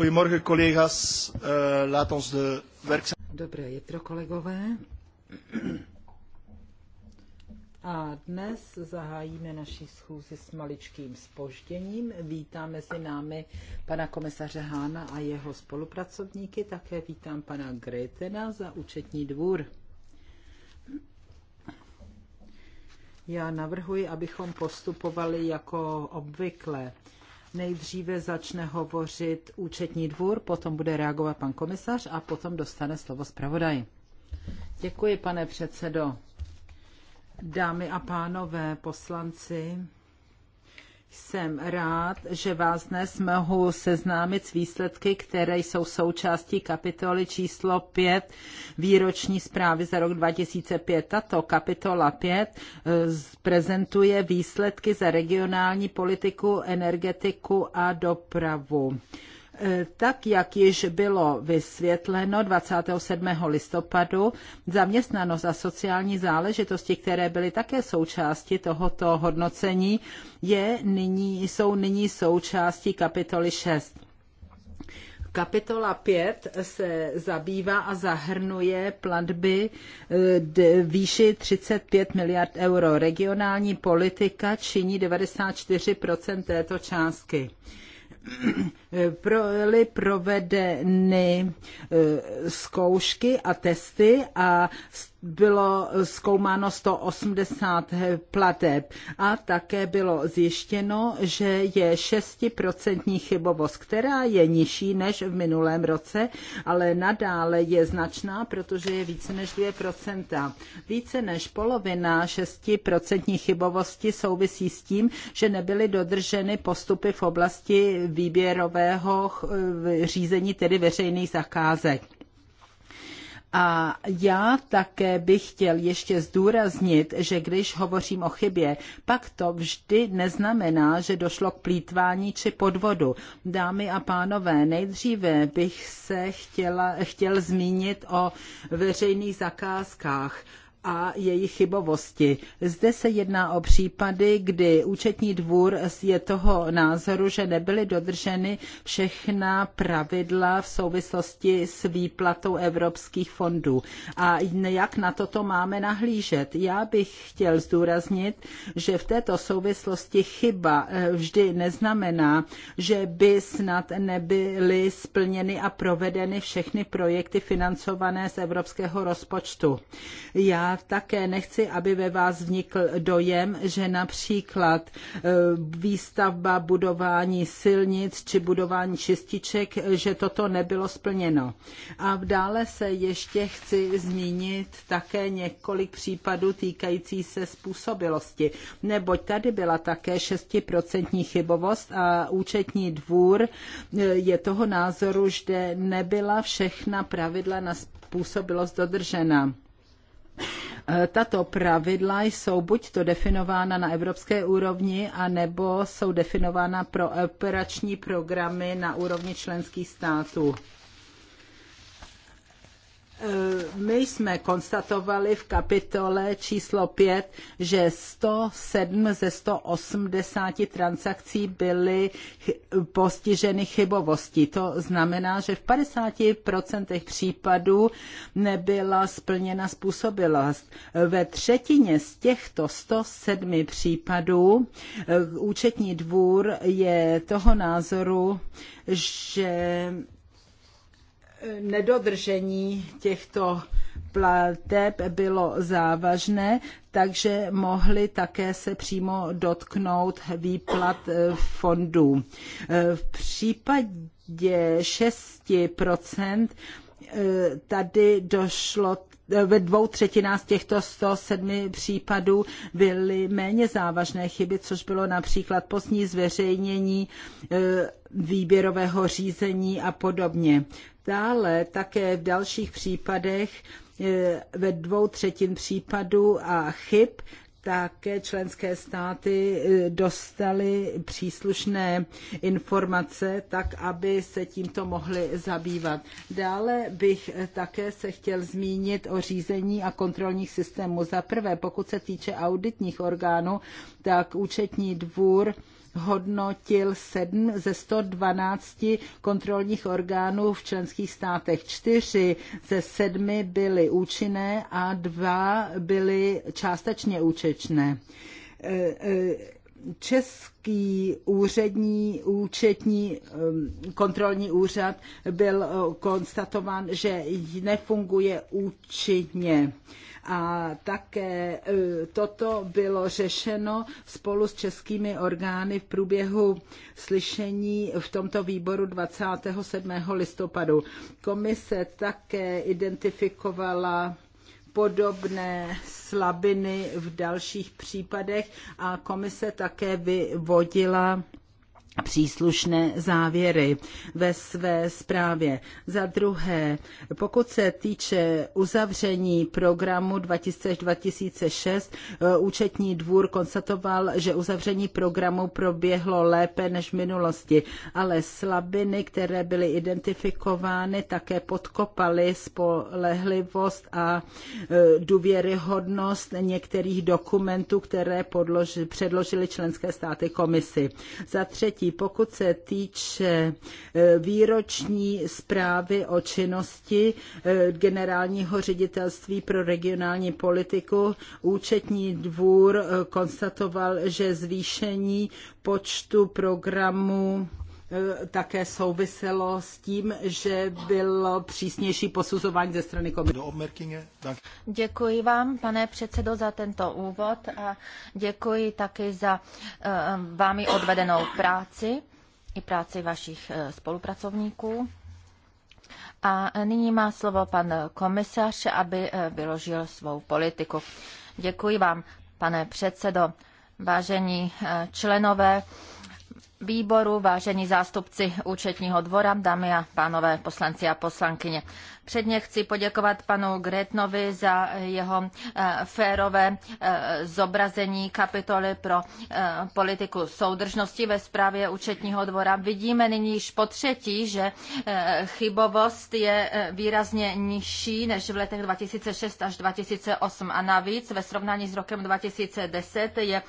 Goedemorgen collega's, uh, laat ons de werkzaamheden... Dobré jitro, kolegové. A dnes zahájíme naší schůzi s maličkým spožděním. Vítám mezi námi pana komisaře Hána a jeho spolupracovníky. Také vítám pana Gretena za účetní dvůr. Já navrhuji, abychom postupovali jako obvykle. Nejdříve začne hovořit účetní dvůr, potom bude reagovat pan komisař a potom dostane slovo zpravodaj. Děkuji, pane předsedo. Dámy a pánové, poslanci, jsem rád, že vás dnes mohu seznámit s výsledky, které jsou součástí kapitoly číslo 5 výroční zprávy za rok 2005. Tato kapitola 5 eh, prezentuje výsledky za regionální politiku, energetiku a dopravu. Tak, jak již bylo vysvětleno 27. listopadu, zaměstnanost a sociální záležitosti, které byly také součástí tohoto hodnocení, je nyní, jsou nyní součástí kapitoly 6. Kapitola 5 se zabývá a zahrnuje platby eh, výši 35 miliard euro. Regionální politika činí 94 této částky byly provedeny eh, zkoušky a testy a z bylo zkoumáno 180 plateb a také bylo zjištěno, že je 6% chybovost, která je nižší než v minulém roce, ale nadále je značná, protože je více než 2%. Více než polovina 6% chybovosti souvisí s tím, že nebyly dodrženy postupy v oblasti výběrového řízení, tedy veřejných zakázek. A já také bych chtěl ještě zdůraznit, že když hovořím o chybě, pak to vždy neznamená, že došlo k plítvání či podvodu. Dámy a pánové, nejdříve bych se chtěla, chtěl zmínit o veřejných zakázkách a jejich chybovosti. Zde se jedná o případy, kdy účetní dvůr je toho názoru, že nebyly dodrženy všechna pravidla v souvislosti s výplatou evropských fondů. A jak na toto máme nahlížet? Já bych chtěl zdůraznit, že v této souvislosti chyba eh, vždy neznamená, že by snad nebyly splněny a provedeny všechny projekty financované z evropského rozpočtu. Já také nechci, aby ve vás vznikl dojem, že například e, výstavba budování silnic či budování čističek, že toto nebylo splněno. A dále se ještě chci zmínit také několik případů týkající se způsobilosti, neboť tady byla také 6% chybovost a účetní dvůr e, je toho názoru, že nebyla všechna pravidla na způsobilost dodržena. Eh, tato pravidla jsou buď to definována na evropské úrovni, anebo jsou definována pro operační programy na úrovni členských států. Eh, my jsme konstatovali v kapitole číslo 5, že 107 ze 180 transakcí byly postiženy chybovostí. To znamená, že v 50% případů nebyla splněna způsobilost. Ve třetině z těchto 107 případů eh, účetní dvůr je toho názoru, že nedodržení těchto plateb bylo závažné, takže mohly také se přímo dotknout výplat eh, fondů. Eh, v případě 6% eh, tady došlo ve dvou třetinách těchto 107 případů byly méně závažné chyby, což bylo například pozdní zveřejnění výběrového řízení a podobně. Dále také v dalších případech, eh, ve dvou třetin případů a chyb, také členské státy eh, dostaly příslušné informace, tak aby se tímto mohly zabývat. Dále bych eh, také se chtěl zmínit o řízení a kontrolních systémů. Za prvé, pokud se týče auditních orgánů, tak účetní dvůr hodnotil 7 ze 112 kontrolních orgánů v členských státech. Čtyři ze sedmi byly účinné a dva byly částečně účinné e, e, český úřední, účetní um, kontrolní úřad byl uh, konstatován, že nefunguje účinně. A také uh, toto bylo řešeno spolu s českými orgány v průběhu slyšení v tomto výboru 27. listopadu. Komise také identifikovala podobné slabiny v dalších případech a komise také vyvodila příslušné závěry ve své zprávě. Za druhé, pokud se týče uzavření programu 2006, eh, účetní dvůr konstatoval, že uzavření programu proběhlo lépe než v minulosti, ale slabiny, které byly identifikovány, také podkopaly spolehlivost a eh, důvěryhodnost některých dokumentů, které předložily členské státy komisi. Za třetí, třetí, pokud se týče e, výroční zprávy o činnosti e, generálního ředitelství pro regionální politiku, účetní dvůr e, konstatoval, že zvýšení počtu programů Eh, také souviselo s tím, že bylo přísnější posuzování ze strany komise. Děkuji vám, pane předsedo, za tento úvod a děkuji taky za eh, vámi odvedenou práci i práci vašich eh, spolupracovníků. A nyní má slovo pan komisař, aby vyložil svou politiku. Děkuji vám, pane předsedo, vážení členové výboru, vážení zástupci účetního dvora, dámy a pánové poslanci a poslankyně. Předně chci poděkovat panu Gretnovi za jeho eh, férové eh, zobrazení kapitoly pro eh, politiku soudržnosti ve zprávě účetního dvora. Vidíme nyní již po třetí, že chybovost je výrazně nižší než v letech 2006 až 2008 a navíc ve srovnání s rokem 2010 je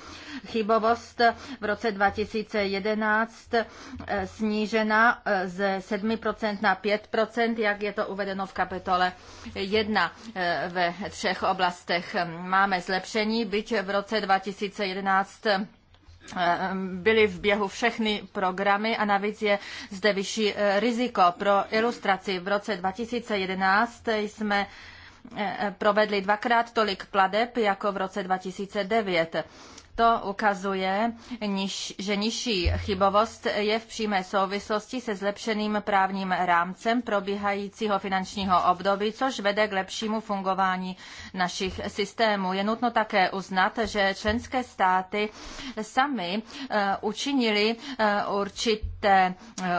chybovost v roce 2011 snížena ze 7% na 5%, jak je to uvedeno v kapitole 1 eh, ve třech oblastech. Máme zlepšení, byť v roce 2011 eh, byly v běhu všechny programy a navíc je zde vyšší eh, riziko. Pro ilustraci v roce 2011 jsme provedli dvakrát tolik pladeb jako v roce 2009. To ukazuje, že nižší chybovost je v přímé souvislosti se zlepšeným právním rámcem probíhajícího finančního období, což vede k lepšímu fungování našich systémů. Je nutno také uznat, že členské státy sami eh, učinili eh, určité, eh,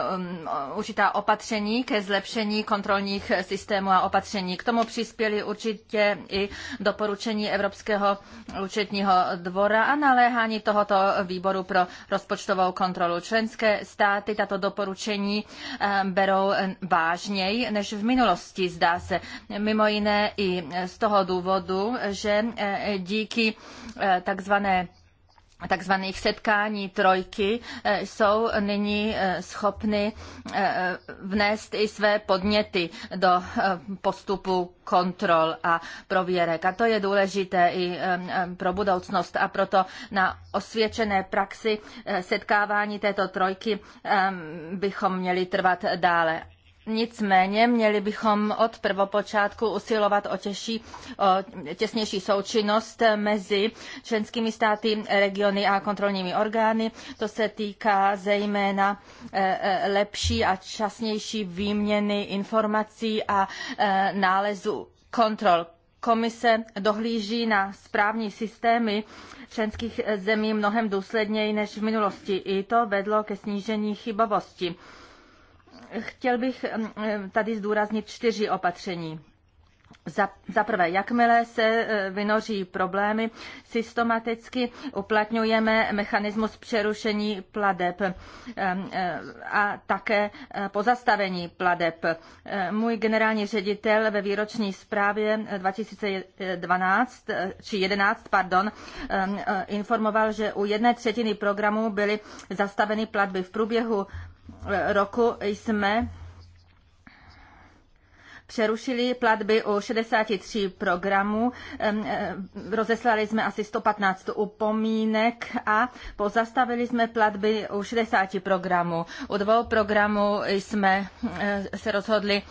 určitá opatření ke zlepšení kontrolních systémů a opatření. K tomu přispěli určitě i doporučení Evropského účetního dvora a naléhání tohoto výboru pro rozpočtovou kontrolu. Členské státy tato doporučení eh, berou eh, vážněji než v minulosti, zdá se. Mimo jiné i z toho důvodu, že eh, díky takzvané takzvaných setkání trojky eh, jsou nyní eh, schopny eh, vnést i své podněty do postupu kontrol a prověrek. A to je důležité i pro budoucnost a proto na osvědčené praxi setkávání této trojky bychom měli trvat dále. Nicméně měli bychom od prvopočátku usilovat o, těžší, o těsnější součinnost mezi členskými státy, regiony a kontrolními orgány. To se týká zejména e, e, lepší a časnější výměny informací a e, nálezů kontrol. Komise dohlíží na správní systémy členských zemí mnohem důsledněji než v minulosti. I to vedlo ke snížení chybovosti. Chtěl bych mm, mm, tady zdůraznit čtyři opatření. Za, za prvé, jakmile se e, vynoří problémy, systematicky uplatňujeme mechanismus přerušení pladeb e, e, a také pozastavení pladeb. Můj generální ředitel ve výroční zprávě 2012 či 11 pardon, informoval, že u jedné třetiny programů byly zastaveny platby v průběhu roku jsme přerušili platby u 63 programů, eh, rozeslali jsme asi 115 upomínek a pozastavili jsme platby u 60 programů. U dvou programů jsme eh, se rozhodli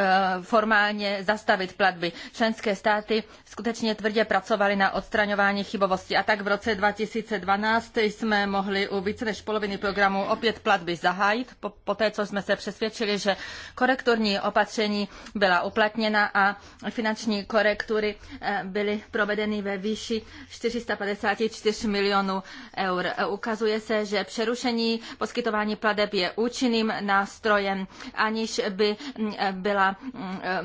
Eh, formálně zastavit platby. Členské státy skutečně tvrdě pracovaly na odstraňování chybovosti a tak v roce 2012 jsme mohli u více než poloviny programu opět platby zahájit, po, po té, co jsme se přesvědčili, že korektorní opatření byla uplatněna a finanční korektury eh, byly provedeny ve výši 454 milionů eur. Ukazuje se, že přerušení poskytování plateb je účinným nástrojem, aniž by mm, eh, byla Eh,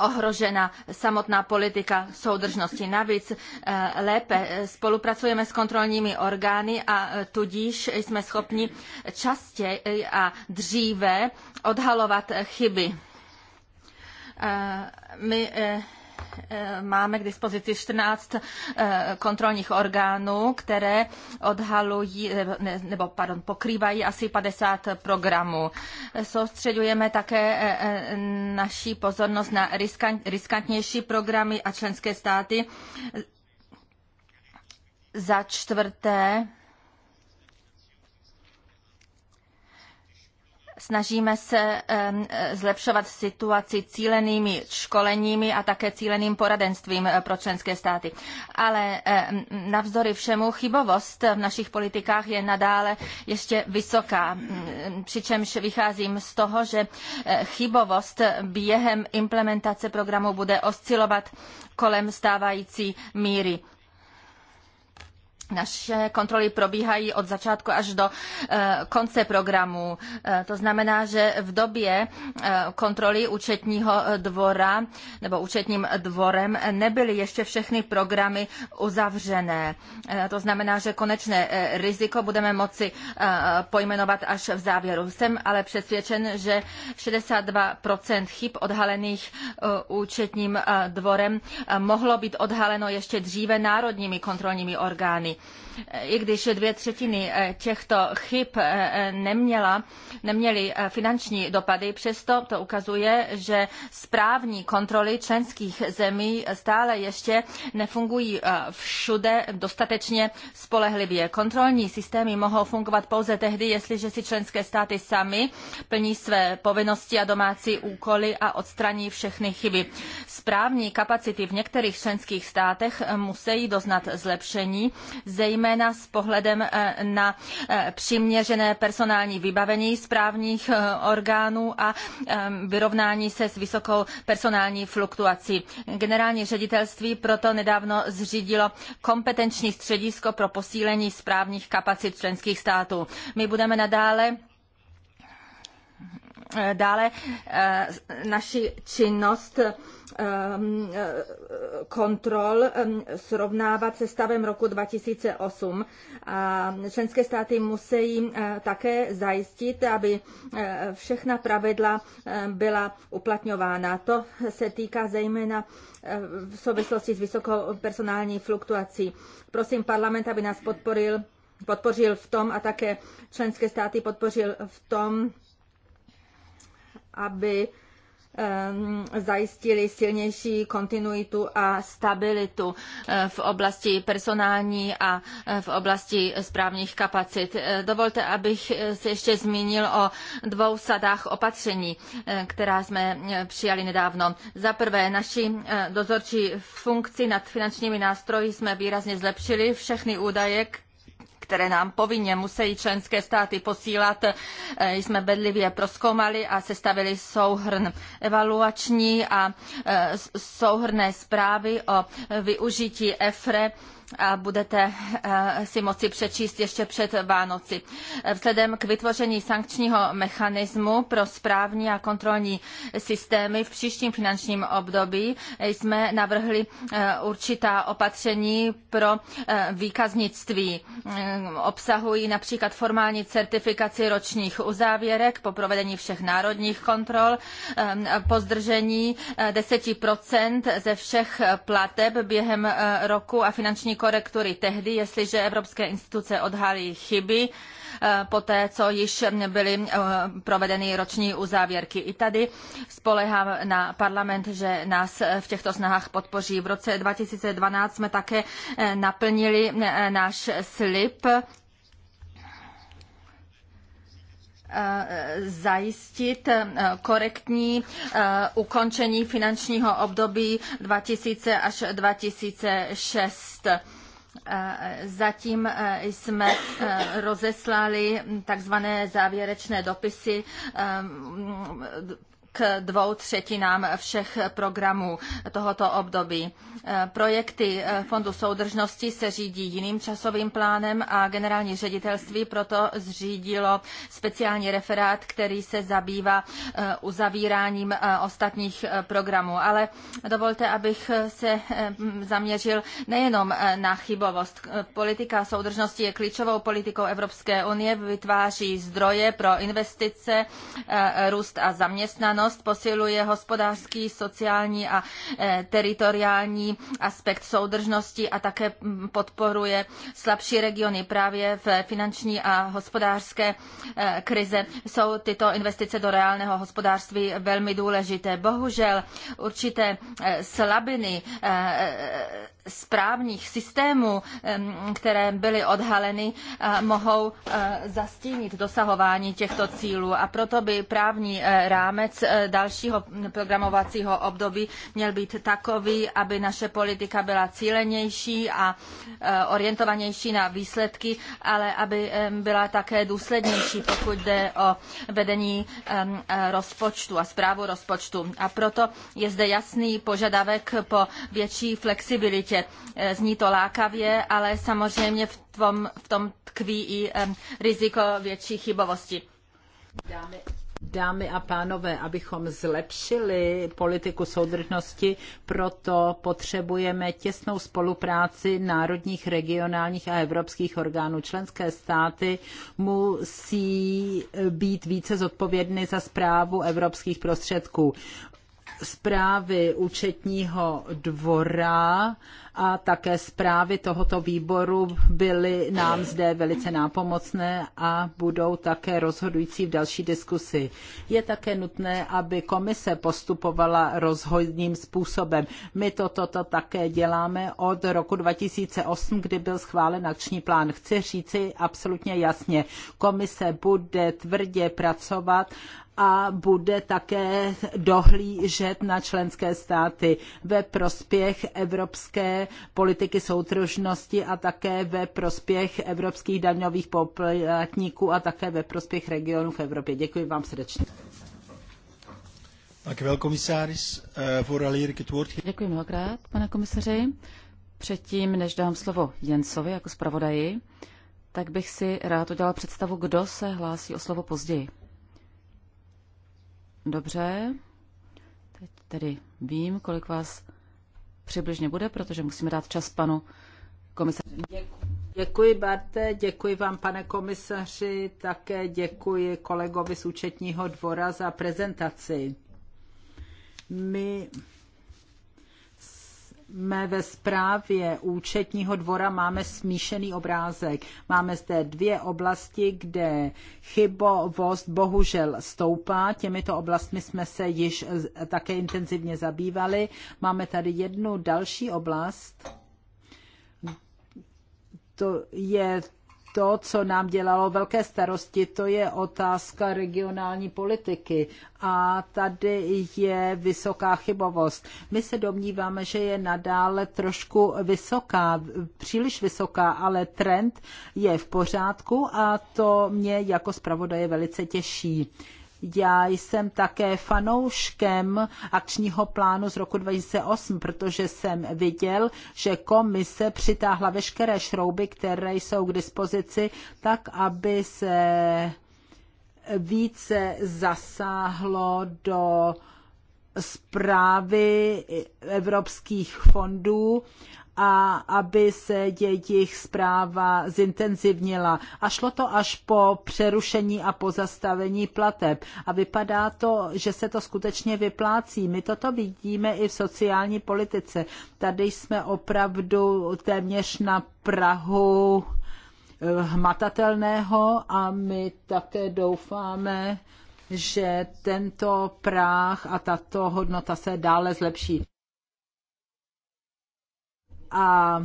ohrožena samotná politika soudržnosti. Navíc eh, lépe spolupracujeme s kontrolními orgány a eh, tudíž jsme schopni častěji a dříve odhalovat chyby. My Eh, máme k dispozici 14 eh, kontrolních orgánů, které odhalují, eh, nebo pardon, pokrývají asi 50 programů. Soustředujeme také naší pozornost na riskantnější programy a členské státy. Za čtvrté, Snažíme se zlepšovat situaci cílenými školeními a také cíleným poradenstvím eh, pro členské státy. Ale navzdory všemu chybovost v našich politikách je nadále ještě vysoká. Přičemž vycházím z toho, že eh, chybovost během implementace programu bude oscilovat kolem stávající míry naše kontroly probíhají od začátku až do eh, konce programu. Eh, to znamená, že v době eh, kontroly účetního dvora nebo účetním dvorem nebyly ještě všechny programy uzavřené. To znamená, že konečné riziko budeme moci pojmenovat až v závěru. Jsem ale přesvědčen, že 62% chyb odhalených účetním dvorem mohlo být odhaleno ještě dříve národními kontrolními orgány. I když dvě třetiny eh, těchto chyb eh, eh, neměla, neměly finanční dopady, přesto to ukazuje, že správní kontroly členských zemí stále ještě nefungují všude dostatečně spolehlivě. Kontrolní systémy mohou fungovat pouze tehdy, jestliže si členské státy sami plní své povinnosti a domácí úkoly a odstraní všechny chyby správní kapacity v některých členských státech eh, musí doznat zlepšení, zejména s pohledem eh, na eh, přiměřené personální vybavení správních orgánů a vyrovnání se s vysokou personální fluktuací. Generální ředitelství proto nedávno zřídilo kompetenční středisko pro posílení správních kapacit členských států. My budeme nadále dále naši činnost Ehm, eh, kontrol ehm, srovnávat se stavem roku 2008. A členské státy musí eh, také zajistit, aby eh, všechna pravidla byla uplatňována. To se týká zejména v souvislosti s vysokou personální fluktuací. Prosím parlament, aby nás podporil, podpořil v tom a také členské státy podpořil v tom, aby Ehm, zajistili silnější kontinuitu a stabilitu eh, v oblasti personální a eh, v oblasti správních kapacit. Eh, dovolte, abych se ještě zmínil o dvou sadách opatření, která jsme přijali nedávno. Za prvé, naši dozorčí funkci nad finančními nástroji jsme výrazně zlepšili. Všechny údaje, které nám povinně musí členské státy posílat, e, jsme bedlivě proskoumali a sestavili souhrn evaluační a e, souhrné zprávy o využití EFRE budete eh, si moci přečíst ještě před Vánoci. Vzhledem k vytvoření sankčního mechanismu pro správní a kontrolní systémy v příštím finančním období jsme navrhli eh, určitá opatření pro eh, výkaznictví. Obsahují například formální certifikaci ročních uzávěrek po provedení všech národních kontrol, po zdržení 10% ze všech plateb během roku a finanční korektury tehdy, jestliže evropské instituce odhalí chyby eh, poté, co již byly eh, provedeny roční uzávěrky. I tady spolehám na parlament, že nás eh, v těchto snahách podpoří. V roce 2012 jsme také naplnili náš slib zajistit eh, korektní eh, ukončení finančního období 2000 až 2006. Eh, zatím jsme rozeslali takzvané závěrečné dopisy k dvou třetinám všech programů tohoto období. Projekty Fondu soudržnosti se řídí jiným časovým plánem a generální ředitelství proto zřídilo speciální referát, který se zabývá eh, uzavíráním eh, ostatních eh, programů. Ale dovolte, abych se zaměřil nejenom na chybovost. Politika soudržnosti je klíčovou politikou Evropské unie, vytváří zdroje pro investice, růst a zaměstnanost soudržnost posiluje hospodářský, sociální a eh, teritoriální aspekt soudržnosti a také mm, podporuje slabší regiony. Právě v finanční a hospodářské eh, krize jsou tyto investice do reálného hospodářství velmi důležité. Bohužel určité eh, slabiny správních systémů, které byly odhaleny, eh, mohou eh, zastínit dosahování těchto cílů. A proto by právní eh, rámec dalšího programovacího období měl být takový, aby naše politika byla cílenější a orientovanější na výsledky, ale aby byla také důslednější, pokud jde o vedení rozpočtu a správu rozpočtu. A proto je zde jasný požadavek po větší flexibilitě takže eh, zní to lákavě, ale samozřejmě v tom, v tom tkví i riziko větší chybovosti. Dámy. Dámy a pánové, abychom zlepšili politiku soudržnosti, proto potřebujeme těsnou spolupráci národních, regionálních a evropských orgánů. Členské státy musí být více zodpovědny za správu evropských prostředků. Zprávy účetního dvora a také zprávy tohoto výboru byly nám zde velice nápomocné a budou také rozhodující v další diskusi. Je také nutné, aby komise postupovala rozhodným způsobem. My toto to, to také děláme od roku 2008, kdy byl schválen akční plán. Chci říci absolutně jasně, komise bude tvrdě pracovat a bude také dohlížet na členské státy ve prospěch evropské politiky soutržnosti a také ve prospěch evropských daňových poplatníků a také ve prospěch regionů v Evropě. Děkuji vám srdečně. Eh, Děkuji mnohokrát, pane komisaři. Předtím, než dám slovo Jensovi jako zpravodaji, tak bych si rád udělal představu, kdo se hlásí o slovo později. Dobře, teď tedy vím, kolik vás přibližně bude, protože musíme dát čas panu komisaři. Děkuji. Děkuji, Barte, děkuji vám, pane komisaři, také děkuji kolegovi z účetního dvora za prezentaci. My ve zprávě účetního dvora máme smíšený obrázek. Máme zde dvě oblasti, kde chybovost bohužel stoupá. Těmito oblastmi jsme se již eh, také intenzivně zabývali. Máme tady jednu další oblast. To je to, co nám dělalo velké starosti, to je otázka regionální politiky. A tady je vysoká chybovost. My se domníváme, že je nadále trošku vysoká, příliš vysoká, ale trend je v pořádku a to mě jako zpravodaje velice těší. Já jsem také fanouškem akčního plánu z roku 2008, protože jsem viděl, že komise přitáhla veškeré šrouby, které jsou k dispozici, tak, aby se více zasáhlo do zprávy evropských fondů a aby se jejich zpráva zintenzivnila. A šlo to až po přerušení a pozastavení plateb. A vypadá to, že se to skutečně vyplácí. My toto vidíme i v sociální politice. Tady jsme opravdu téměř na Prahu eh, hmatatelného a my také doufáme, že tento práh a tato hodnota se dále zlepší a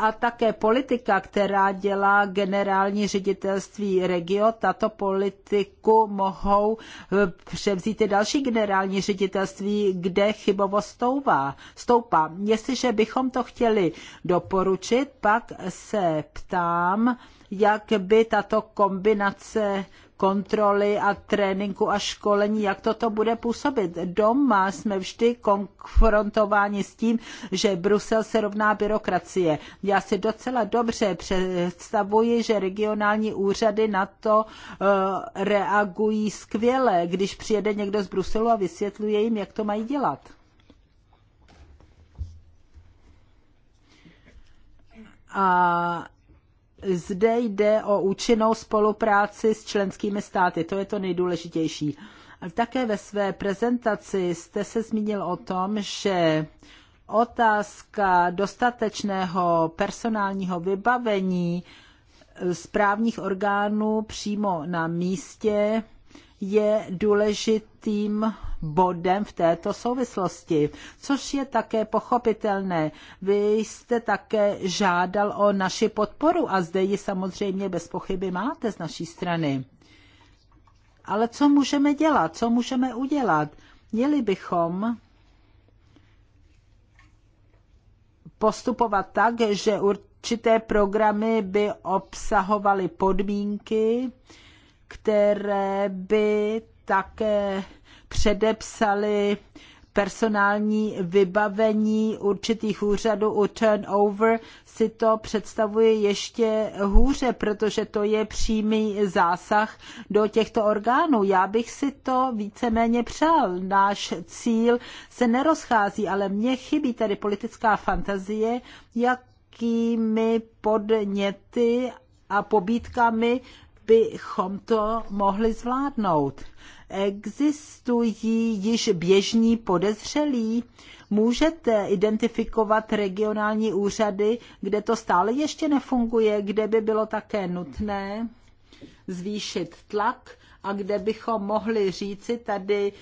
a také politika, která dělá generální ředitelství regio, tato politiku mohou eh, převzít i další generální ředitelství, kde chybovost stouvá, stoupá. Jestliže bychom to chtěli doporučit, pak se ptám, jak by tato kombinace kontroly a tréninku a školení, jak toto bude působit. Doma jsme vždy konfrontováni s tím, že Brusel se rovná byrokracie. Já si docela dobře představuji, že regionální úřady na to eh, reagují skvěle, když přijede někdo z Bruselu a vysvětluje jim, jak to mají dělat. A zde jde o účinnou spolupráci s členskými státy. To je to nejdůležitější. Také ve své prezentaci jste se zmínil o tom, že otázka dostatečného personálního vybavení správních orgánů přímo na místě je důležitým bodem v této souvislosti, což je také pochopitelné. Vy jste také žádal o naši podporu a zde ji samozřejmě bez pochyby máte z naší strany. Ale co můžeme dělat? Co můžeme udělat? Měli bychom postupovat tak, že určité programy by obsahovaly podmínky, které by také předepsali personální vybavení určitých úřadů u turnover si to představuje ještě hůře, protože to je přímý zásah do těchto orgánů. Já bych si to víceméně přál. Náš cíl se nerozchází, ale mně chybí tady politická fantazie, jakými podněty a pobídkami bychom to mohli zvládnout. Existují již běžní podezřelí? Můžete identifikovat regionální úřady, kde to stále ještě nefunguje, kde by bylo také nutné zvýšit tlak a kde bychom mohli říci tady,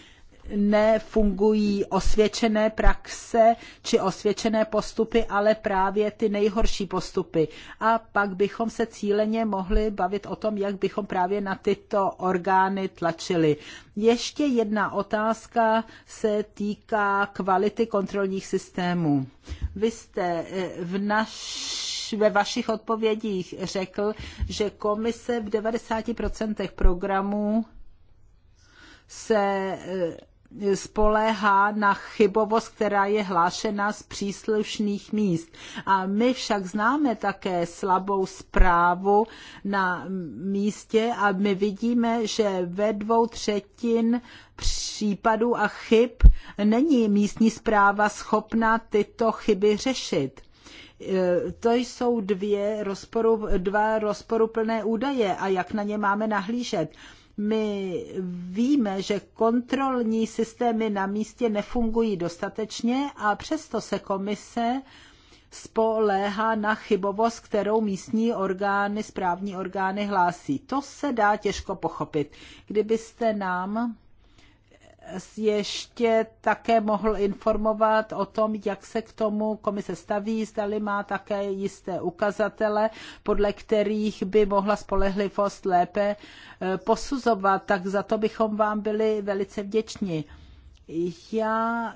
nefungují osvědčené praxe či osvědčené postupy, ale právě ty nejhorší postupy. A pak bychom se cíleně mohli bavit o tom, jak bychom právě na tyto orgány tlačili. Ještě jedna otázka se týká kvality kontrolních systémů. Vy jste eh, v naš, ve vašich odpovědích řekl, že komise v 90% programů se eh, spoléhá na chybovost, která je hlášena z příslušných míst. A my však známe také slabou zprávu na místě a my vidíme, že ve dvou třetin případů a chyb není místní zpráva schopna tyto chyby řešit. E, to jsou dvě rozporu, dva rozporuplné údaje a jak na ně máme nahlížet. My víme, že kontrolní systémy na místě nefungují dostatečně a přesto se komise spoléhá na chybovost, kterou místní orgány, správní orgány hlásí. To se dá těžko pochopit. Kdybyste nám ještě také mohl informovat o tom, jak se k tomu komise staví, zdali má také jisté ukazatele, podle kterých by mohla spolehlivost lépe eh, posuzovat, tak za to bychom vám byli velice vděční. Já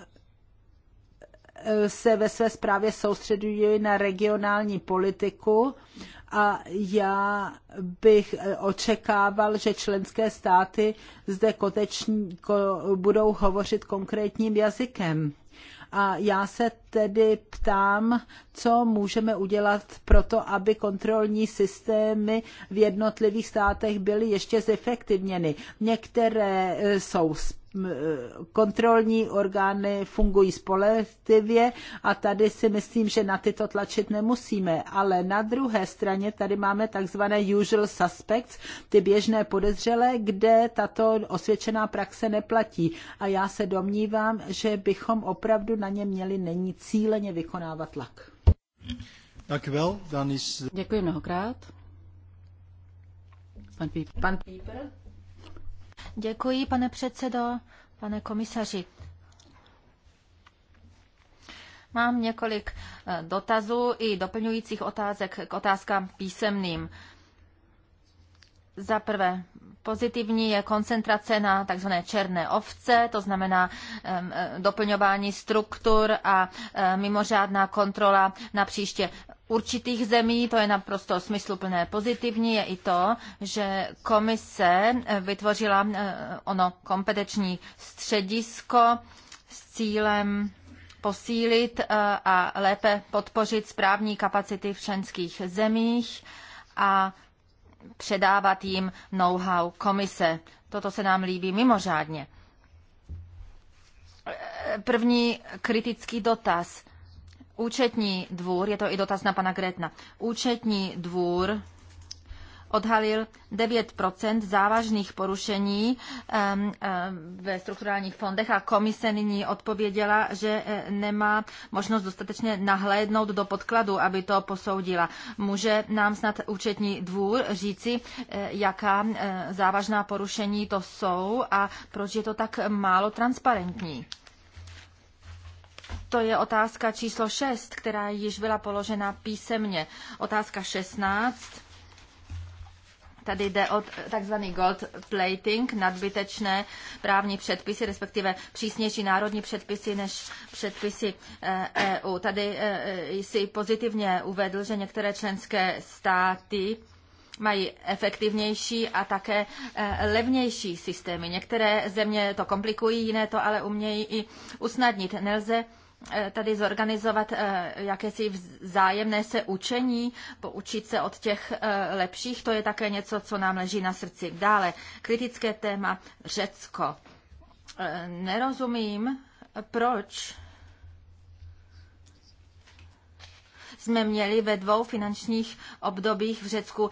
eh, se ve své zprávě soustředuji na regionální politiku a já bych eh, očekával, že členské státy zde koteční, ko, budou hovořit konkrétním jazykem. A já se tedy ptám, co můžeme udělat pro to, aby kontrolní systémy v jednotlivých státech byly ještě zefektivněny. Některé eh, jsou eh, kontrolní orgány fungují společně a tady si myslím, že na tyto tlačit nemusíme. Ale na druhé straně tady máme takzvané usual suspects, ty běžné podezřelé, kde tato osvědčená praxe neplatí. A já se domnívám, že bychom opravdu na ně měli není cíleně vykonávat tlak. Eh, Děkuji mnohokrát. Pan, Píper. pan Píper. Děkuji, pane předsedo, pane komisaři. Mám několik eh, dotazů i doplňujících otázek k otázkám písemným. Za prvé, Pozitivní je koncentrace na tzv. černé ovce, to znamená e, doplňování struktur a e, mimořádná kontrola na příště určitých zemí, to je naprosto smysluplné. Pozitivní je i to, že komise e, vytvořila ono kompetenční středisko s cílem posílit a lépe podpořit správní kapacity v členských zemích a předávat jim know-how komise. Toto se nám líbí mimořádně. První kritický dotaz. Účetní dvůr, je to i dotaz na pana Gretna. Účetní dvůr odhalil 9 závažných porušení ve strukturálních fondech a komise nyní odpověděla, že eh, nemá možnost dostatečně nahlédnout do podkladu, aby to posoudila. Může nám snad účetní dvůr říci, eh, jaká eh, závažná porušení to jsou a proč je to tak málo transparentní? To je otázka číslo 6, která již byla položena písemně. Otázka 16 Tady jde o takzvaný gold plating, nadbytečné právní předpisy, respektive přísnější národní předpisy než předpisy EU. Eh, e Tady eh, si pozitivně uvedl, že některé členské státy mají efektivnější a také eh, levnější systémy. Některé země to komplikují, jiné to ale umějí i usnadnit. Nelze Eh, tady zorganizovat eh, jakési vzájemné se učení, poučit se od těch eh, lepších, to je také něco, co nám leží na srdci. Dále, kritické téma Řecko. Nerozumím, proč jsme měli ve dvou finančních obdobích v Řecku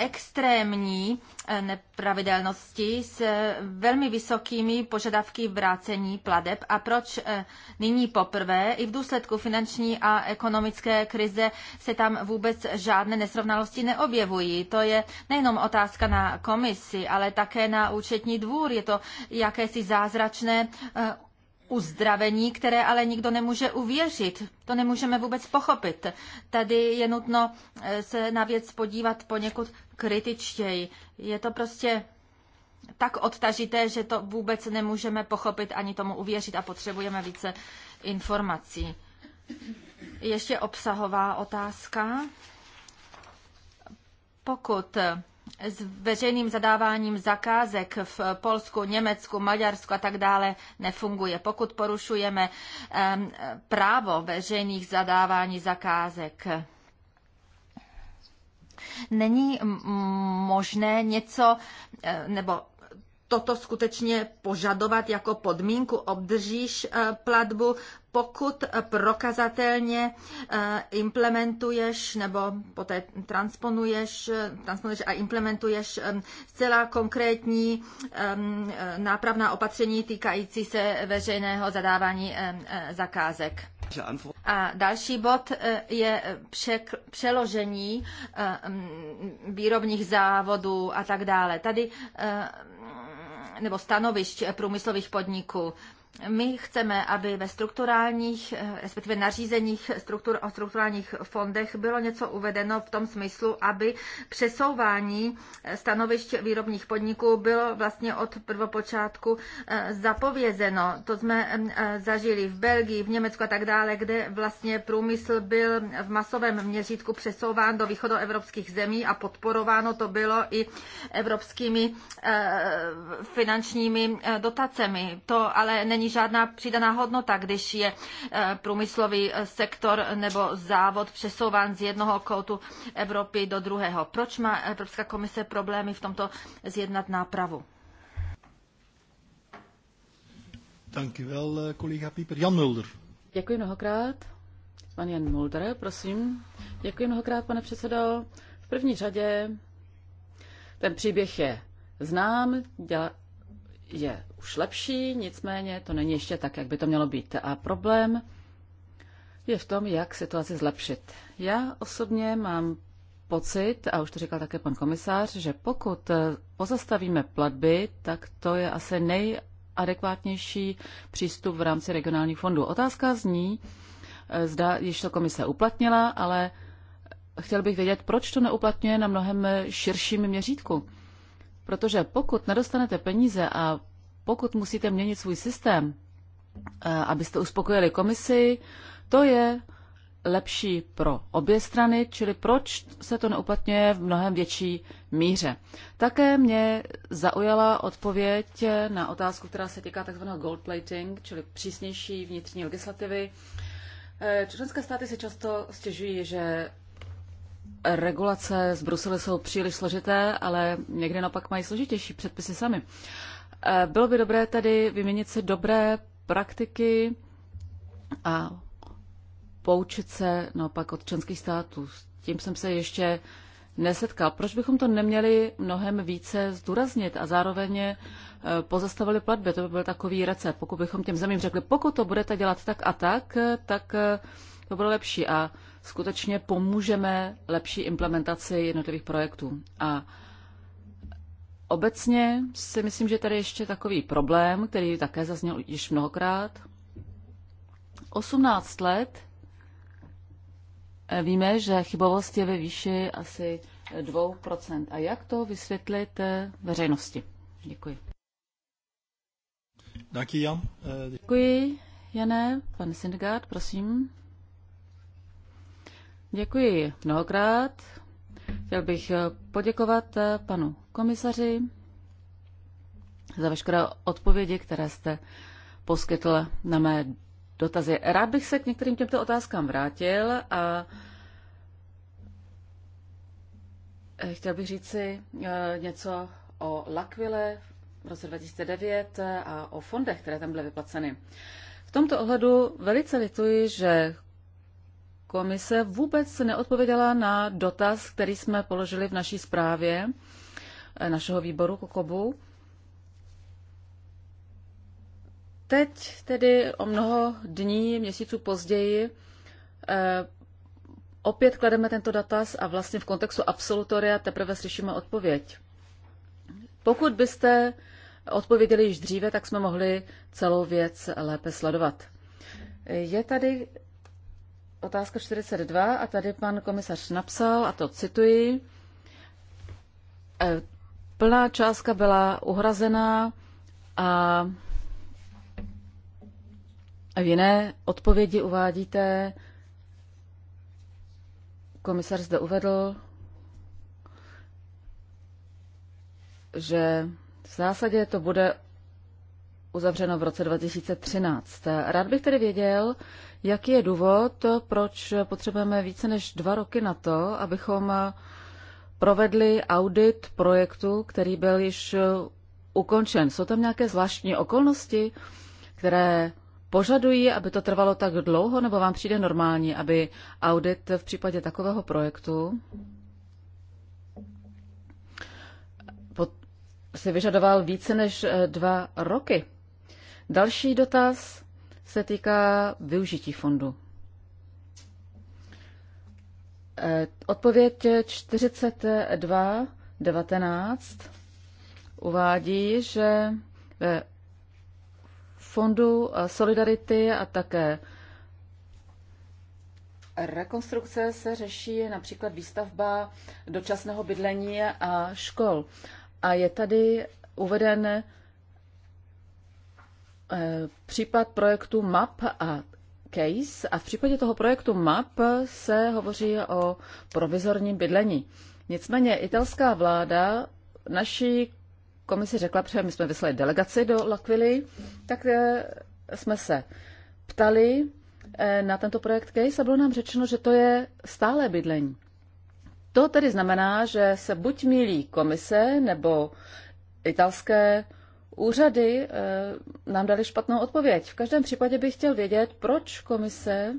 extrémní eh, nepravidelnosti s eh, velmi vysokými požadavky vrácení pladeb a proč eh, nyní poprvé i v důsledku finanční a ekonomické krize se tam vůbec žádné nesrovnalosti neobjevují. To je nejenom otázka na komisi, ale také na účetní dvůr. Je to jakési zázračné uzdravení, které ale nikdo nemůže uvěřit. To nemůžeme vůbec pochopit. Tady je nutno se na věc podívat poněkud kritičtěji. Je to prostě tak odtažité, že to vůbec nemůžeme pochopit ani tomu uvěřit a potřebujeme více informací. Ještě obsahová otázka. Pokud s veřejným zadáváním zakázek v Polsku, Německu, Maďarsku a tak dále nefunguje. Pokud porušujeme právo veřejných zadávání zakázek, Není možné něco eh, nebo toto skutečně požadovat jako podmínku, obdržíš eh, platbu, pokud prokazatelně eh, implementuješ nebo poté transponuješ, eh, transponuješ a implementuješ eh, zcela konkrétní nápravná opatření týkající se veřejného zadávání zakázek. A další bod je přeložení výrobních závodů a tak dále. Tady nebo stanovišť průmyslových podniků my chceme, aby ve strukturálních, eh, respektive nařízeních struktur, o strukturálních fondech bylo něco uvedeno v tom smyslu, aby přesouvání eh, stanovišť výrobních podniků bylo vlastně od prvopočátku eh, zapovězeno. To jsme mm, zažili v Belgii, v Německu a tak dále, kde vlastně průmysl byl v masovém měřítku přesouván do východoevropských zemí a podporováno to bylo i evropskými finančními dotacemi. To ale není není žádná přidaná hodnota, když je eh, průmyslový eh, sektor nebo závod přesouván z jednoho koutu Evropy do druhého. Proč má Evropská komise problémy v tomto zjednat nápravu? Eh, Děkuji mnohokrát. Pan Jan Mulder, prosím. Děkuji mnohokrát, pane předsedo. V první řadě ten příběh je znám, je už lepší, nicméně to není ještě tak, jak by to mělo být. A problém je v tom, jak situaci zlepšit. Já osobně mám pocit, a už to říkal také pan komisář, že pokud pozastavíme platby, tak to je asi nejadekvátnější přístup v rámci regionálních fondů. Otázka zní, zda již to komise uplatnila, ale chtěl bych vědět, proč to neuplatňuje na mnohem širším měřítku. Protože pokud nedostanete peníze a pokud musíte měnit svůj systém, eh, abyste uspokojili komisi, to je lepší pro obě strany, čili proč se to neuplatňuje v mnohem větší míře. Také mě zaujala odpověď na otázku, která se týká tzv. gold plating, čili přísnější vnitřní legislativy. Eh, Členské státy se často stěžují, že regulace z Bruselu jsou příliš složité, ale někde naopak mají složitější předpisy sami. E, bylo by dobré tedy vyměnit si dobré praktiky a poučit se naopak od členských států. S tím jsem se ještě nesetkal. Proč bychom to neměli mnohem více zdůraznit a zároveň e, pozastavili platby? To by byl takový recept. Pokud bychom těm zemím řekli, pokud to budete dělat tak a tak, e, tak to bylo lepší. A skutečně pomůžeme lepší implementaci jednotlivých projektů. A obecně si myslím, že tady ještě takový problém, který také zazněl již mnohokrát. 18 let eh, víme, že chybovost je ve výši asi 2%. A jak to vysvětlit eh, veřejnosti? Děkuji. Eh, Děkuji, Jan. Děkuji, Jané. Pan Sindgard, prosím. Děkuji mnohokrát. Chtěl bych eh, poděkovat eh, panu komisaři za veškeré odpovědi, které jste poskytl na mé dotazy. Rád bych se k některým těmto otázkám vrátil a eh, chtěl bych říci něco o Lakville v roce 2009 a o fondech, které tam byly vyplaceny. V tomto ohledu velice lituji, že komise vůbec neodpověděla na dotaz, který jsme položili v naší zprávě eh, našeho výboru Kokobu. Teď tedy o mnoho dní, měsíců později eh, opět klademe tento dotaz a vlastně v kontextu absolutoria teprve slyšíme odpověď. Pokud byste odpověděli již dříve, tak jsme mohli celou věc lépe sledovat. Je tady otázka 42 a tady pan komisař napsal, a to cituji, e, plná částka byla uhrazená a v jiné odpovědi uvádíte, komisař zde uvedl, že v zásadě to bude uzavřeno v roce 2013. Rád bych tedy věděl, Jaký je důvod, proč potřebujeme více než dva roky na to, abychom provedli audit projektu, který byl již ukončen? Jsou tam nějaké zvláštní okolnosti, které požadují, aby to trvalo tak dlouho, nebo vám přijde normální, aby audit v případě takového projektu si vyžadoval více než eh, dva roky? Další dotaz se týká využití fondu. Eh, odpověď 42.19 uvádí, že ve eh, fondu eh, Solidarity a také rekonstrukce se řeší například výstavba dočasného bydlení a škol. A je tady uveden Eh, případ projektu MAP a CASE a v případě toho projektu MAP se hovoří o provizorním bydlení. Nicméně italská vláda naší komisi řekla, protože my jsme vyslali delegaci do Lakvily, tak eh, jsme se ptali eh, na tento projekt CASE a bylo nám řečeno, že to je stále bydlení. To tedy znamená, že se buď mílí komise nebo italské úřady eh, nám dali špatnou odpověď. V každém případě bych chtěl vědět, proč komise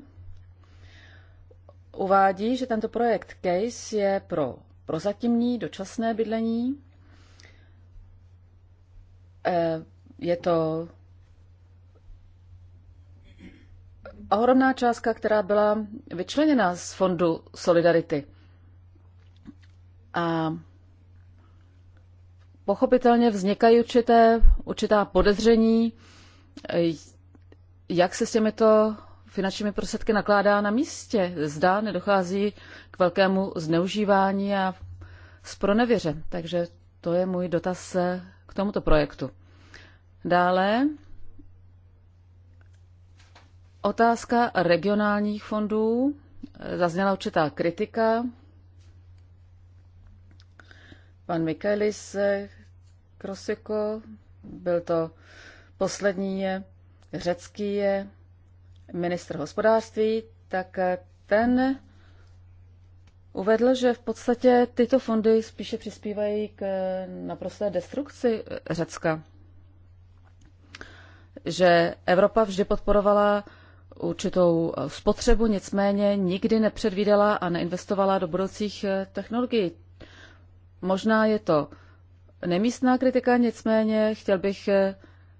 uvádí, že tento projekt CASE je pro prozatímní dočasné bydlení. Eh, je to ohromná částka, která byla vyčleněna z fondu Solidarity. A pochopitelně vznikají určité, určitá podezření, jak se s těmito finančními prostředky nakládá na místě. Zdá, nedochází k velkému zneužívání a spronevěře. Takže to je můj dotaz eh, k tomuto projektu. Dále otázka regionálních fondů. Eh, zazněla určitá kritika. Pan Michaelis eh, Krosiko. Byl to poslední řecký ministr hospodářství, tak ten uvedl, že v podstatě tyto fondy spíše přispívají k naprosté destrukci Řecka. Že Evropa vždy podporovala určitou spotřebu, nicméně nikdy nepředvídala a neinvestovala do budoucích technologií. Možná je to nemístná kritika, nicméně chtěl bych eh,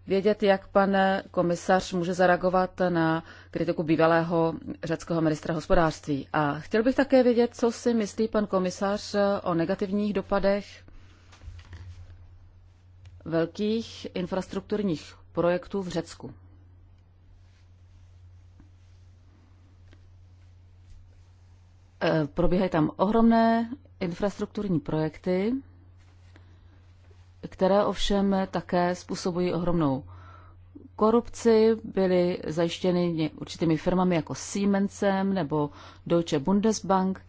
vědět, jak pan komisař může zareagovat na kritiku bývalého řeckého ministra hospodářství. A chtěl bych také vědět, co si myslí pan komisař eh, o negativních dopadech velkých infrastrukturních projektů v Řecku. Eh, probíhají tam ohromné infrastrukturní projekty, které ovšem také způsobují ohromnou korupci, byly zajištěny určitými firmami jako Siemensem nebo Deutsche Bundesbank.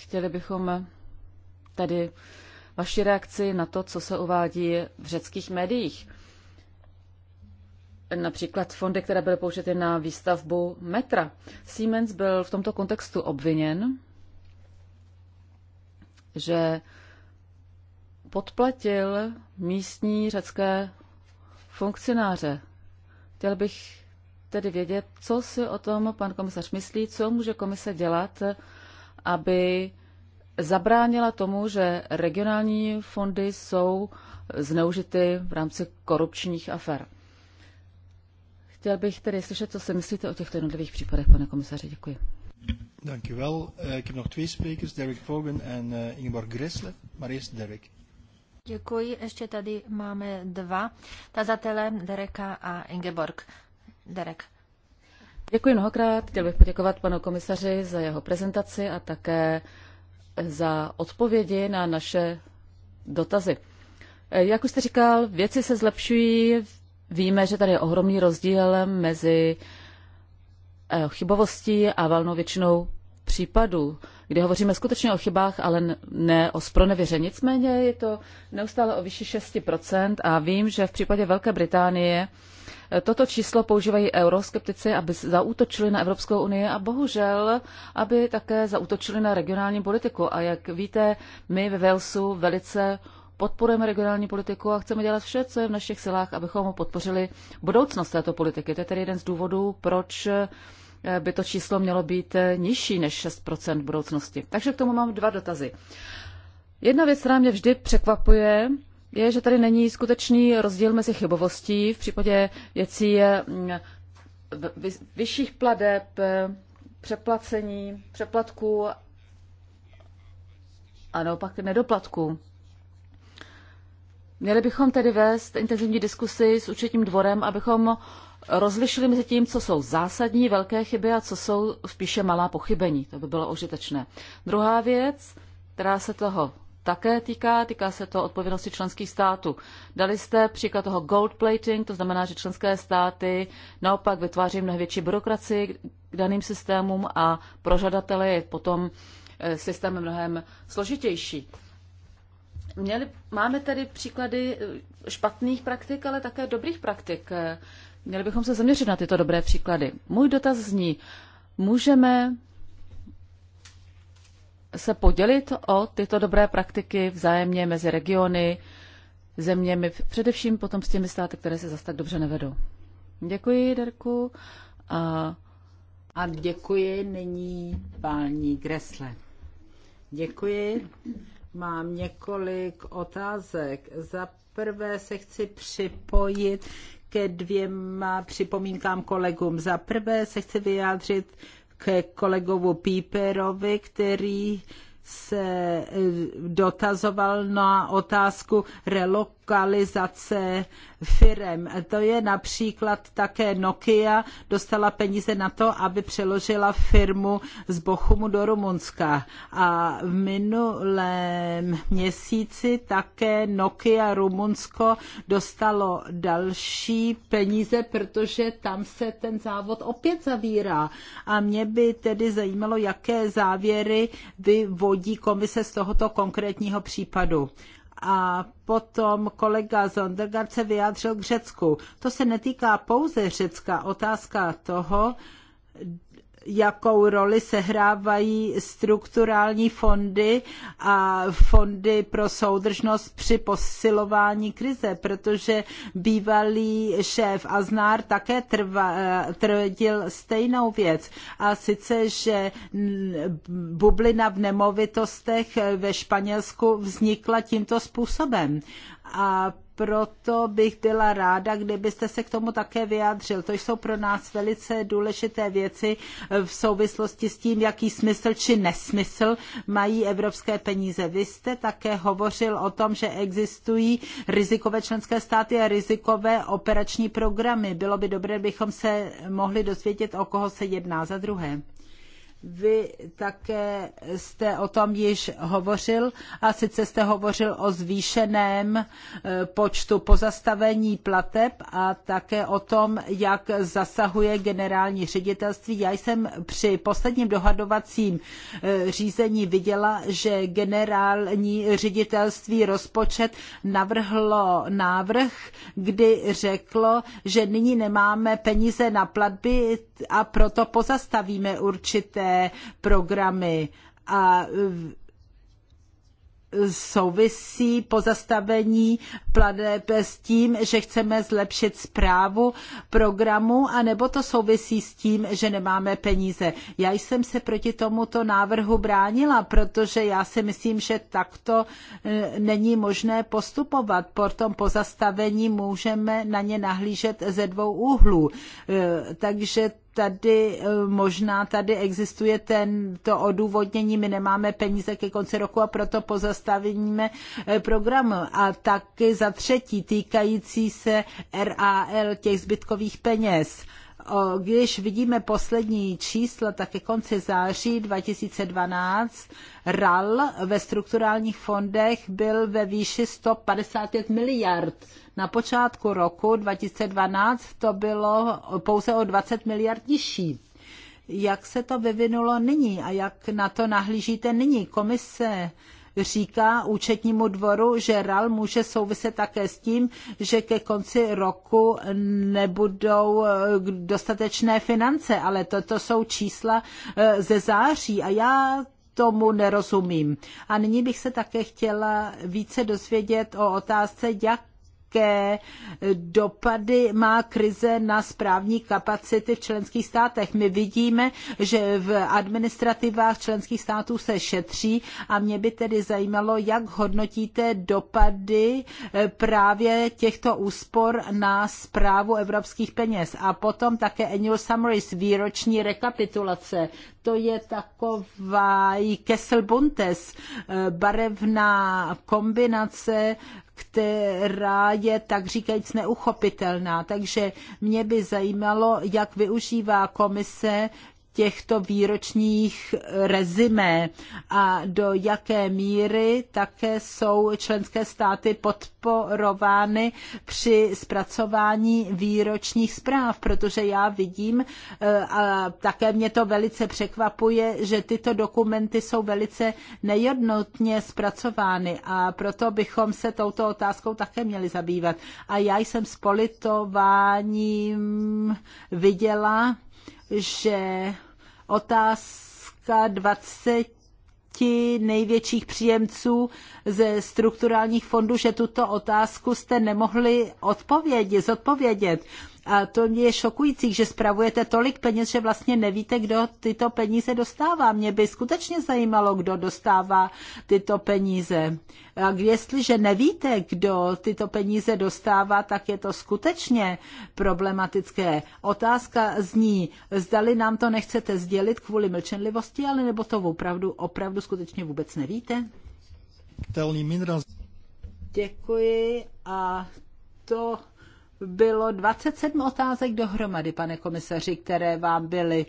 Chtěli bychom tady vaši reakci na to, co se uvádí v řeckých médiích. Například fondy, které byly použity na výstavbu metra. Siemens byl v tomto kontextu obviněn že podplatil místní řecké funkcionáře. Chtěl bych tedy vědět, co si o tom pan komisař myslí, co může komise dělat, aby zabránila tomu, že regionální fondy jsou zneužity v rámci korupčních afer. Chtěl bych tedy slyšet, co si myslíte o těchto jednotlivých případech, pane komisaři. Děkuji. Dank u wel. Uh, ik heb nog twee sprekers, Derek Vogen en uh, Ingeborg Gressle. Maar eerst Derek. Děkuji. Ještě tady máme dva tazatele, Dereka a Ingeborg. Derek. Děkuji mnohokrát. Chtěl bych poděkovat panu komisaři za jeho prezentaci a také za odpovědi na naše dotazy. Eh, jak už jste říkal, věci se zlepšují. Víme, že tady je ohromný rozdíl mezi Eh, chybovosti a valnou většinou případů, kdy hovoříme skutečně o chybách, ale ne o spronevěře. Nicméně je to neustále o vyšší 6% a vím, že v případě Velké Británie eh, toto číslo používají euroskeptici, aby zaútočili na Evropskou unii a bohužel, aby také zaútočili na regionální politiku. A jak víte, my ve Walesu velice podporujeme regionální politiku a chceme dělat vše, co je v našich silách, abychom podpořili budoucnost této politiky. To je tedy jeden z důvodů, proč Eh, by to číslo mělo být eh, nižší než 6 v budoucnosti. Takže k tomu mám dva dotazy. Jedna věc, která mě vždy překvapuje, je, že tady není skutečný rozdíl mezi chybovostí v případě věcí eh, vyšších pladeb, přeplacení, přeplatků a naopak nedoplatků. Měli bychom tedy vést intenzivní diskusy s účetním dvorem, abychom rozlišili mezi tím, co jsou zásadní velké chyby a co jsou spíše malá pochybení. To by bylo užitečné. Druhá věc, která se toho také týká, týká se to odpovědnosti členských států. Dali jste příklad toho gold plating, to znamená, že členské státy naopak vytváří mnohem větší byrokracii k daným systémům a pro žadatele je potom eh, systém mnohem složitější. Měli, máme tedy příklady eh, špatných praktik, ale také dobrých praktik. Měli bychom se zaměřit na tyto dobré příklady. Můj dotaz zní, můžeme se podělit o tyto dobré praktiky vzájemně mezi regiony, zeměmi, především potom s těmi státy, které se zase tak dobře nevedou. Děkuji, Darku. A, a děkuji nyní pální Gresle. Děkuji. Mám několik otázek. Za prvé se chci připojit ke dvěma připomínkám kolegům. Za prvé se chci vyjádřit ke kolegovu Píperovi, který se eh, dotazoval na otázku relok relokalizace firem. To je například také Nokia dostala peníze na to, aby přeložila firmu z Bochumu do Rumunska. A v minulém měsíci také Nokia Rumunsko dostalo další peníze, protože tam se ten závod opět zavírá. A mě by tedy zajímalo, jaké závěry vyvodí komise z tohoto konkrétního případu a potom kolega Zondergaard se vyjádřil k Řecku. To se netýká pouze Řecka, otázka toho, jakou roli sehrávají strukturální fondy a fondy pro soudržnost při posilování krize, protože bývalý šéf Aznár také trva, tvrdil stejnou věc. A sice, že bublina v nemovitostech ve Španělsku vznikla tímto způsobem. A proto bych byla ráda, kdybyste se k tomu také vyjádřil. To jsou pro nás velice důležité věci v souvislosti s tím, jaký smysl či nesmysl mají evropské peníze. Vy jste také hovořil o tom, že existují rizikové členské státy a rizikové operační programy. Bylo by dobré, bychom se mohli dozvědět, o koho se jedná za druhé. Vy také jste o tom již hovořil a sice jste hovořil o zvýšeném e, počtu pozastavení plateb a také o tom, jak zasahuje generální ředitelství. Já jsem při posledním dohadovacím e, řízení viděla, že generální ředitelství rozpočet navrhlo návrh, kdy řeklo, že nyní nemáme peníze na platby a proto pozastavíme určité programy a souvisí pozastavení pladeb s tím, že chceme zlepšit zprávu programu, anebo to souvisí s tím, že nemáme peníze. Já jsem se proti tomuto návrhu bránila, protože já si myslím, že takto e, není možné postupovat. Po tom pozastavení můžeme na ně nahlížet ze dvou úhlů. E, takže tady eh, možná tady existuje ten, to odůvodnění, my nemáme peníze ke konci roku a proto pozastavíme eh, program. A taky za třetí týkající se RAL těch zbytkových peněz. Když vidíme poslední čísla, tak ke konci září 2012 RAL ve strukturálních fondech byl ve výši 155 miliard na počátku roku 2012 to bylo pouze o 20 miliard nižší. Jak se to vyvinulo nyní a jak na to nahlížíte nyní? Komise říká účetnímu dvoru, že RAL může souviset také s tím, že ke konci roku nebudou eh, dostatečné finance, ale toto jsou čísla eh, ze září a já tomu nerozumím. A nyní bych se také chtěla více dozvědět o otázce, jak jaké dopady má krize na správní kapacity v členských státech. My vidíme, že v administrativách členských států se šetří a mě by tedy zajímalo, jak hodnotíte dopady eh, právě těchto úspor na správu evropských peněz. A potom také annual summaries, výroční rekapitulace. To je taková Kesselbuntes, eh, barevná kombinace která je tak říkajíc neuchopitelná. Takže mě by zajímalo, jak využívá komise těchto výročních rezimé a do jaké míry také jsou členské státy podporovány při zpracování výročních zpráv, protože já vidím eh, a také mě to velice překvapuje, že tyto dokumenty jsou velice nejednotně zpracovány a proto bychom se touto otázkou také měli zabývat. A já jsem s politováním viděla, že otázka 20 největších příjemců ze strukturálních fondů, že tuto otázku jste nemohli odpovědět, zodpovědět. A to mě je šokující, že spravujete tolik peněz, že vlastně nevíte, kdo tyto peníze dostává. Mě by skutečně zajímalo, kdo dostává tyto peníze. A jestliže nevíte, kdo tyto peníze dostává, tak je to skutečně problematické. Otázka zní, zdali nám to nechcete sdělit kvůli mlčenlivosti, ale nebo to opravdu, opravdu skutečně vůbec nevíte? Děkuji a to bylo 27 otázek dohromady, pane komisaři, které vám byly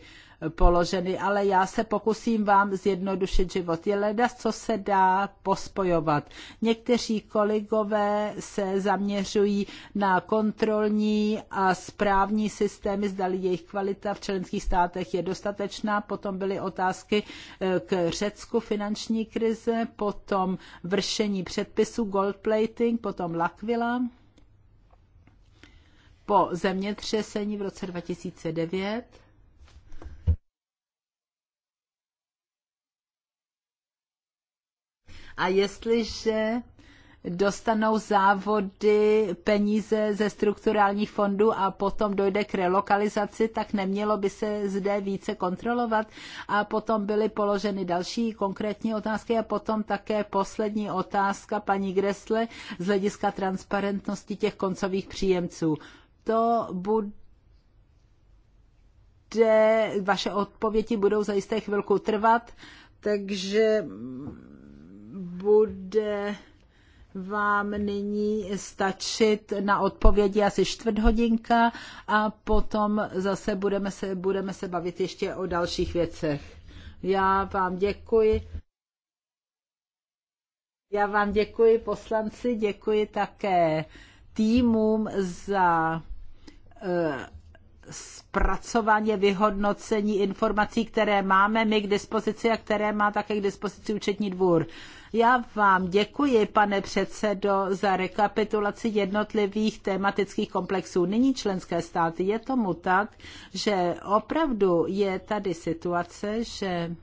položeny, ale já se pokusím vám zjednodušit život. Je leda, co se dá pospojovat. Někteří kolegové se zaměřují na kontrolní a správní systémy, zdali jejich kvalita v členských státech je dostatečná. Potom byly otázky eh, k Řecku finanční krize, potom vršení předpisu gold plating, potom lakvila po zemětřesení v roce 2009 a jestliže dostanou závody peníze ze strukturálních fondů a potom dojde k relokalizaci, tak nemělo by se zde více kontrolovat. A potom byly položeny další konkrétní otázky a potom také poslední otázka paní Gresle z hlediska transparentnosti těch koncových příjemců to bude vaše odpovědi budou zajisté chvilku trvat, takže bude vám nyní stačit na odpovědi asi čtvrt hodinka a potom zase budeme se, budeme se bavit ještě o dalších věcech. Já vám děkuji. Já vám děkuji poslanci, děkuji také týmům za Eh, zpracovaně vyhodnocení informací, které máme my k dispozici a které má také k dispozici účetní dvůr. Já vám děkuji, pane předsedo, za rekapitulaci jednotlivých tematických komplexů. Nyní členské státy. Je tomu tak, že opravdu je tady situace, že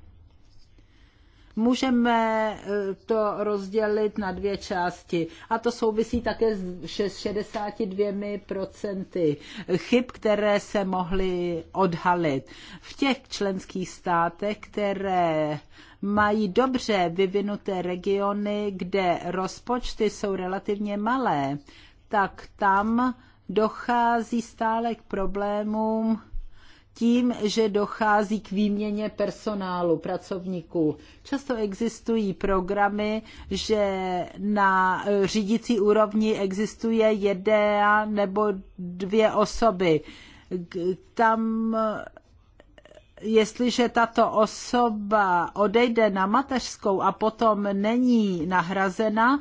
Můžeme eh, to rozdělit na dvě části a to souvisí také s 62% chyb, které se mohly odhalit. V těch členských státech, které mají dobře vyvinuté regiony, kde rozpočty jsou relativně malé, tak tam dochází stále k problémům tím, že dochází k výměně personálu, pracovníků. Často existují programy, že na eh, řídící úrovni existuje jedna nebo dvě osoby. Tam eh, jestliže tato osoba odejde na mateřskou a potom není nahrazena,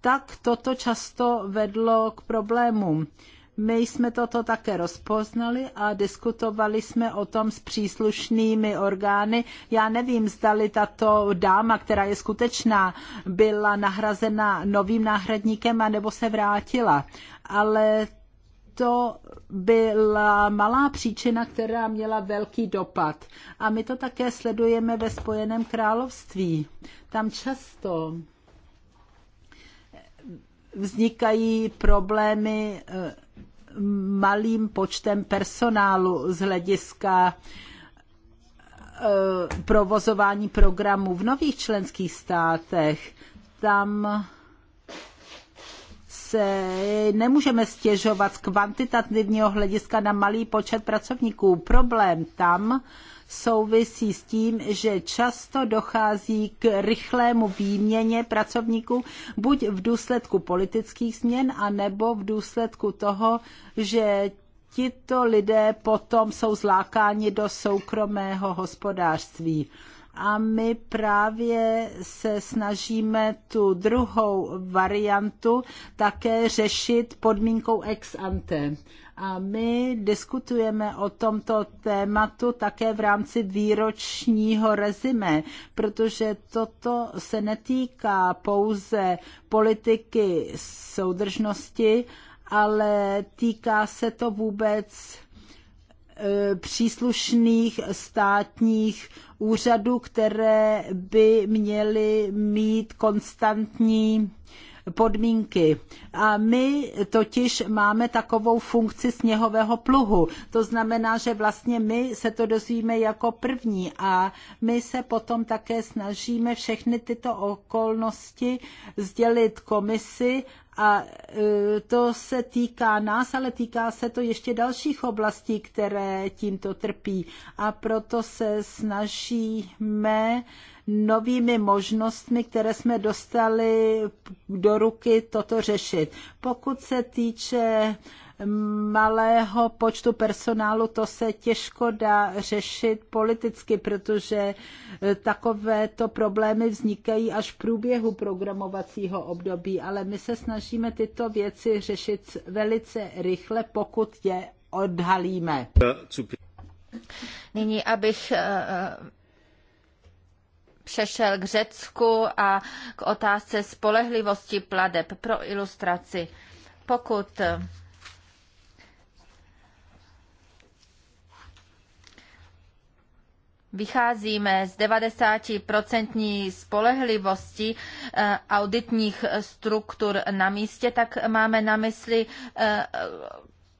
tak toto často vedlo k problémům. My jsme toto také rozpoznali a diskutovali jsme o tom s příslušnými orgány. Já nevím, zdali tato dáma, která je skutečná, byla nahrazena novým náhradníkem a nebo se vrátila. Ale to byla malá příčina, která měla velký dopad. A my to také sledujeme ve Spojeném království. Tam často vznikají problémy eh, malým počtem personálu z hlediska eh, provozování programů v nových členských státech. Tam se nemůžeme stěžovat z kvantitativního hlediska na malý počet pracovníků. Problém tam souvisí s tím, že často dochází k rychlému výměně pracovníků, buď v důsledku politických změn, anebo v důsledku toho, že tito lidé potom jsou zlákáni do soukromého hospodářství. A my právě se snažíme tu druhou variantu také řešit podmínkou ex ante. A my diskutujeme o tomto tématu také v rámci výročního rezime, protože toto se netýká pouze politiky soudržnosti, ale týká se to vůbec e, příslušných státních úřadů, které by měly mít konstantní podmínky. A my totiž máme takovou funkci sněhového pluhu. To znamená, že vlastně my se to dozvíme jako první a my se potom také snažíme všechny tyto okolnosti sdělit komisi a e, to se týká nás, ale týká se to ještě dalších oblastí, které tímto trpí. A proto se snažíme novými možnostmi, které jsme dostali do ruky toto řešit. Pokud se týče malého počtu personálu, to se těžko dá řešit politicky, protože eh, takovéto problémy vznikají až v průběhu programovacího období, ale my se snažíme tyto věci řešit velice rychle, pokud je odhalíme. Nyní, abych eh, eh, přešel k Řecku a k otázce spolehlivosti pladeb pro ilustraci. Pokud eh, vycházíme z 90% spolehlivosti eh, auditních struktur na místě, tak máme na mysli eh,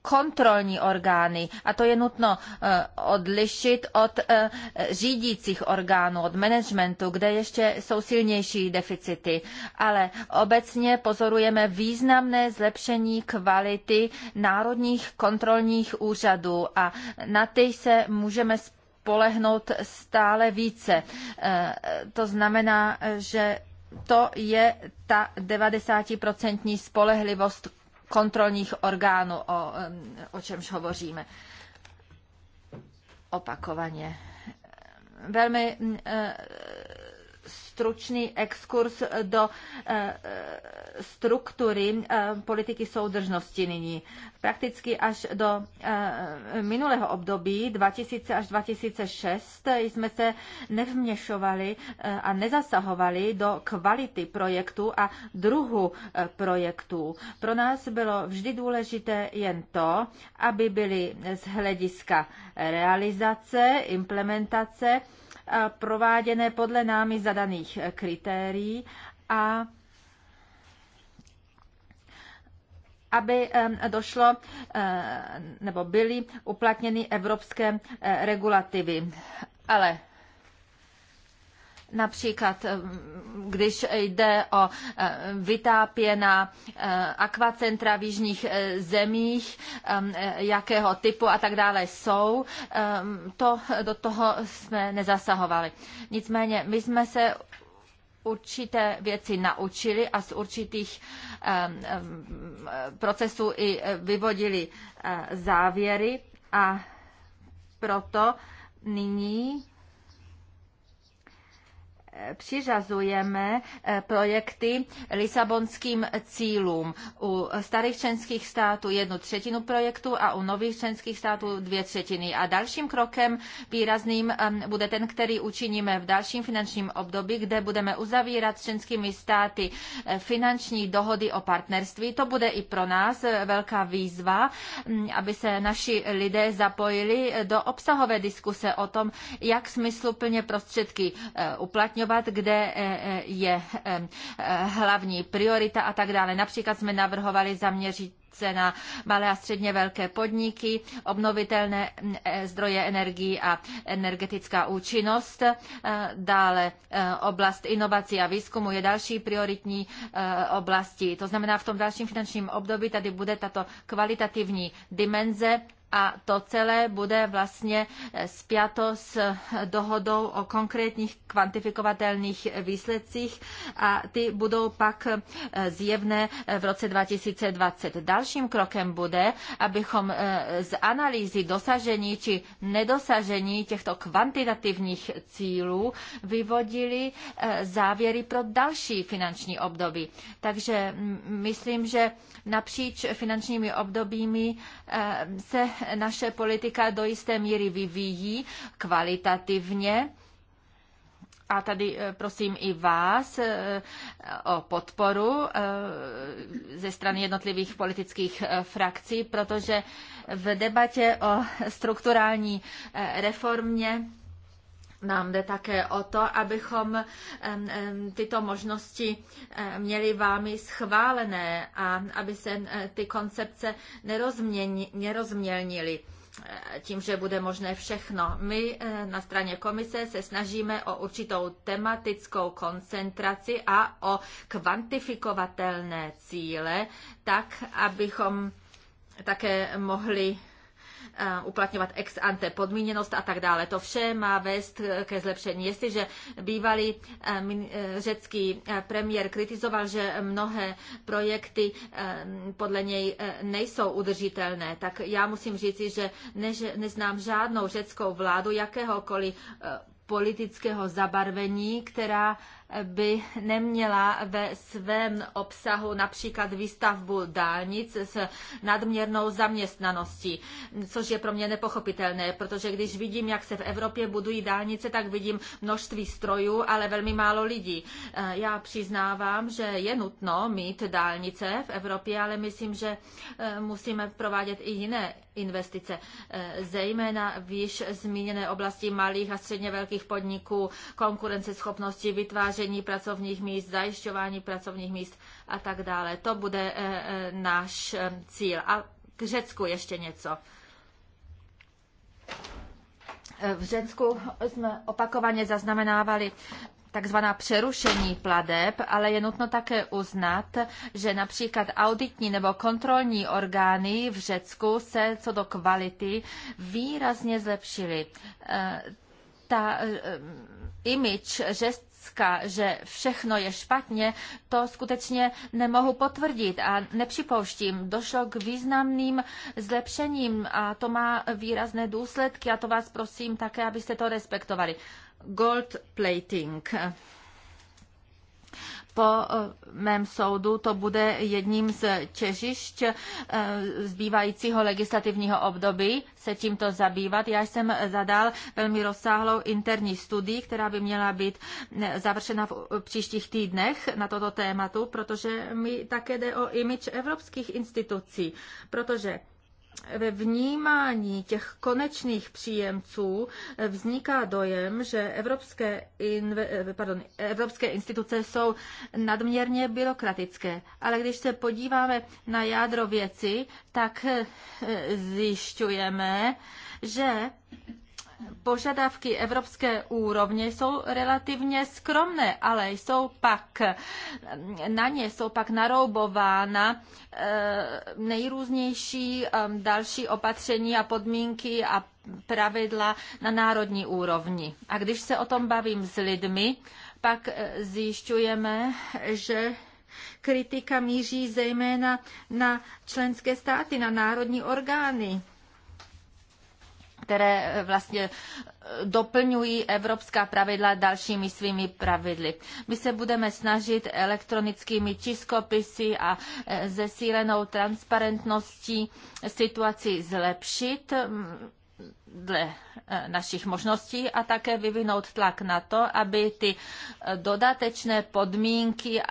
kontrolní orgány a to je nutno eh, odlišit od eh, řídících orgánů, od managementu, kde ještě jsou silnější deficity. Ale obecně pozorujeme významné zlepšení kvality národních kontrolních úřadů a na ty se můžeme spolehnout stále více. Eh, to znamená, že to je ta 90% spolehlivost kontrolních orgánů, o, o čemž hovoříme opakovaně. Velmi stručný exkurs do eh, eh, struktury eh, politiky soudržnosti nyní. Prakticky až do minulého období 2000 až 2006 jsme se nevměšovali a nezasahovali do kvality projektu a druhu projektů. Pro nás bylo vždy důležité jen to, aby byly z hlediska realizace, implementace, prováděné podle námi zadaných eh, kritérií a aby došlo eh, nebo byly uplatněny evropské eh, regulativy. Ale Například, eh, když jde o eh, vytápěná eh, akvacentra v jižních zemích, jakého typu a tak dále jsou, to do toho jsme nezasahovali. Nicméně, my jsme se určité věci naučili a z určitých procesů i vyvodili závěry a proto nyní přiřazujeme eh, projekty lisabonským cílům. U starých členských států jednu třetinu projektu a u nových členských států dvě třetiny. A dalším krokem výrazným ehm, bude ten, který učiníme v dalším finančním období, kde budeme uzavírat s členskými státy eh, finanční dohody o partnerství. To bude i pro nás eh, velká výzva, mm, aby se naši lidé zapojili do obsahové diskuse o tom, jak smysluplně prostředky uplatňovat zmiňovat, kde eh, eh, je eh, hlavní priorita a tak dále. Například jsme navrhovali zaměřit se na malé a středně velké podniky, obnovitelné mm, zdroje energii a energetická účinnost. Dále oblast inovací a výzkumu je další prioritní oblasti. To znamená, v tom dalším finančním období tady bude tato kvalitativní dimenze a to celé bude vlastně spjato s dohodou o konkrétních kvantifikovatelných výsledcích a ty budou pak eh, zjevné eh, v roce 2020. Dalším krokem bude, abychom eh, z analýzy dosažení či nedosažení těchto kvantitativních cílů vyvodili závěry pro další finanční období. Takže mm, myslím, že napříč finančními obdobími se naše politika do jisté míry vyvíjí kvalitativně. A tady eh, prosím i vás eh, o podporu eh, ze strany jednotlivých politických frakcí, protože v debatě o strukturální reformě nám jde také o to, abychom tyto možnosti měli vámi schválené a aby se ty koncepce nerozmělnily eh, tím, že bude možné všechno. My eh, na straně komise se snažíme o určitou tematickou koncentraci a o kvantifikovatelné cíle, tak abychom také mohli uplatňovat ex ante podmíněnost a tak dále. To vše má vést ke zlepšení. Jestliže bývalý e, řecký premiér kritizoval, že mnohé projekty podle něj e, nejsou udržitelné, tak já musím říci, že neznám žádnou řeckou vládu jakéhokoliv e, politického zabarvení, která by neměla ve svém obsahu například výstavbu dálnic s nadměrnou zaměstnaností, což je pro mě nepochopitelné, protože když vidím, jak se v Evropě budují dálnice, tak vidím množství strojů, ale velmi málo lidí. Eh, já přiznávám, že je nutno mít dálnice v Evropě, ale myslím, že eh, musíme provádět i jiné investice, eh, zejména v již zmíněné oblasti malých a středně velkých podniků, konkurenceschopnosti, vytváření vytváření pracovních míst, zajišťování pracovních míst a tak dále. To bude eh, eh, náš eh, cíl. A k Řecku ještě něco. V Řecku jsme opakovaně zaznamenávali takzvaná přerušení pladeb, ale je nutno také uznat, že například auditní nebo kontrolní orgány v Řecku se co do kvality výrazně zlepšily. Ta image Řecka, že všechno je špatně, to skutečně nemohu potvrdit a nepřipouštím. Došlo k významným zlepšením a to má výrazné důsledky a to vás prosím také, abyste to respektovali. Gold plating po eh, mém soudu to bude jedním z těžišť eh, zbývajícího legislativního období se tímto zabývat. Já jsem zadal velmi rozsáhlou interní studii, která by měla být eh, završena v příštích týdnech na toto tématu, protože mi také jde o imič evropských institucí, protože ve vnímání těch konečných příjemců vzniká dojem, že evropské, inve, eh, pardon, evropské instituce jsou nadměrně byrokratické. Ale když se podíváme na jádro věci, tak eh, zjišťujeme, že požadavky evropské úrovně jsou relativně skromné, ale jsou pak na ně jsou pak naroubována eh, nejrůznější eh, další opatření a podmínky a pravidla na národní úrovni. A když se o tom bavím s lidmi, pak eh, zjišťujeme, že kritika míří zejména na členské státy, na národní orgány které eh, vlastně eh, doplňují evropská pravidla dalšími svými pravidly. My se budeme snažit elektronickými čiskopisy a eh, zesílenou transparentností situaci zlepšit dle eh, našich možností a také vyvinout tlak na to, aby ty eh, dodatečné podmínky,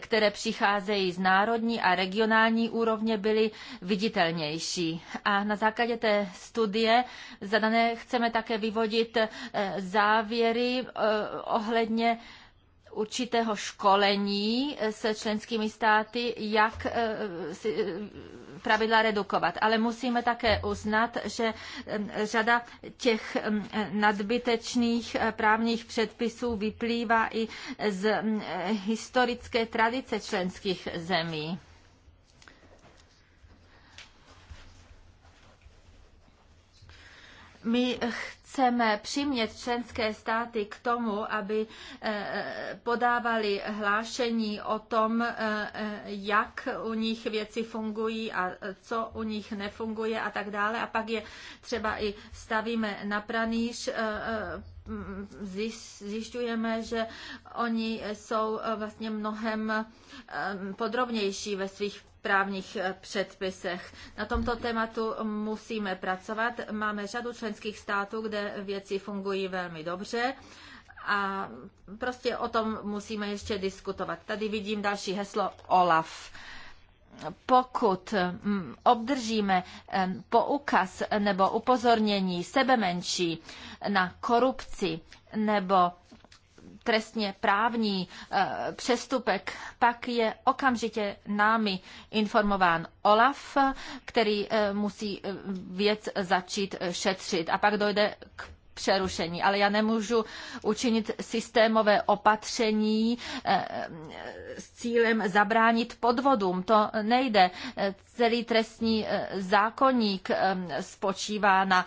které přicházejí z národní a regionální úrovně, byly viditelnější. A na základě té studie zadané chceme také vyvodit eh, závěry ohledně určitého školení eh, se členskými státy, jak eh, eh, pravidla redukovat. Ale musíme také uznat, že řada těch nadbytečných právních předpisů vyplývá i z historické tradice členských zemí. My chceme přimět členské státy k tomu, aby eh, eh, podávali hlášení o tom, eh, jak u nich věci fungují a co u nich nefunguje a tak dále. A pak je třeba i stavíme na praníž, zjišťujeme, že oni jsou vlastně mnohem podrobnější ve svých právních eh, předpisech. Na tomto tématu musíme pracovat. Máme řadu členských států, kde věci fungují velmi dobře a prostě o tom musíme ještě diskutovat. Tady vidím další heslo OLAF pokud mm, obdržíme poukaz nebo upozornění sebe menší na korupci nebo trestně právní eh, přestupek, pak je okamžitě námi informován OLAF, který eh, musí eh, věc začít šetřit. A pak dojde k přerušení, ale já nemůžu učinit systémové opatření eh, s cílem zabránit podvodům. To nejde. Celý trestní eh, zákonník eh, spočívá na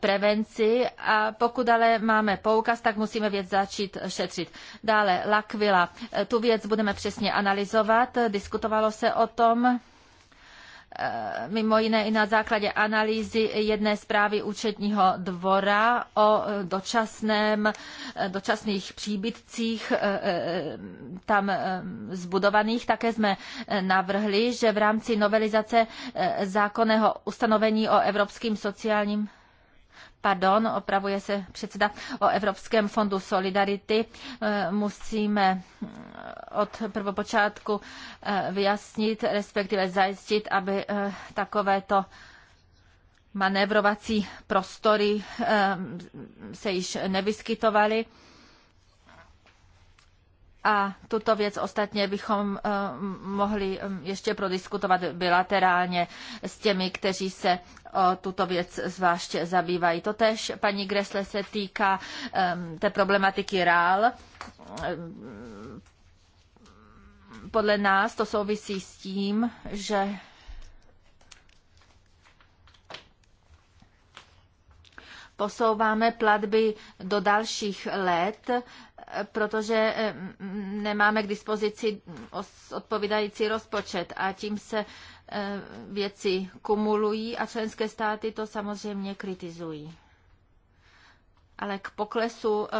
prevenci a pokud ale máme poukaz, tak musíme věc začít šetřit. Dále, Lakvila. Tu věc budeme přesně analyzovat. Diskutovalo se o tom Eh, mimo jiné i na základě analýzy jedné zprávy účetního dvora o eh, dočasném, eh, dočasných příbytcích tam zbudovaných. Také jsme navrhli, že v rámci novelizace zákonného ustanovení o Evropském sociálním pardon, opravuje se předseda o Evropském fondu Solidarity. Eh, musíme mm, od prvopočátku eh, vyjasnit, respektive zajistit, aby eh, takovéto manévrovací prostory se již nevyskytovaly a tuto věc ostatně bychom eh, mohli eh, ještě prodiskutovat bilaterálně s těmi, kteří se o tuto věc zvláště zabývají. Totež paní Gresle se týká eh, té problematiky RAL. Podle nás to souvisí s tím, že posouváme platby do dalších let protože eh, nemáme k dispozici odpovídající rozpočet a tím se eh, věci kumulují a členské státy to samozřejmě kritizují. Ale k poklesu eh,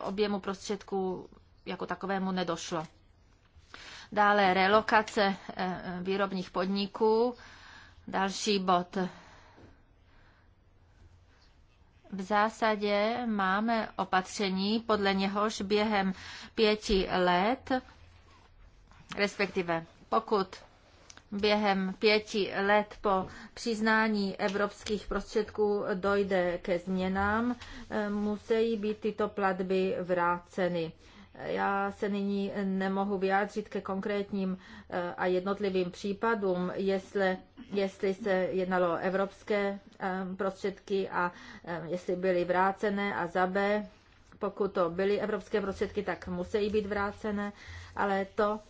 objemu prostředků jako takovému nedošlo. Dále relokace výrobních podniků, další bod v zásadě máme opatření, podle něhož během pěti let, respektive pokud během pěti let po přiznání evropských prostředků dojde ke změnám, eh, musí být tyto platby vráceny. Já se nyní nemohu vyjádřit ke konkrétním eh, a jednotlivým případům, jestli, jestli se jednalo o evropské eh, prostředky a eh, jestli byly vrácené a za B, pokud to byly evropské prostředky, tak musí být vrácené, ale to,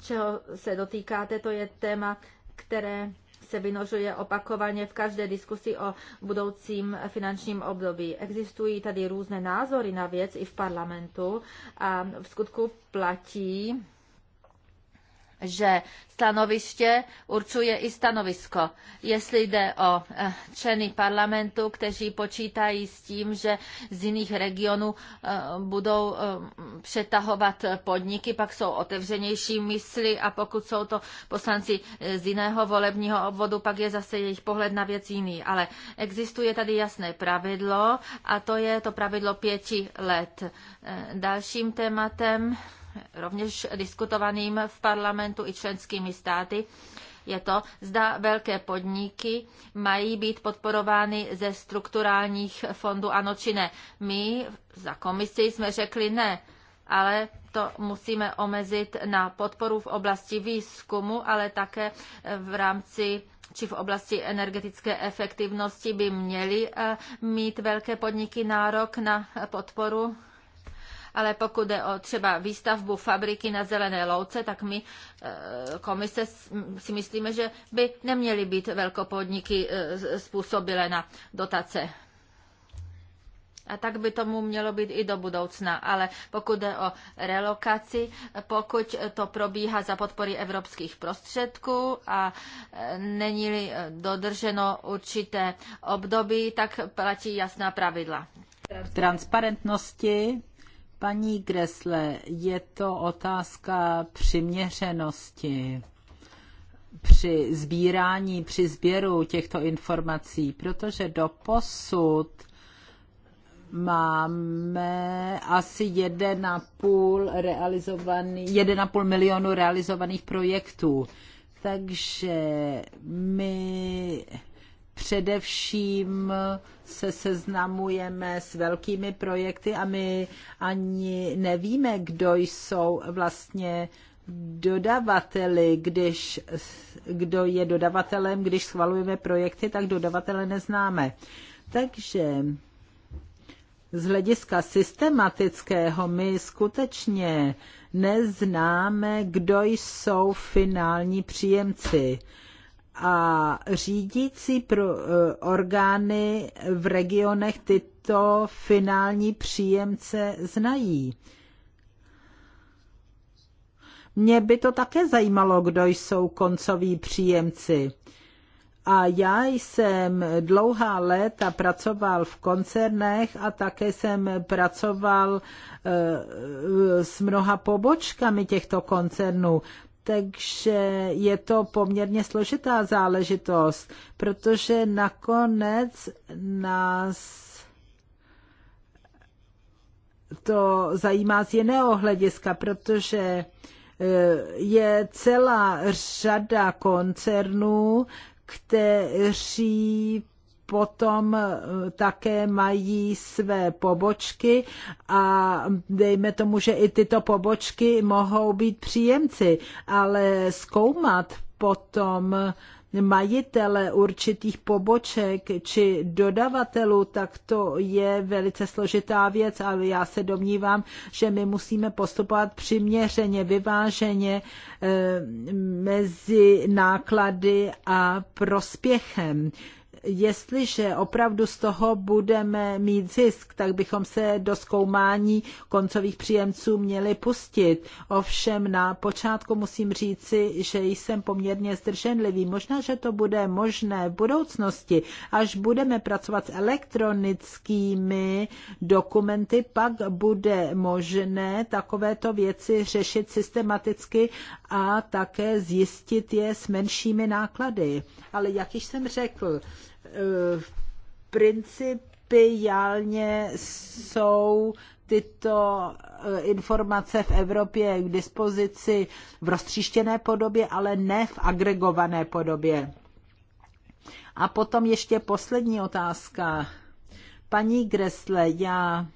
čeho se dotýkáte, to je téma, které se vynožuje opakovaně v každé diskusi o budoucím finančním období. Existují tady různé názory na věc i v parlamentu a v skutku platí, že stanoviště určuje i stanovisko. Jestli jde o eh, členy parlamentu, kteří počítají s tím, že z jiných regionů eh, budou eh, přetahovat podniky, pak jsou otevřenější mysli a pokud jsou to poslanci z jiného volebního obvodu, pak je zase jejich pohled na věc jiný. Ale existuje tady jasné pravidlo a to je to pravidlo pěti let. Dalším tématem rovněž diskutovaným v parlamentu i členskými státy, je to, zda velké podniky mají být podporovány ze strukturálních fondů, ano či ne. My za komisi jsme řekli ne, ale to musíme omezit na podporu v oblasti výzkumu, ale také v rámci či v oblasti energetické efektivnosti by měly eh, mít velké podniky nárok na podporu ale pokud jde o třeba výstavbu fabriky na zelené louce, tak my eh, komise si myslíme, že by neměly být velkopodniky eh, způsobile na dotace. A tak by tomu mělo být i do budoucna. Ale pokud jde o relokaci, pokud to probíhá za podpory evropských prostředků a eh, není dodrženo určité období, tak platí jasná pravidla. Transparentnosti Paní Gresle, je to otázka přiměřenosti při sbírání, při sběru těchto informací, protože do posud máme asi 1,5, realizovaný, 1,5 milionu realizovaných projektů. Takže my především se seznamujeme s velkými projekty a my ani nevíme, kdo jsou vlastně dodavateli, když, kdo je dodavatelem, když schvalujeme projekty, tak dodavatele neznáme. Takže z hlediska systematického my skutečně neznáme, kdo jsou finální příjemci a řídící pro, eh, orgány v regionech tyto finální příjemce znají. Mě by to také zajímalo, kdo jsou koncoví příjemci. A já jsem dlouhá léta pracoval v koncernech a také jsem pracoval eh, s mnoha pobočkami těchto koncernů takže je to poměrně složitá záležitost, protože nakonec nás to zajímá z jiného hlediska, protože eh, je celá řada koncernů, kteří potom eh, také mají své pobočky a dejme tomu, že i tyto pobočky mohou být příjemci, ale zkoumat potom majitele určitých poboček či dodavatelů, tak to je velice složitá věc, ale já se domnívám, že my musíme postupovat přiměřeně, vyváženě eh, mezi náklady a prospěchem jestliže opravdu z toho budeme mít zisk, tak bychom se do zkoumání koncových příjemců měli pustit. Ovšem na počátku musím říci, že jsem poměrně zdrženlivý. Možná, že to bude možné v budoucnosti, až budeme pracovat s elektronickými dokumenty, pak bude možné takovéto věci řešit systematicky a také zjistit je s menšími náklady. Ale jak již jsem řekl, Eh, principiálně jsou tyto eh, informace v Evropě k dispozici v roztříštěné podobě, ale ne v agregované podobě. A potom ještě poslední otázka. Paní Gresle, já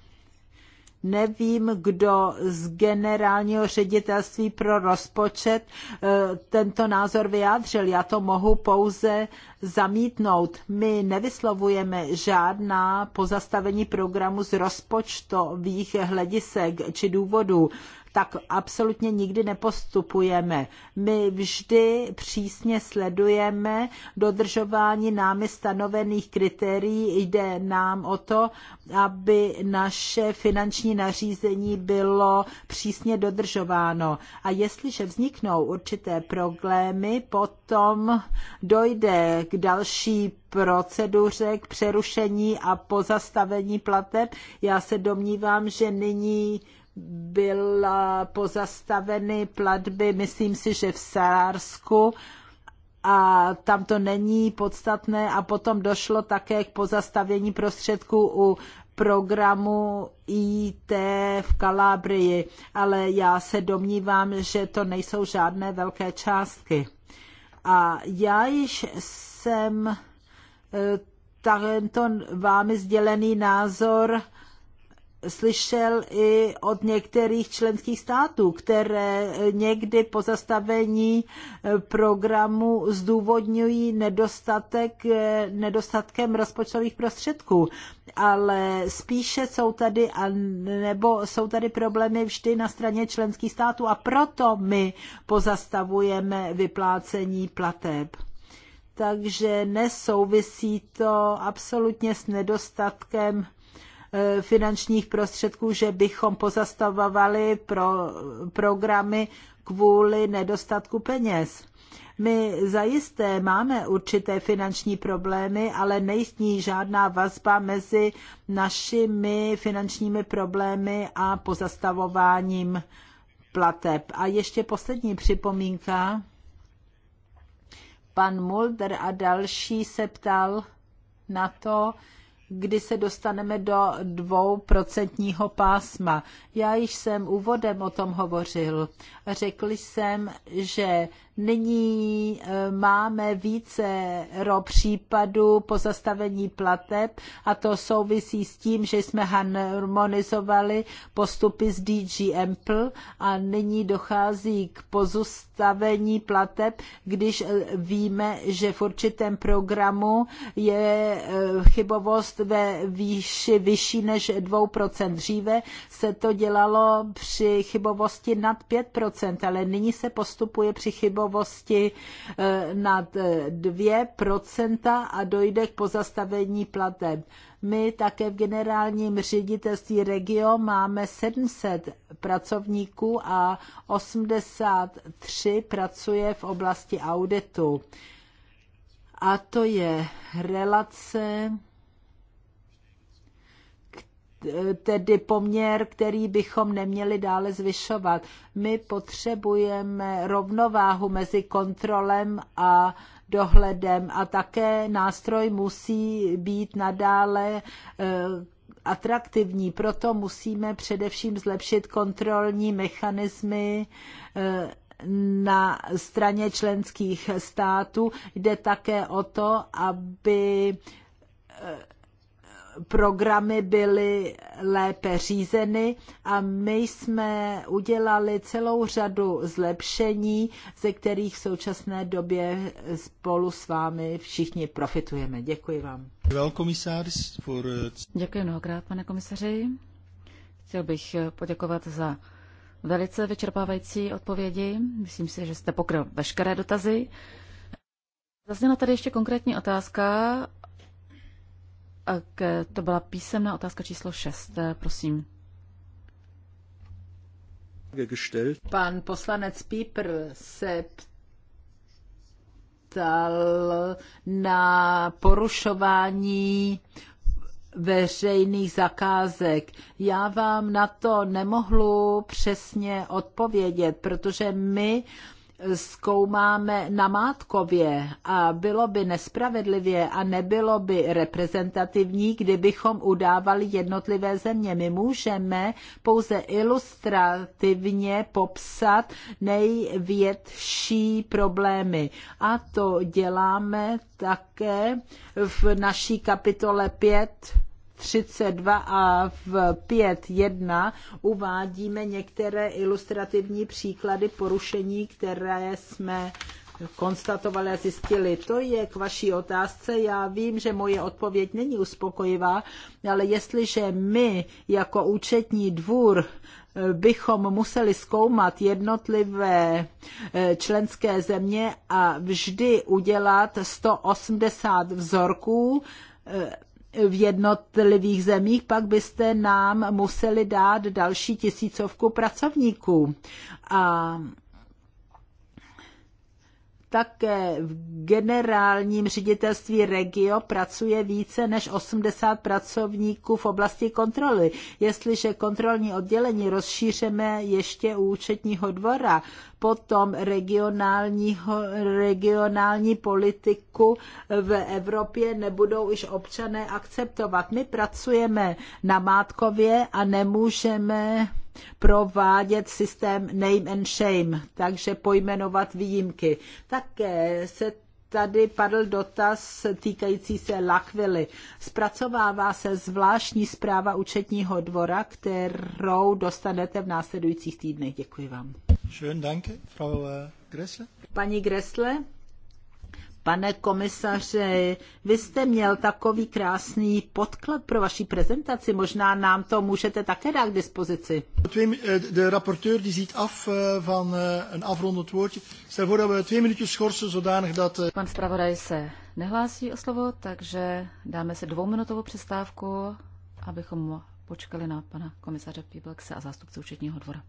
Nevím, kdo z generálního ředitelství pro rozpočet eh, tento názor vyjádřil. Já to mohu pouze zamítnout. My nevyslovujeme žádná pozastavení programu z rozpočtových hledisek či důvodů tak absolutně nikdy nepostupujeme. My vždy přísně sledujeme dodržování námi stanovených kritérií. Jde nám o to, aby naše finanční nařízení bylo přísně dodržováno. A jestliže vzniknou určité problémy, potom dojde k další proceduře, k přerušení a pozastavení plateb. Já se domnívám, že nyní byla pozastaveny platby, myslím si, že v Sarsku a tam to není podstatné a potom došlo také k pozastavení prostředků u programu IT v Kalábrii, ale já se domnívám, že to nejsou žádné velké částky. A já již jsem eh, tento vámi sdělený názor slyšel i od některých členských států, které někdy po zastavení eh, programu zdůvodňují nedostatek, eh, nedostatkem rozpočtových prostředků. Ale spíše jsou tady, a nebo jsou tady problémy vždy na straně členských států a proto my pozastavujeme vyplácení plateb takže nesouvisí to absolutně s nedostatkem Eh, finančních prostředků, že bychom pozastavovali pro programy kvůli nedostatku peněz. My zajisté máme určité finanční problémy, ale nejsní žádná vazba mezi našimi finančními problémy a pozastavováním plateb. A ještě poslední připomínka. Pan Mulder a další se ptal na to, kdy se dostaneme do dvouprocentního pásma. Já již jsem úvodem o tom hovořil. Řekl jsem, že Nyní eh, máme více případů pozastavení plateb a to souvisí s tím, že jsme harmonizovali postupy z DG Ample a nyní dochází k pozastavení plateb, když eh, víme, že v určitém programu je eh, chybovost ve výši vyšší než 2%. Dříve se to dělalo při chybovosti nad 5%, ale nyní se postupuje při chybovosti chybovosti eh, nad 2% eh, a dojde k pozastavení plateb. My také v generálním ředitelství Regio máme 700 pracovníků a 83 pracuje v oblasti auditu. A to je relace tedy poměr, který bychom neměli dále zvyšovat. My potřebujeme rovnováhu mezi kontrolem a dohledem a také nástroj musí být nadále eh, atraktivní. Proto musíme především zlepšit kontrolní mechanismy eh, na straně členských států. Jde také o to, aby eh, programy byly lépe řízeny a my jsme udělali celou řadu zlepšení, ze kterých v současné době spolu s vámi všichni profitujeme. Děkuji vám. Eh, Děkuji mnohokrát, pane komisaři. Chtěl bych eh, poděkovat za velice vyčerpávající odpovědi. Myslím si, že jste pokryl veškeré dotazy. Zazněla tady ještě konkrétní otázka k, to byla písemná otázka číslo 6, prosím. Pan poslanec Pípr se ptal na porušování veřejných zakázek. Já vám na to nemohlu přesně odpovědět, protože my uh, zkoumáme na Mátkově a bylo by nespravedlivě a nebylo by reprezentativní, kdybychom udávali jednotlivé země. My můžeme pouze ilustrativně popsat největší problémy a to děláme také v naší kapitole 5 32 a v 5.1 uvádíme některé ilustrativní příklady porušení, které jsme konstatovali a zjistili. To je k vaší otázce. Já vím, že moje odpověď není uspokojivá, ale jestliže my jako účetní dvůr eh, bychom museli zkoumat jednotlivé eh, členské země a vždy udělat 180 vzorků, eh, v jednotlivých zemích, pak byste nám museli dát další tisícovku pracovníků. A také v generálním ředitelství Regio pracuje více než 80 pracovníků v oblasti kontroly. Jestliže kontrolní oddělení rozšíříme ještě u účetního dvora, potom regionální, regionální politiku v Evropě nebudou již občané akceptovat. My pracujeme na Mátkově a nemůžeme provádět systém name and shame, takže pojmenovat výjimky. Také se tady padl dotaz týkající se lakvily. Zpracovává se zvláštní zpráva účetního dvora, kterou dostanete v následujících týdnech. Děkuji vám. Schön, danke, Frau eh, Gressle. Paní Gressle. Pane komisaři, vy jste měl takový krásný podklad pro vaši prezentaci. Možná nám to můžete také dát k dispozici. Eh, de rapporteur die ziet af eh, van eh, een afrondend woordje. Stel voor dat we twee minuutjes schorsen zodanig dat... Pan zpravodaj se nehlásí o slovo, takže dáme si dvouminutovou přestávku, abychom počkali na pana komisaře Píblekse a zástupce účetního dvora.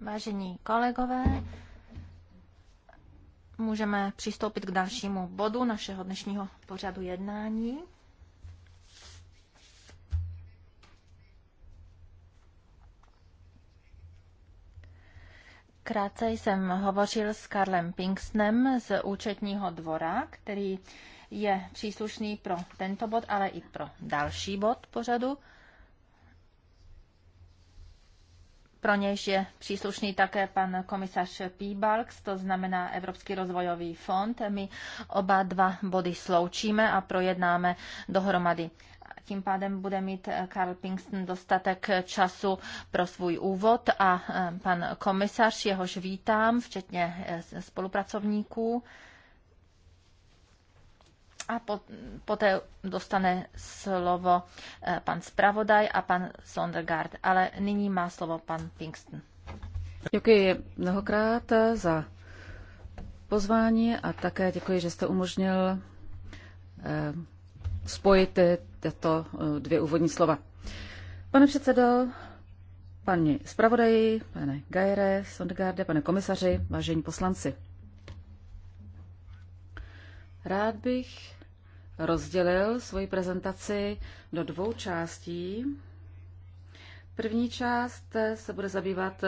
Vážení kolegové, můžeme přistoupit k dalšímu bodu našeho dnešního pořadu jednání. Krátce jsem hovořil s Karlem Pinksnem z účetního dvora, který je příslušný pro tento bod, ale i pro další bod pořadu pro něž je příslušný také pan komisař Píbalks, to znamená Evropský rozvojový fond. My oba dva body sloučíme a projednáme dohromady. Tím pádem bude mít Karl Pinkston dostatek času pro svůj úvod a e, pan komisař, jehož vítám, včetně e, spolupracovníků. A poté dostane slovo eh, pan spravodaj a pan Sondergaard, ale nyní má slovo pan Pinkston. Děkuji mnohokrát eh, za pozvání a také děkuji, že jste umožnil eh, spojit tyto dvě úvodní slova. Pane předsedo, paní zpravodaji, pane Gajere, Sondgarde, pane komisaři, vážení poslanci. Rád bych rozdělil svoji prezentaci do dvou částí. První část se bude zabývat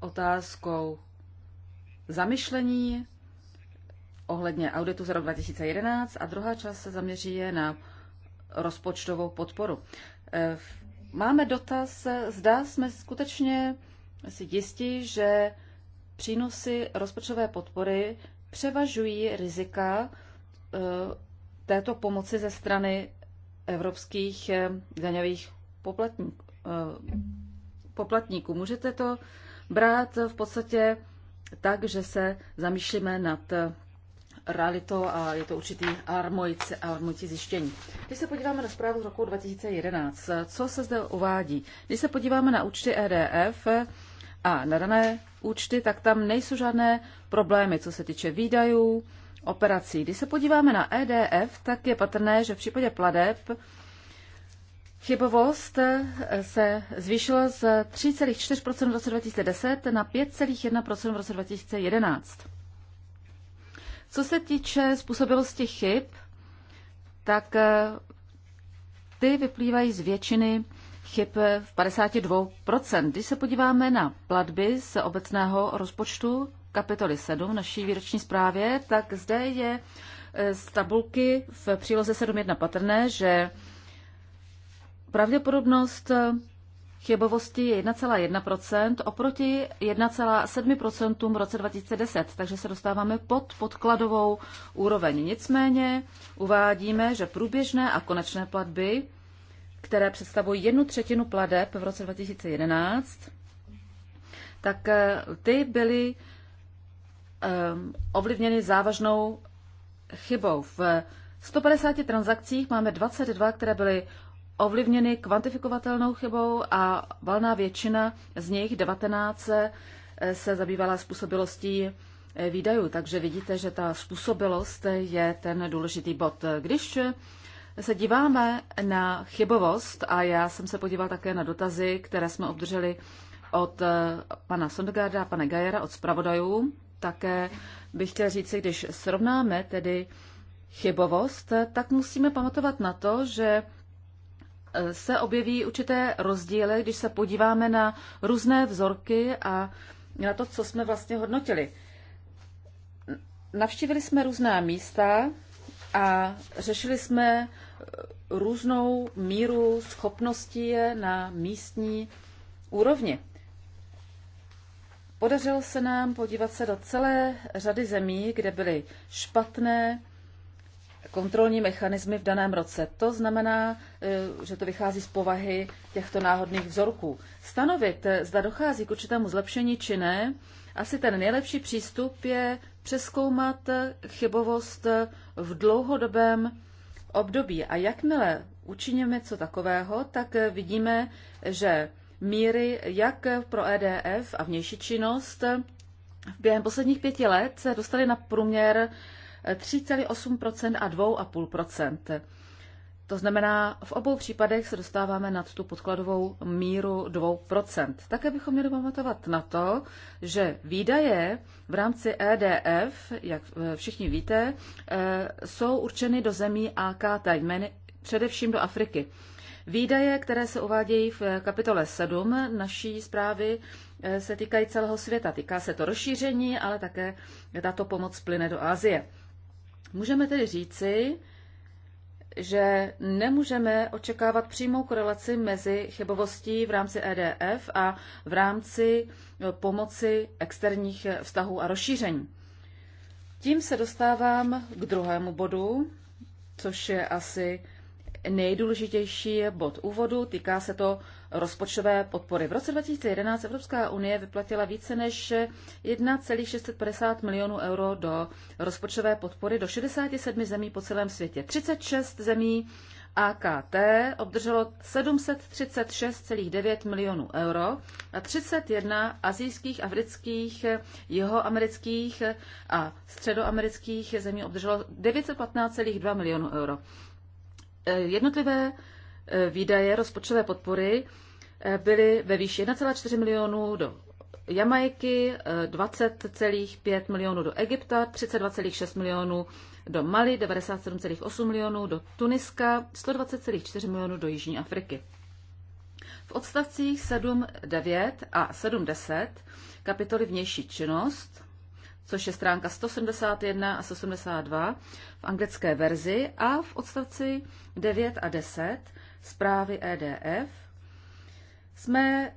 otázkou zamyšlení ohledně auditu za rok 2011 a druhá část se zaměří na rozpočtovou podporu. Eh, máme dotaz, zda jsme skutečně si jistí, že přínosy rozpočtové podpory převažují rizika eh, této pomoci ze strany evropských eh, daňových poplatníků. Eh, poplatníků. Můžete to brát v podstatě tak, že se zamýšlíme nad eh, realitou a je to určitý alarmující zjištění. Když se podíváme na zprávu z roku 2011, co se zde uvádí? Když se podíváme na účty EDF a na dané účty, tak tam nejsou žádné problémy, co se týče výdajů, operací. Když se podíváme na EDF, tak je patrné, že v případě pladeb chybovost se zvýšila z 3,4 v roce 2010 na 5,1 v roce 2011. Co se týče způsobilosti chyb, tak eh, ty vyplývají z většiny chyb v 52%. Když se podíváme na platby z obecného rozpočtu, kapitoly 7 naší výroční zprávě, tak zde je e, z tabulky v příloze 7.1 patrné, že pravděpodobnost e, chybovosti je 1,1% oproti 1,7% v roce 2010, takže se dostáváme pod podkladovou úroveň. Nicméně uvádíme, že průběžné a konečné platby, které představují jednu třetinu pladeb v roce 2011, tak e, ty byly Um, ovlivněny závažnou chybou. V 150 transakcích máme 22, které byly ovlivněny kvantifikovatelnou chybou a valná většina z nich, 19, eh, se zabývala způsobilostí eh, výdajů. Takže vidíte, že ta způsobilost je ten důležitý bod. Když se díváme na chybovost, a já jsem se podíval také na dotazy, které jsme obdrželi od eh, pana Sondgarda a pana Gajera, od zpravodajů také bych chtěl říct, když srovnáme tedy chybovost, tak musíme pamatovat na to, že e, se objeví určité rozdíly, když se podíváme na různé vzorky a na to, co jsme vlastně hodnotili. Navštívili jsme různá místa a řešili jsme e, různou míru schopností na místní úrovni. Podařilo se nám podívat se do celé řady zemí, kde byly špatné kontrolní mechanismy v daném roce. To znamená, eh, že to vychází z povahy těchto náhodných vzorků. Stanovit, eh, zda dochází k určitému zlepšení či ne, asi ten nejlepší přístup je přeskoumat eh, chybovost v dlouhodobém období. A jakmile učiníme co takového, tak vidíme, že míry, jak pro EDF a vnější činnost během posledních pěti let se dostali na průměr 3,8 a 2,5 To znamená, v obou případech se dostáváme nad tu podkladovou míru 2 Také bychom měli pamatovat na to, že výdaje v rámci EDF, jak všichni víte, eh, jsou určeny do zemí AKT, především do Afriky. Výdaje, které se uvádějí v kapitole 7 naší zprávy, eh, se týkají celého světa. Týká se to rozšíření, ale také tato pomoc plyne do Asie. Můžeme tedy říci, že nemůžeme očekávat přímou korelaci mezi chybovostí v rámci EDF a v rámci eh, pomoci externích eh, vztahů a rozšíření. Tím se dostávám k druhému bodu, což je asi nejdůležitější bod úvodu, týká se to rozpočtové podpory. V roce 2011 Evropská unie vyplatila více než 1,650 milionů euro do rozpočtové podpory do 67 zemí po celém světě. 36 zemí AKT obdrželo 736,9 milionů euro a 31 azijských, afrických, jihoamerických a středoamerických zemí obdrželo 915,2 milionů euro. Eh, jednotlivé eh, výdaje rozpočtové podpory eh, byly ve výši 1,4 milionů do Jamajky, 20,5 milionů do Egypta, 32,6 milionů do Mali, 97,8 milionů do Tuniska, 120,4 milionů do Jižní Afriky. V odstavcích 7.9 a 7.10 kapitoly vnější činnost, což je stránka 171 a 172, v anglické verzi a v odstavci 9 a 10 zprávy EDF jsme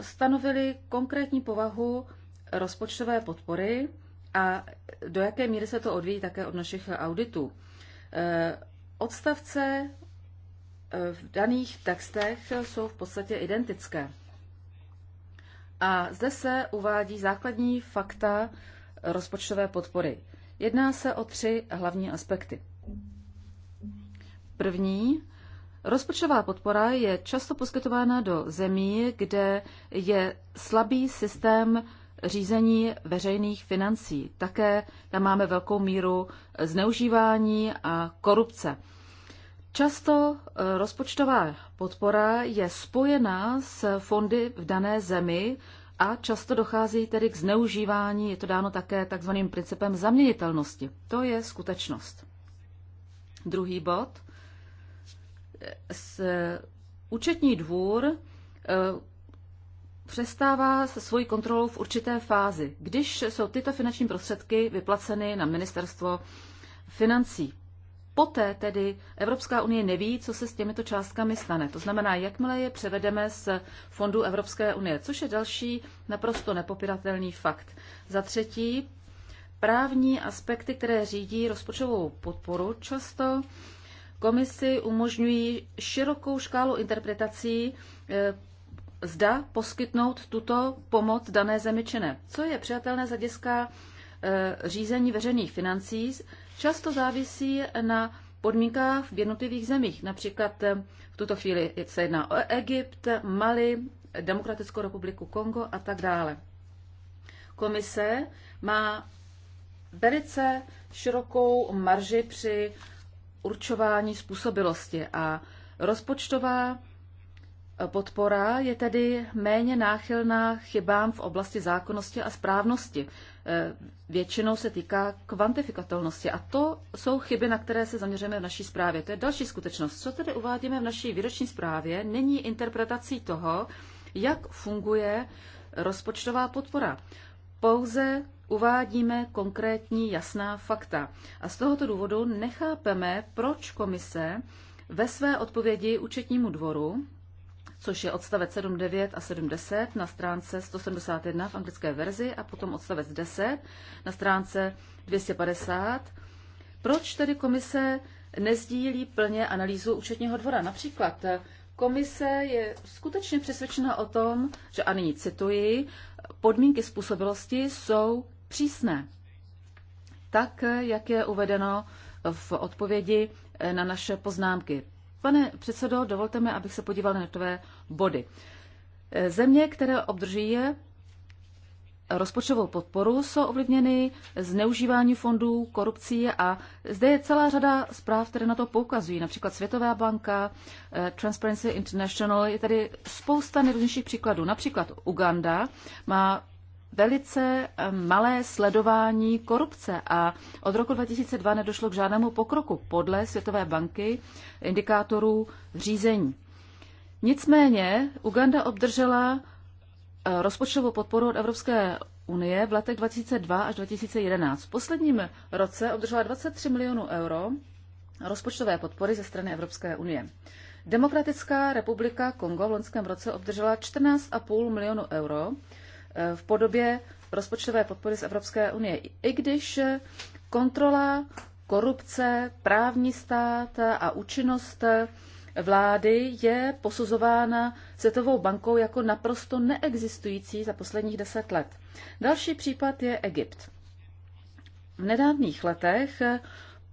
stanovili konkrétní povahu rozpočtové podpory a do jaké míry se to odvíjí také od našich auditů. E, odstavce e, v daných textech jsou v podstatě identické. A zde se uvádí základní fakta rozpočtové podpory. Jedná se o tři hlavní aspekty. První, rozpočtová podpora je často poskytována do zemí, kde je slabý systém řízení veřejných financí. Také tam máme velkou míru zneužívání a korupce. Často eh, rozpočtová podpora je spojená s fondy v dané zemi, a často dochází tedy k zneužívání, je to dáno také takzvaným principem zaměnitelnosti. To je skutečnost. Druhý bod. S, účetní dvůr e, přestává se svojí kontrolou v určité fázi, když jsou tyto finanční prostředky vyplaceny na ministerstvo financí. Poté tedy Evropská unie neví, co se s těmito částkami stane. To znamená, jakmile je převedeme z fondu Evropské unie, což je další naprosto nepopiratelný fakt. Za třetí, právní aspekty, které řídí rozpočtovou podporu, často komisi umožňují širokou škálu interpretací, eh, zda poskytnout tuto pomoc dané zemi či ne. Co je přijatelné zadiska eh, řízení veřejných financí, často závisí na podmínkách v jednotlivých zemích. Například eh, v tuto chvíli se jedná o Egypt, Mali, Demokratickou republiku Kongo a tak dále. Komise má velice širokou marži při určování způsobilosti a rozpočtová eh, podpora je tedy méně náchylná chybám v oblasti zákonnosti a správnosti. Eh, většinou se týká kvantifikatelnosti. A to jsou chyby, na které se zaměřujeme v naší zprávě. To je další skutečnost. Co tedy uvádíme v naší výroční zprávě, není interpretací toho, jak funguje rozpočtová podpora. Pouze uvádíme konkrétní jasná fakta. A z tohoto důvodu nechápeme, proč komise ve své odpovědi účetnímu dvoru což je odstavec 7.9 a 7.10 na stránce 171 v anglické verzi a potom odstavec 10 na stránce 250. Proč tedy komise nezdílí plně analýzu účetního dvora? Například eh, komise je skutečně přesvědčena o tom, že, a nyní cituji, podmínky způsobilosti jsou přísné. Tak, eh, jak je uvedeno v odpovědi eh, na naše poznámky. Pane předsedo, dovolte mi, abych se podíval na tvé body. Eh, země, které obdrží je, eh, rozpočtovou podporu, jsou ovlivněny zneužívání fondů, korupcí a zde je celá řada zpráv, které na to poukazují, například Světová banka, eh, Transparency International, je tady spousta nejrůznějších příkladů. Například Uganda má velice eh, malé sledování korupce a od roku 2002 nedošlo k žádnému pokroku podle Světové banky indikátorů řízení. Nicméně Uganda obdržela eh, rozpočtovou podporu od Evropské unie v letech 2002 až 2011. V posledním roce obdržela 23 milionů euro rozpočtové podpory ze strany Evropské unie. Demokratická republika Kongo v loňském roce obdržela 14,5 milionu euro v podobě rozpočtové podpory z Evropské unie. I když kontrola, korupce, právní stát a účinnost vlády je posuzována Světovou bankou jako naprosto neexistující za posledních deset let. Další případ je Egypt. V nedávných letech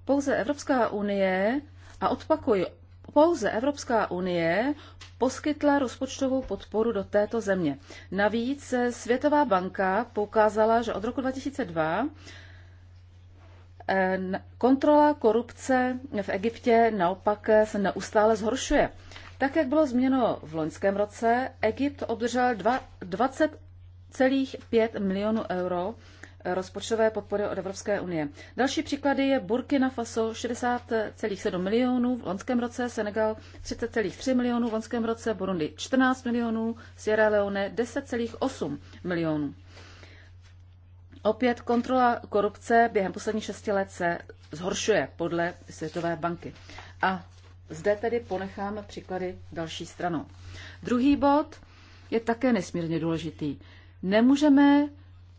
pouze Evropská unie, a odpakuji, pouze Evropská unie poskytla rozpočtovou podporu do této země. Navíc Světová banka poukázala, že od roku 2002 eh, kontrola korupce v Egyptě naopak se neustále zhoršuje. Tak, jak bylo změno v loňském roce, Egypt obdržel 20,5 milionů euro rozpočtové podpory od Evropské unie. Další příklady je Burkina Faso 60,7 milionů, v loňském roce Senegal 30,3 milionů, v loňském roce Burundi 14 milionů, Sierra Leone 10,8 milionů. Opět kontrola korupce během posledních šesti let se zhoršuje podle Světové banky. A zde tedy ponechám příklady další stranou. Druhý bod je také nesmírně důležitý. Nemůžeme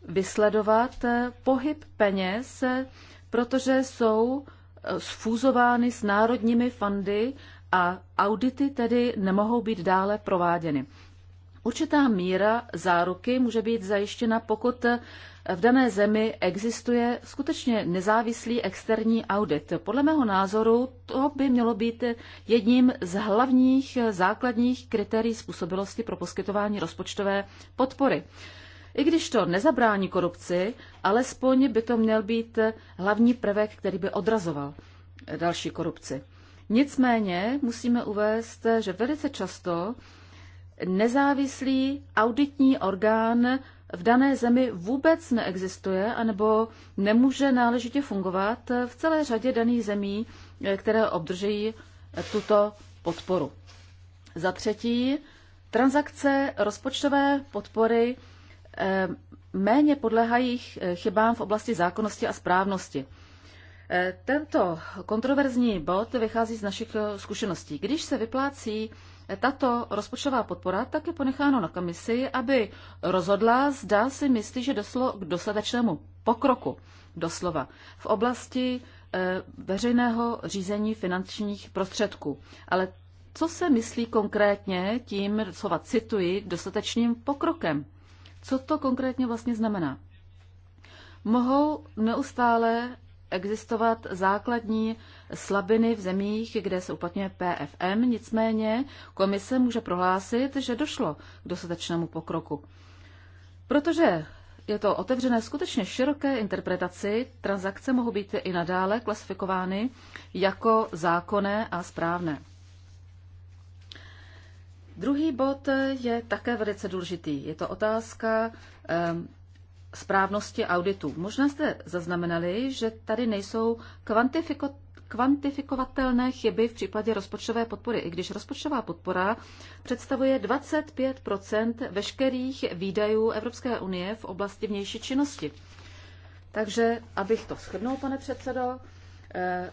vysledovat eh, pohyb peněz, eh, protože jsou eh, sfúzovány s národními fundy a audity tedy nemohou být dále prováděny. Určitá míra záruky může být zajištěna, pokud v dané zemi existuje skutečně nezávislý externí audit. Podle mého názoru to by mělo být jedním z hlavních základních kritérií způsobilosti pro poskytování rozpočtové podpory. I když to nezabrání korupci, alespoň by to měl být hlavní prvek, který by odrazoval eh, další korupci. Nicméně musíme uvést, že velice často nezávislý auditní orgán v dané zemi vůbec neexistuje anebo nemůže náležitě fungovat v celé řadě daných zemí, eh, které obdrží eh, tuto podporu. Za třetí, transakce rozpočtové podpory Eh, méně podléhají chybám v oblasti zákonnosti a správnosti. Eh, tento kontroverzní bod vychází z našich eh, zkušeností. Když se vyplácí tato rozpočtová podpora, tak je ponecháno na komisi, aby rozhodla, zda si myslí, že doslo k dostatečnému pokroku, doslova, v oblasti veřejného řízení finančních prostředků. Ale co se myslí konkrétně tím, co cituji, dostatečným pokrokem? Co to konkrétně vlastně znamená? Mohou neustále existovat základní slabiny v zemích, kde se uplatňuje PFM, nicméně komise může prohlásit, že došlo k dostatečnému pokroku. Protože je to otevřené skutečně široké interpretaci, transakce mohou být i nadále klasifikovány jako zákonné a správné. Druhý bod je také velice důležitý. Je to otázka ehm, správnosti auditu. Možná jste zaznamenali, že tady nejsou kvantifiko, kvantifikovatelné chyby v případě rozpočtové podpory, i když rozpočtová podpora představuje 25 veškerých výdajů Evropské unie v oblasti vnější činnosti. Takže, abych to shrnul, pane předsedo, eh,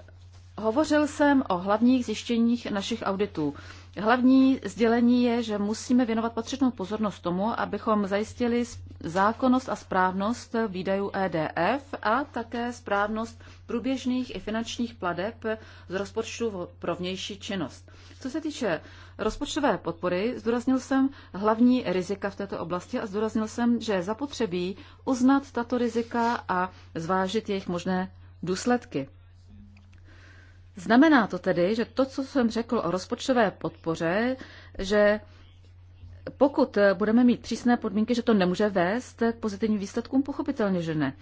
hovořil jsem o hlavních zjištěních našich auditů. Hlavní sdělení je, že musíme věnovat patřičnou pozornost tomu, abychom zajistili zákonnost a správnost výdajů EDF a také správnost průběžných i finančních pladeb z rozpočtu pro vnější činnost. Co se týče rozpočtové podpory, zdůraznil jsem hlavní rizika v této oblasti a zdůraznil jsem, že je zapotřebí uznat tato rizika a zvážit jejich možné důsledky. Znamená to tedy, že to, co jsem řekl o rozpočtové podpoře, že pokud budeme mít přísné podmínky, že to nemůže vést k pozitivním výsledkům, pochopitelně, že ne.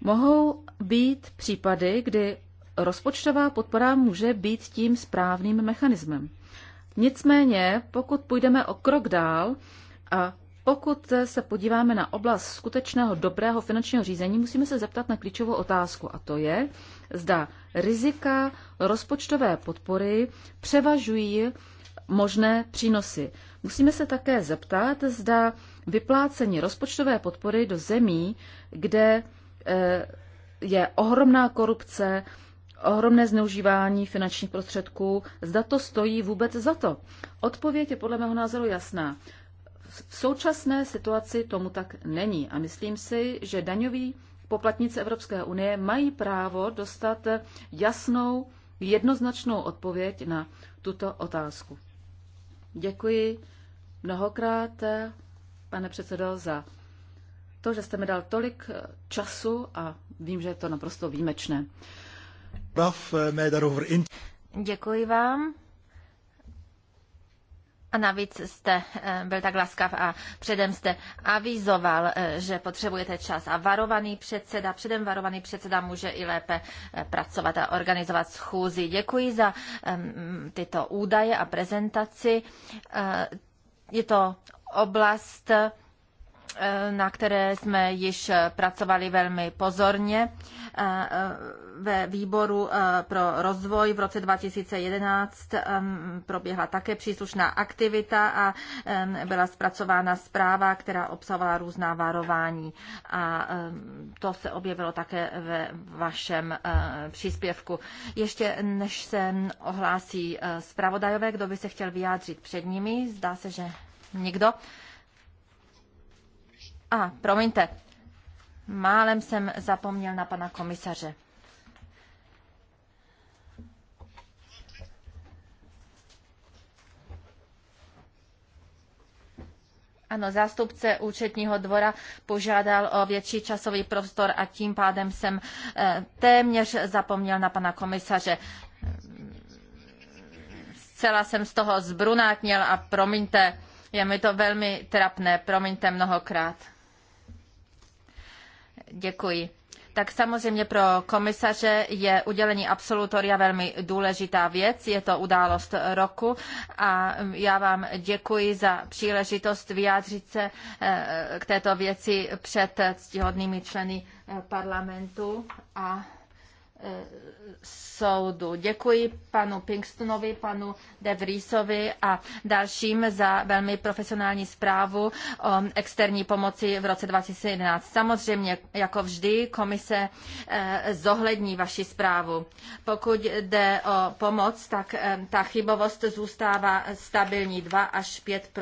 Mohou být případy, kdy rozpočtová podpora může být tím správným mechanismem. Nicméně, pokud půjdeme o krok dál a pokud se podíváme na oblast skutečného dobrého finančního řízení, musíme se zeptat na klíčovou otázku, a to je, zda rizika rozpočtové podpory převažují možné přínosy. Musíme se také zeptat, zda vyplácení rozpočtové podpory do zemí, kde eh, je ohromná korupce, ohromné zneužívání finančních prostředků, zda to stojí vůbec za to. Odpověď je podle mého názoru jasná. V současné situaci tomu tak není a myslím si, že daňoví poplatníci Evropské unie mají právo dostat jasnou, jednoznačnou odpověď na tuto otázku. Děkuji mnohokrát, pane předsedo, za to, že jste mi dal tolik času a vím, že je to naprosto výjimečné. Eh, Děkuji vám. A navíc jste eh, byl tak laskav a předem jste avizoval, eh, že potřebujete čas. A varovaný předseda, předem varovaný předseda může i lépe eh, pracovat a organizovat schůzi. Děkuji za tyto údaje a prezentaci. Je to oblast, Eh, na které jsme již pracovali velmi pozorně eh, eh, ve výboru pro rozvoj v roce 2011 proběhla také příslušná aktivita a byla zpracována zpráva, která obsahovala různá varování. A to se objevilo také ve vašem příspěvku. Ještě než se ohlásí zpravodajové, kdo by se chtěl vyjádřit před nimi, zdá se, že nikdo. A, promiňte, málem jsem zapomněl na pana komisaře. Ano, zástupce účetního dvora požádal o větší časový prostor a tím pádem jsem eh, téměř zapomněl na pana komisaře. Zcela jsem z toho zbrunátněl a promiňte, je mi to velmi trapné, promiňte mnohokrát. Děkuji. Tak samozřejmě pro komisaře je udělení absolutoria velmi důležitá věc, je to událost roku a já vám děkuji za příležitost vyjádřit se eh, k této věci před ctihodnými členy eh, parlamentu a soudu. Děkuji panu Pinkstonovi, panu De Vriesovi a dalším za velmi profesionální zprávu o externí pomoci v roce 2011. Samozřejmě, jako vždy, komise eh, zohlední vaši zprávu. Pokud jde o pomoc, tak eh, ta chybovost zůstává stabilní 2 až 5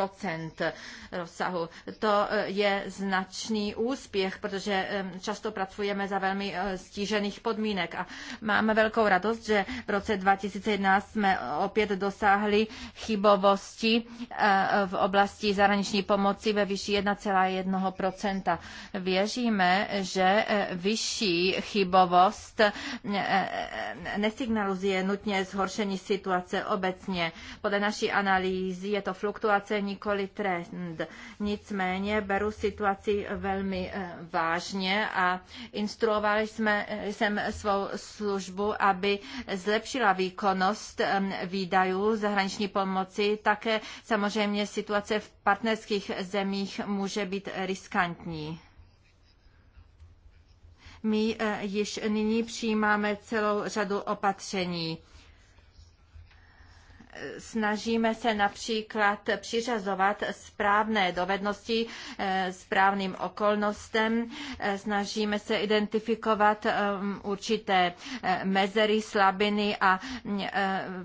rozsahu. To eh, je značný úspěch, protože často pracujeme za velmi stížených podmínek a Máme velkou radost, že v roce 2011 jsme opět dosáhli chybovosti eh, v oblasti zahraniční pomoci ve výši 1,1 Věříme, že eh, vyšší chybovost eh, nesignalizuje nutně zhoršení situace obecně. Podle naší analýzy je to fluktuace, nikoli trend. Nicméně beru situaci velmi vážně a instruovali jsme, jsem svou službu, aby zlepšila výkonnost výdajů zahraniční pomoci. Také eh, samozřejmě situace v partnerských zemích může být riskantní. My eh, již nyní přijímáme celou řadu opatření snažíme se například přiřazovat správné dovednosti eh, správným okolnostem, eh, snažíme se identifikovat ehm, určité eh, mezery, slabiny a mm,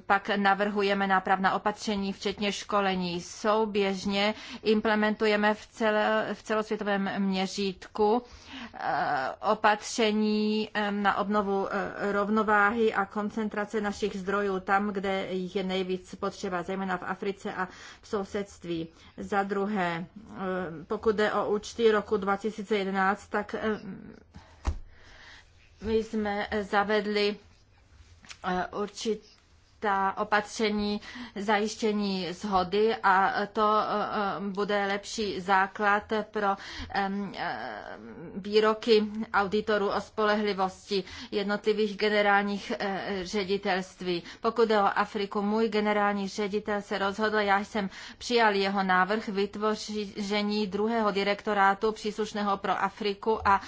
pak navrhujeme nápravná opatření, včetně školení. Souběžně implementujeme v, celo, celosvětovém měřítku Eh, opatření eh, na obnovu eh, rovnováhy a koncentrace našich zdrojů tam, kde jich je nejvíc potřeba, zejména v Africe a v sousedství. Za druhé, pokud jde o účty roku 2011, tak my jsme zavedli určitě ta opatření zajištění zhody a to eh, bude lepší základ pro eh, výroky auditorů o spolehlivosti jednotlivých generálních eh, ředitelství. Pokud je o Afriku, můj generální ředitel se rozhodl, já jsem přijal jeho návrh vytvoření druhého direktorátu příslušného pro Afriku a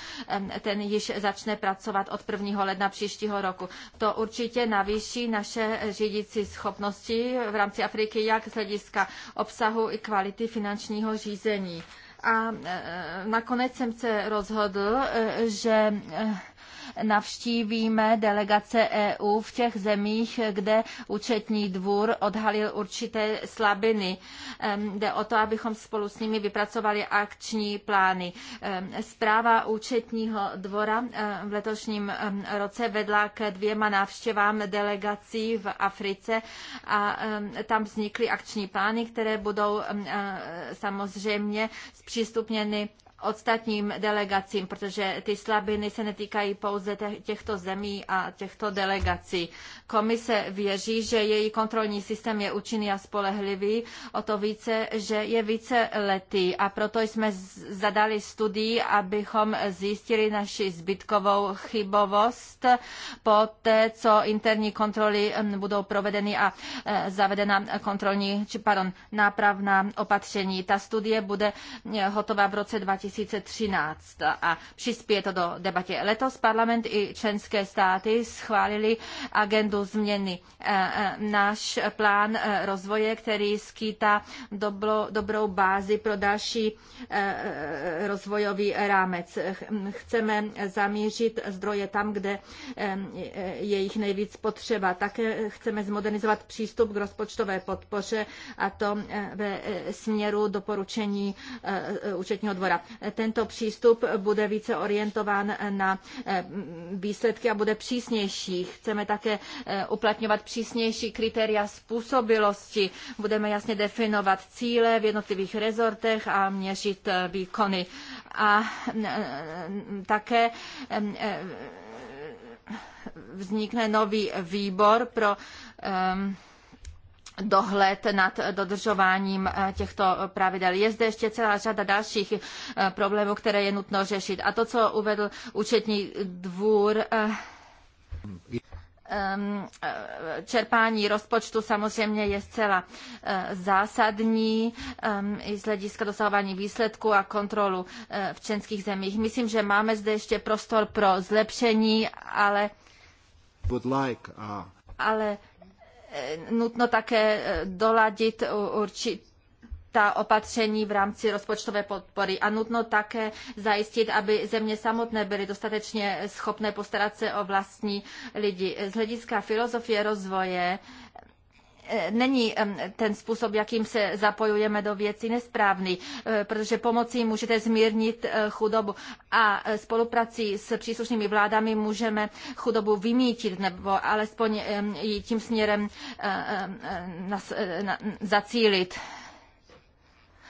ten již začne pracovat od 1. ledna příštího roku. To určitě navýší naše řídící schopnosti v rámci Afriky, jak z hlediska obsahu i kvality finančního řízení. A e, e, nakonec jsem se rozhodl, e, že navštívíme delegace EU v těch zemích, kde účetní dvůr odhalil určité slabiny. Jde o to, abychom spolu s nimi vypracovali akční plány. Zpráva účetního dvora v letošním roce vedla k dvěma návštěvám delegací v Africe a tam vznikly akční plány, které budou e, samozřejmě zpřístupněny ostatním delegacím, protože ty slabiny se netýkají pouze těchto zemí a těchto delegací. Komise věří, že její kontrolní systém je účinný a spolehlivý, o to více, že je více letý a proto jsme zadali studii, abychom zjistili naši zbytkovou chybovost po té, co interní kontroly hm, budou provedeny a e, zavedena kontrolní, či pardon, nápravná opatření. Ta studie bude e, hotová v roce 2013 a přispěje to do debatě. Letos parlament i členské státy schválili agendu procesu změny. E, e, náš plán e, rozvoje, který skýtá dobro, dobrou bázi pro další rozvojový rámec. Chceme zamířit zdroje tam, kde je jich nejvíc potřeba. Také chceme zmodernizovat přístup k rozpočtové podpoře a to ve směru doporučení účetního dvora. Tento přístup bude více orientován na výsledky a bude přísnější. Chceme také Eh, uplatňovat přísnější kritéria způsobilosti. Budeme jasně definovat cíle v jednotlivých rezortech a měřit eh, výkony. A také eh, vznikne nový výbor pro dohled nad dodržováním těchto pravidel. Je zde ještě celá řada dalších problémů, které je nutno řešit. A to, co uvedl účetní dvůr, Ehm, eh, čerpání rozpočtu samozřejmě je zcela eh, zásadní ehm, i z hlediska dosahování výsledku a kontrolu eh, v členských zemích. Myslím, že máme zde ještě prostor pro zlepšení, ale, ale nutno také doladit určit ta opatření v rámci rozpočtové podpory a nutno také zajistit, aby země samotné byly dostatečně schopné postarat se o vlastní lidi. Z hlediska filozofie rozvoje eh, není ten způsob, jakým se zapojujeme do věcí nesprávný, eh, protože pomocí můžete zmírnit eh, chudobu a spoluprací s příslušnými vládami můžeme chudobu vymítit nebo alespoň ji tím směrem zacílit.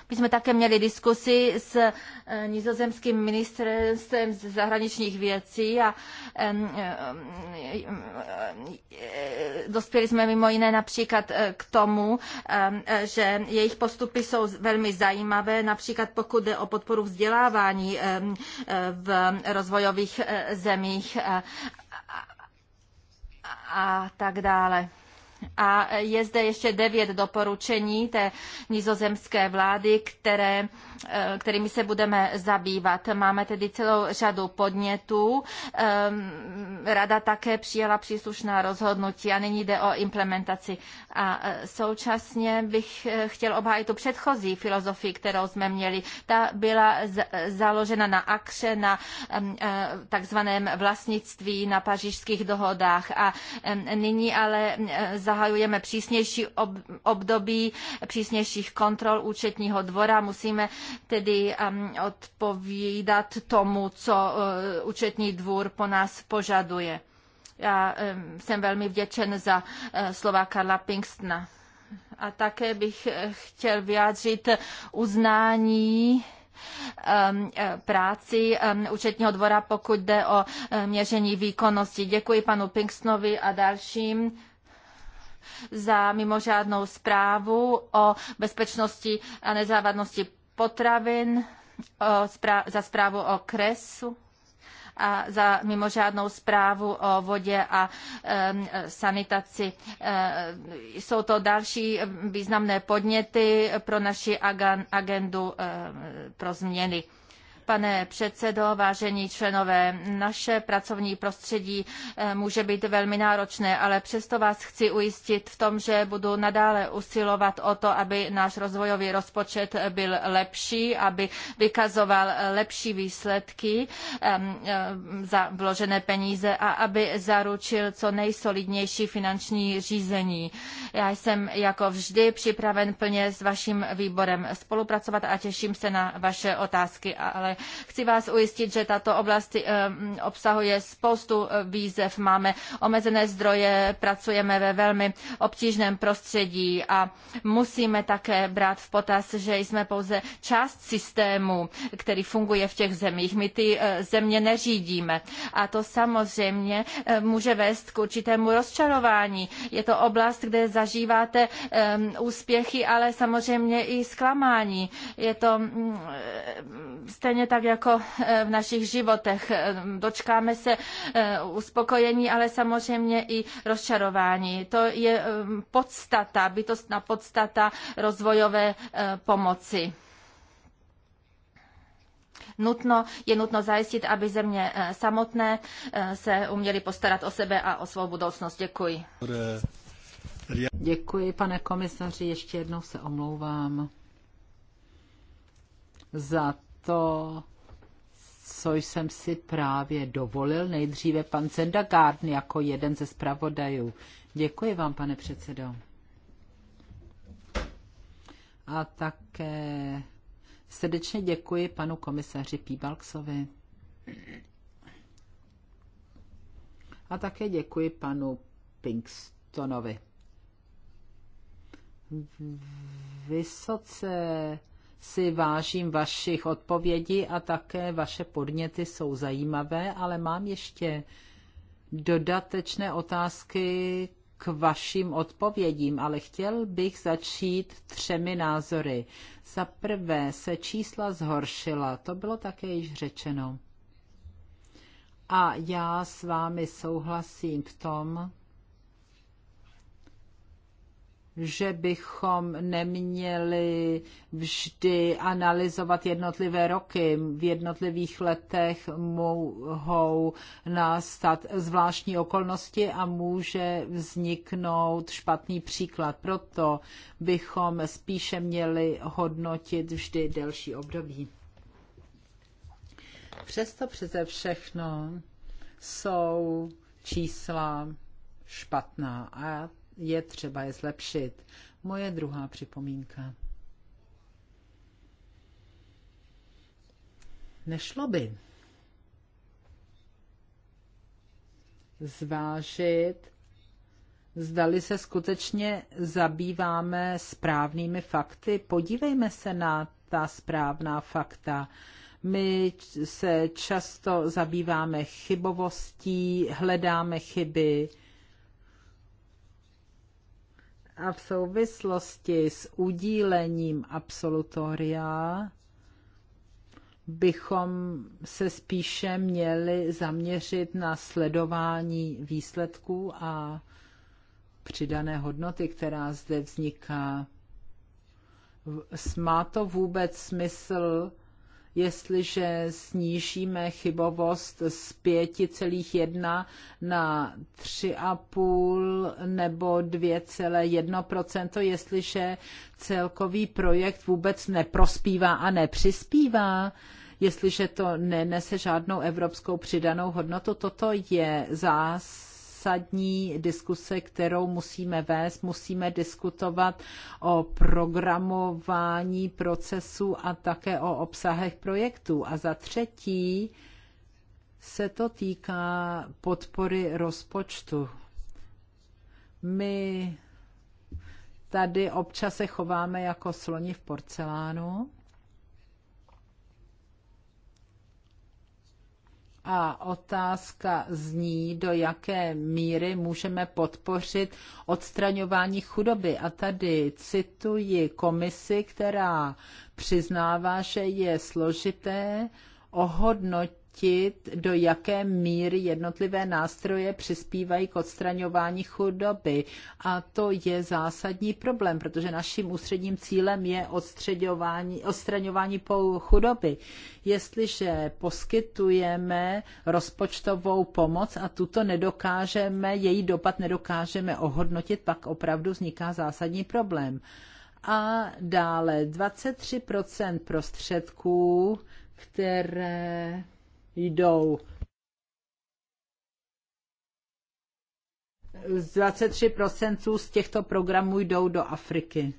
My jsme také měli diskusi s eh, nizozemským z zahraničních věcí a eh, dospěli jsme mimo jiné například eh, k tomu, že jejich postupy jsou velmi zajímavé, například pokud jde o podporu vzdělávání v rozvojových zemích a tak dále. A je zde ještě devět doporučení té nizozemské vlády, které, eh, kterými se budeme zabývat. Máme tedy celou řadu podnětů. Ehm, rada také přijala příslušná rozhodnutí a nyní jde o implementaci. A eh, současně bych eh, chtěl obhájit tu předchozí filozofii, kterou jsme měli. Ta byla založena na akře, na ehm, takzvaném vlastnictví, na pařížských dohodách. A ehm, nyní ale zahajujeme přísnější období přísnějších kontrol účetního dvora. Musíme tedy um, odpovídat tomu, co uh, účetní dvůr po nás požaduje. Já um, jsem velmi vděčen za uh, slova Karla Pinkstna. A také bych eh, chtěl vyjádřit uznání um, eh, práci účetního dvora, pokud jde o eh, měření výkonnosti. Děkuji panu Pinkstnovi a dalším za mimořádnou zprávu o bezpečnosti a nezávadnosti potravin, za zprávu o kresu a za mimořádnou zprávu o vodě a e, sanitaci. E, jsou to další významné podněty pro naši agendu e, pro změny pane předsedo, vážení členové. Naše pracovní prostředí eh, může být velmi náročné, ale přesto vás chci ujistit v tom, že budu nadále usilovat o to, aby náš rozvojový rozpočet byl lepší, aby vykazoval lepší výsledky za vložené peníze a aby zaručil co nejsolidnější finanční řízení. Já jsem jako vždy připraven plně s vaším výborem spolupracovat a těším se na vaše otázky, ale Chci vás ujistit, že tato oblast eh, obsahuje spoustu eh, výzev. Máme omezené zdroje, pracujeme ve velmi obtížném prostředí a musíme také brát v potaz, že jsme pouze část systému, který funguje v těch zemích. My ty eh, země neřídíme. A to samozřejmě může vést k určitému rozčarování. Je to oblast, kde zažíváte úspěchy, ale samozřejmě i zklamání. Je to mm, stejně tak jako e, v našich životech. E, dočkáme se e, uspokojení, ale samozřejmě i rozčarování. To je podstata, bytostná podstata rozvojové pomoci nutno, je nutno zajistit, aby země samotné se uměly postarat o sebe a o svou budoucnost. Děkuji. Děkuji, pane komisaři, ještě jednou se omlouvám za to, co jsem si právě dovolil, nejdříve pan Zendagard jako jeden ze zpravodajů. Děkuji vám, pane předsedo. A také srdečně děkuji panu komisaři Píbalksovi. A také děkuji panu Pinkstonovi. Vysoce si vážím vašich odpovědí a také vaše podněty jsou zajímavé, ale mám ještě dodatečné otázky k vašim odpovědím, ale chtěl bych začít třemi názory. Za prvé se čísla zhoršila, to bylo také již řečeno. A já s vámi souhlasím v tom, že bychom neměli vždy analyzovat jednotlivé roky. V jednotlivých letech mohou nastat zvláštní okolnosti a může vzniknout špatný příklad. Proto bychom spíše měli hodnotit vždy delší období. Přesto přeze všechno jsou čísla špatná a je třeba je zlepšit. Moje druhá připomínka. Nešlo by zvážit, zdali se skutečně zabýváme správnými fakty. Podívejme se na ta správná fakta. My se často zabýváme chybovostí, hledáme chyby, a v souvislosti s udílením absolutoria bychom se spíše měli zaměřit na sledování výsledků a přidané hodnoty, která zde vzniká. Má to vůbec smysl jestliže snížíme chybovost z 5,1 na 3,5 nebo 2,1 jestliže celkový projekt vůbec neprospívá a nepřispívá, jestliže to nenese žádnou evropskou přidanou hodnotu. Toto je zás zásadní diskuse, kterou musíme vést. Musíme diskutovat o programování procesu a také o obsahech projektů. A za třetí se to týká podpory rozpočtu. My tady občas se chováme jako sloni v porcelánu. A otázka zní, do jaké míry můžeme podpořit odstraňování chudoby. A tady cituji komisi, která přiznává, že je složité ohodnotit, zhodnotit, do jaké míry jednotlivé nástroje přispívají k odstraňování chudoby. A to je zásadní problém, protože naším ústředním cílem je odstraňování chudoby. Jestliže poskytujeme rozpočtovou pomoc a tuto nedokážeme, její dopad nedokážeme ohodnotit, pak opravdu vzniká zásadní problém. A dále 23 prostředků, které jdou z 23% z těchto programů jdou do Afriky.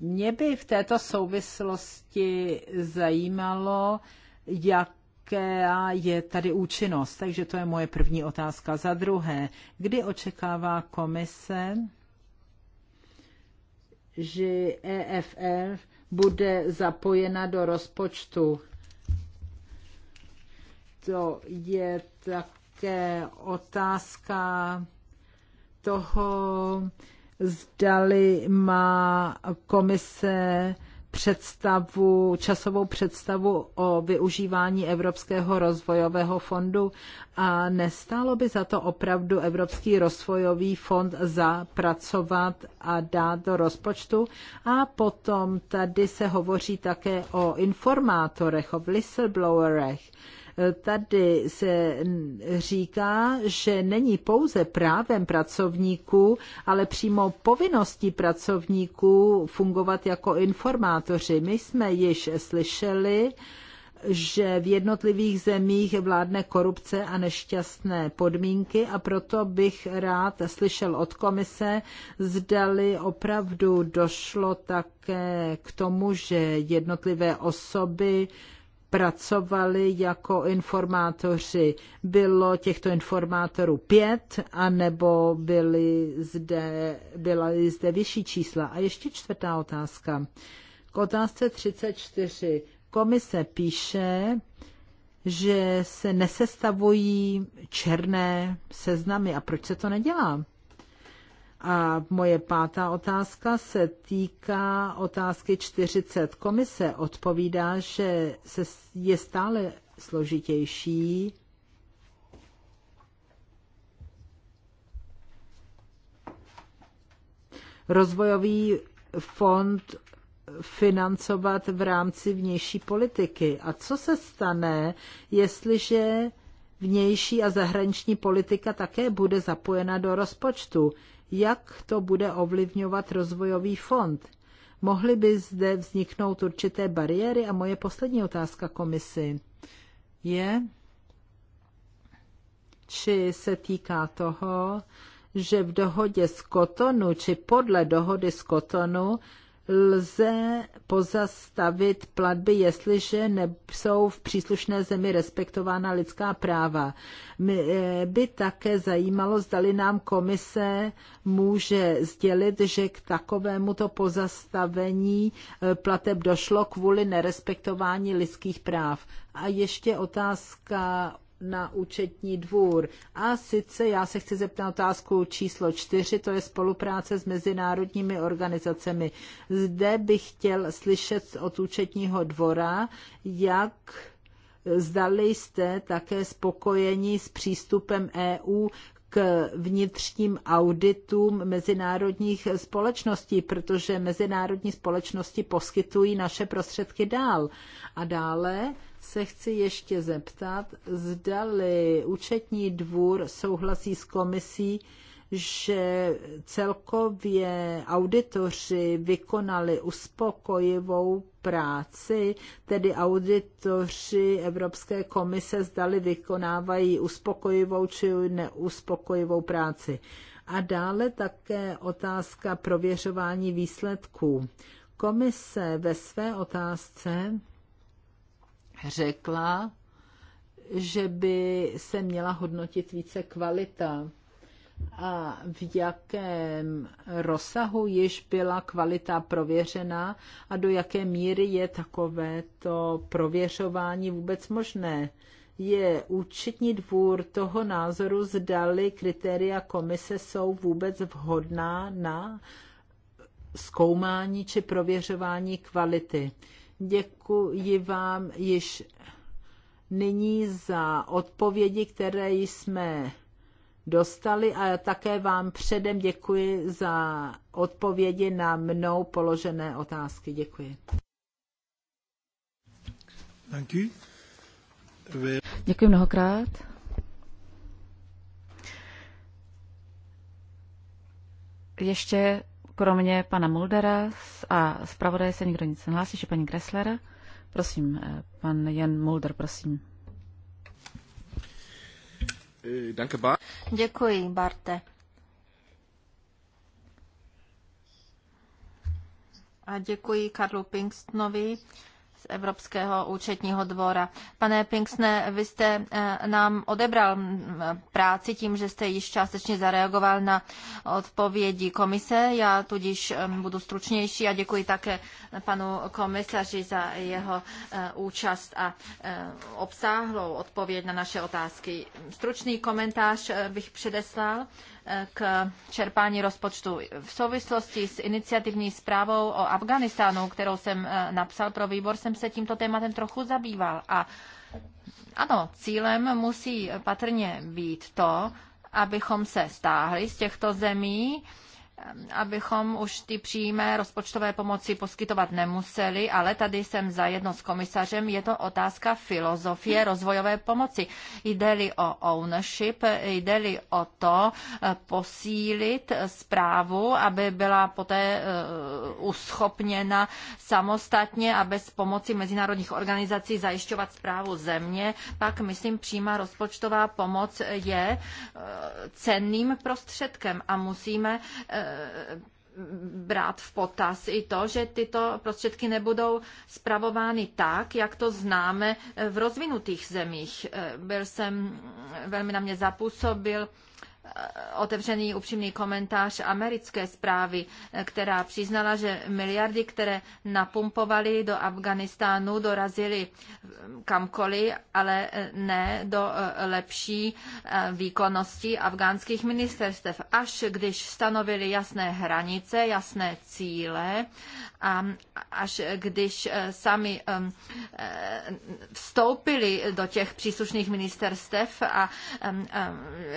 Mě by v této souvislosti zajímalo, jak jaká je tady účinnost. Takže to je moje první otázka. Za druhé, kdy očekává komise, že EFR bude zapojena do rozpočtu? To je také otázka toho, zdali má komise představu, časovou představu o využívání Evropského rozvojového fondu a nestálo by za to opravdu Evropský rozvojový fond zapracovat a dát do rozpočtu. A potom tady se hovoří také o informátorech, o whistleblowerech. Tady se říká, že není pouze právem pracovníků, ale přímo povinností pracovníků fungovat jako informátoři. My jsme již slyšeli, že v jednotlivých zemích vládne korupce a nešťastné podmínky a proto bych rád slyšel od komise, zdali opravdu došlo také k tomu, že jednotlivé osoby pracovali jako informátoři. Bylo těchto informátorů pět, anebo byly zde, byla zde vyšší čísla. A ještě čtvrtá otázka. K otázce 34. Komise píše, že se nesestavují černé seznamy. A proč se to nedělá? A moje pátá otázka se týká otázky 40. Komise odpovídá, že se je stále složitější rozvojový fond financovat v rámci vnější politiky. A co se stane, jestliže vnější a zahraniční politika také bude zapojena do rozpočtu? jak to bude ovlivňovat rozvojový fond. Mohly by zde vzniknout určité bariéry a moje poslední otázka komisi je, či se týká toho, že v dohodě z Kotonu, či podle dohody z Kotonu, lze pozastavit platby, jestliže jsou v příslušné zemi respektována lidská práva. Mě eh, by také zajímalo, zdali nám komise může sdělit, že k takovémuto pozastavení eh, plateb došlo kvůli nerespektování lidských práv. A ještě otázka na účetní dvůr. A sice já se chci zeptat na otázku číslo čtyři, to je spolupráce s mezinárodními organizacemi. Zde bych chtěl slyšet od účetního dvora, jak zdali jste také spokojeni s přístupem EU k vnitřním auditům mezinárodních společností, protože mezinárodní společnosti poskytují naše prostředky dál. A dále se chci ještě zeptat, zdali účetní dvůr souhlasí s komisí, že celkově auditoři vykonali uspokojivou práci, tedy auditoři Evropské komise zdali vykonávají uspokojivou či neuspokojivou práci. A dále také otázka prověřování výsledků. Komise ve své otázce řekla, že by se měla hodnotit více kvalita a v jakém rozsahu již byla kvalita prověřena a do jaké míry je takovéto prověřování vůbec možné. Je účetní dvůr toho názoru, zdali kritéria komise jsou vůbec vhodná na zkoumání či prověřování kvality. Děkuji vám již nyní za odpovědi, které jsme dostali a také vám předem děkuji za odpovědi na mnou položené otázky. Děkuji. Děkuji mnohokrát. Ještě Kromě pana Muldera a zpravodaje se nikdo nic nehlásí, že paní Gressler. Prosím, eh, pan Jan Mulder, prosím. Eh, děkuji, Barte. A děkuji Karlu Pinkstnovi z Evropského účetního dvora. Pane Pinksne, vy jste eh, nám odebral práci tím, že jste již částečně zareagoval na odpovědi komise. Já tudíž eh, budu stručnější a děkuji také panu komisaři za jeho eh, účast a obsáhlou odpověď na naše otázky. Stručný komentář bych předeslal k čerpání rozpočtu. V souvislosti s iniciativní zprávou o Afganistánu, kterou jsem eh, napsal pro výbor, jsem se tímto tématem trochu zabýval. A ano, cílem musí patrně být to, abychom se stáhli z těchto zemí, abychom už ty přímé rozpočtové pomoci poskytovat nemuseli, ale tady jsem zajedno s komisařem, je to otázka filozofie rozvojové pomoci. Jde-li o ownership, jde-li o to eh, posílit zprávu, aby byla poté eh, uschopněna samostatně a bez pomoci mezinárodních organizací zajišťovat zprávu země, pak myslím přímá rozpočtová pomoc je eh, cenným prostředkem a musíme brát v potaz i to, že tyto prostředky nebudou spravovány tak, jak to známe v rozvinutých zemích. Byl jsem, velmi na mě zapůsobil otevřený upřímný komentář americké zprávy, která přiznala, že miliardy, které napumpovali do Afganistánu, dorazily kamkoliv, ale ne do eh, lepší eh, výkonnosti afgánských ministerstev. Až když stanovili jasné hranice, jasné cíle a až když eh, sami vstoupili do těch příslušných ministerstev a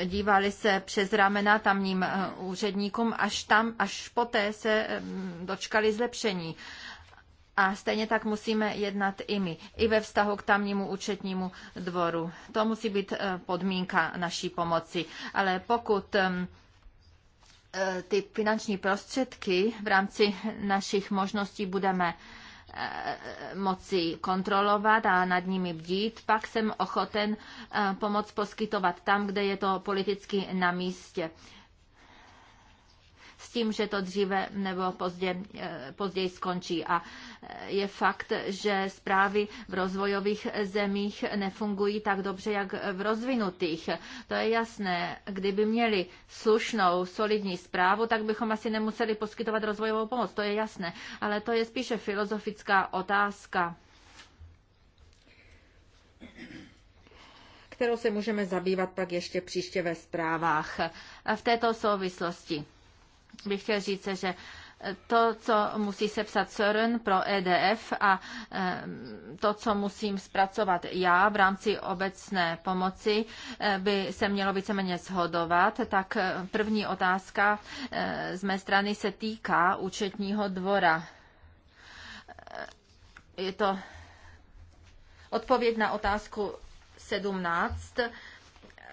dívali se přes ramena tamním eh, úředníkům, až tam, až poté se eh, dočkali zlepšení. A stejně tak musíme jednat i my, i ve vztahu k tamnímu účetnímu dvoru. To musí být eh, podmínka naší pomoci. Ale pokud ty finanční prostředky v rámci našich možností budeme moci kontrolovat a nad nimi bdít, pak jsem ochoten eh, pomoc poskytovat tam, kde je to politicky na místě tím, že to dříve nebo pozdě, eh, později skončí. A eh, je fakt, že zprávy v rozvojových zemích nefungují tak dobře, jak v rozvinutých. To je jasné. Kdyby měli slušnou, solidní zprávu, tak bychom asi nemuseli poskytovat rozvojovou pomoc. To je jasné. Ale to je spíše filozofická otázka. kterou se můžeme zabývat pak ještě příště ve zprávách v této souvislosti bych chtěl říct, že to, co musí sepsat CERN pro EDF a e, to, co musím zpracovat já v rámci obecné pomoci, e, by se mělo víceméně shodovat. Tak e, první otázka z mé strany se týká účetního dvora. Je to odpověď na otázku 17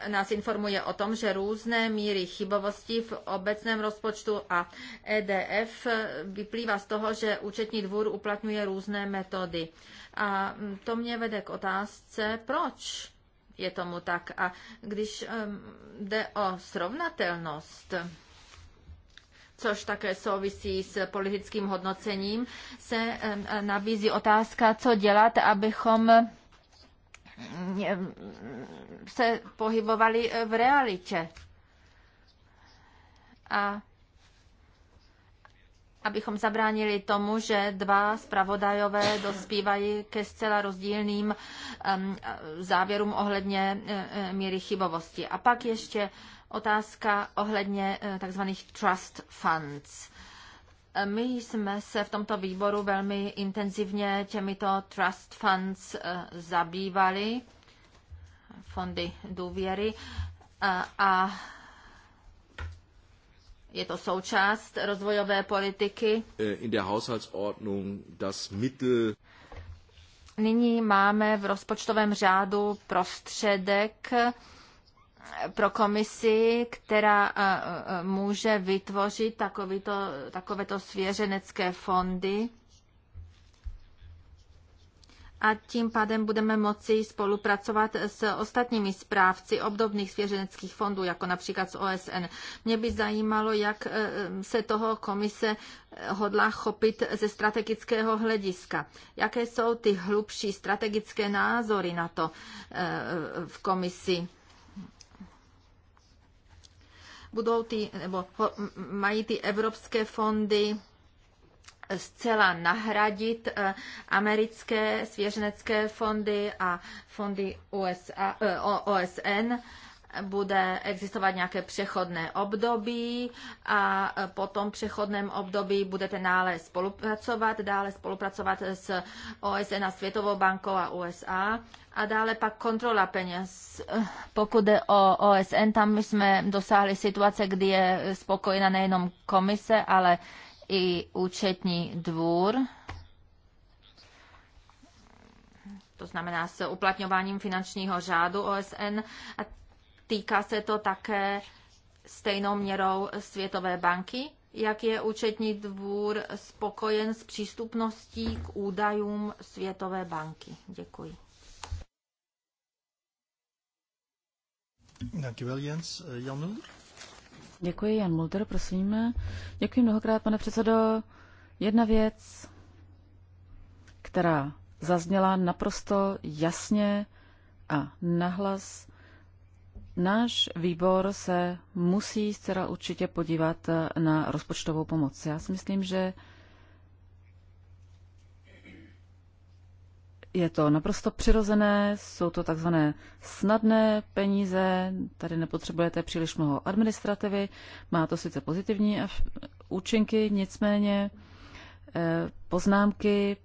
nás informuje o tom, že různé míry chybovosti v obecném rozpočtu a EDF vyplývá z toho, že účetní dvůr uplatňuje různé metody. A to mě vede k otázce, proč je tomu tak. A když jde o srovnatelnost, což také souvisí s politickým hodnocením, se nabízí otázka, co dělat, abychom se pohybovali eh, v realitě. A abychom zabránili tomu, že dva zpravodajové dospívají ke zcela rozdílným závěrům ohledně eh, eh, míry chybovosti. A pak ještě otázka ohledně tzv. trust funds. My jsme se v tomto výboru velmi intenzivně těmito trust funds eh, zabývali, fondy důvěry, eh, a je to součást rozvojové politiky. Eh, in der Haushaltsordnung das Mittel Nyní máme v rozpočtovém řádu prostředek, pro komisi, která eh, eh, může vytvořit takovýto, takovéto svěřenecké fondy. A tím pádem budeme moci spolupracovat s ostatními správci obdobných svěřeneckých fondů, jako například s OSN. Mě by zajímalo, jak eh, se toho komise hodlá chopit ze strategického hlediska. Jaké jsou ty hlubší strategické názory na to v komisi? budou ty, nebo mají ty evropské fondy zcela nahradit eh, americké svěřenecké fondy a fondy USA, eh, OSN bude existovat nějaké přechodné období a po tom přechodném období budete dále spolupracovat, dále spolupracovat s OSN a Světovou bankou a USA a dále pak kontrola peněz. Pokud jde o OSN, tam jsme dosáhli situace, kdy je spokojena nejenom komise, ale i účetní dvůr. To znamená s uplatňováním finančního řádu OSN. A Týká se to také stejnou měrou Světové banky, jak je účetní dvůr spokojen s přístupností k údajům Světové banky. Děkuji. Uh, Děkuji, Jan Mulder, prosím. Děkuji mnohokrát, pane předsedo. Jedna věc, která zazněla naprosto jasně a nahlas, Náš výbor se musí zcela určitě podívat eh, na rozpočtovou pomoc. Já si myslím, že je to naprosto přirozené, jsou to takzvané snadné peníze, tady nepotřebujete příliš mnoho administrativy, má to sice pozitivní účinky, nicméně eh, poznámky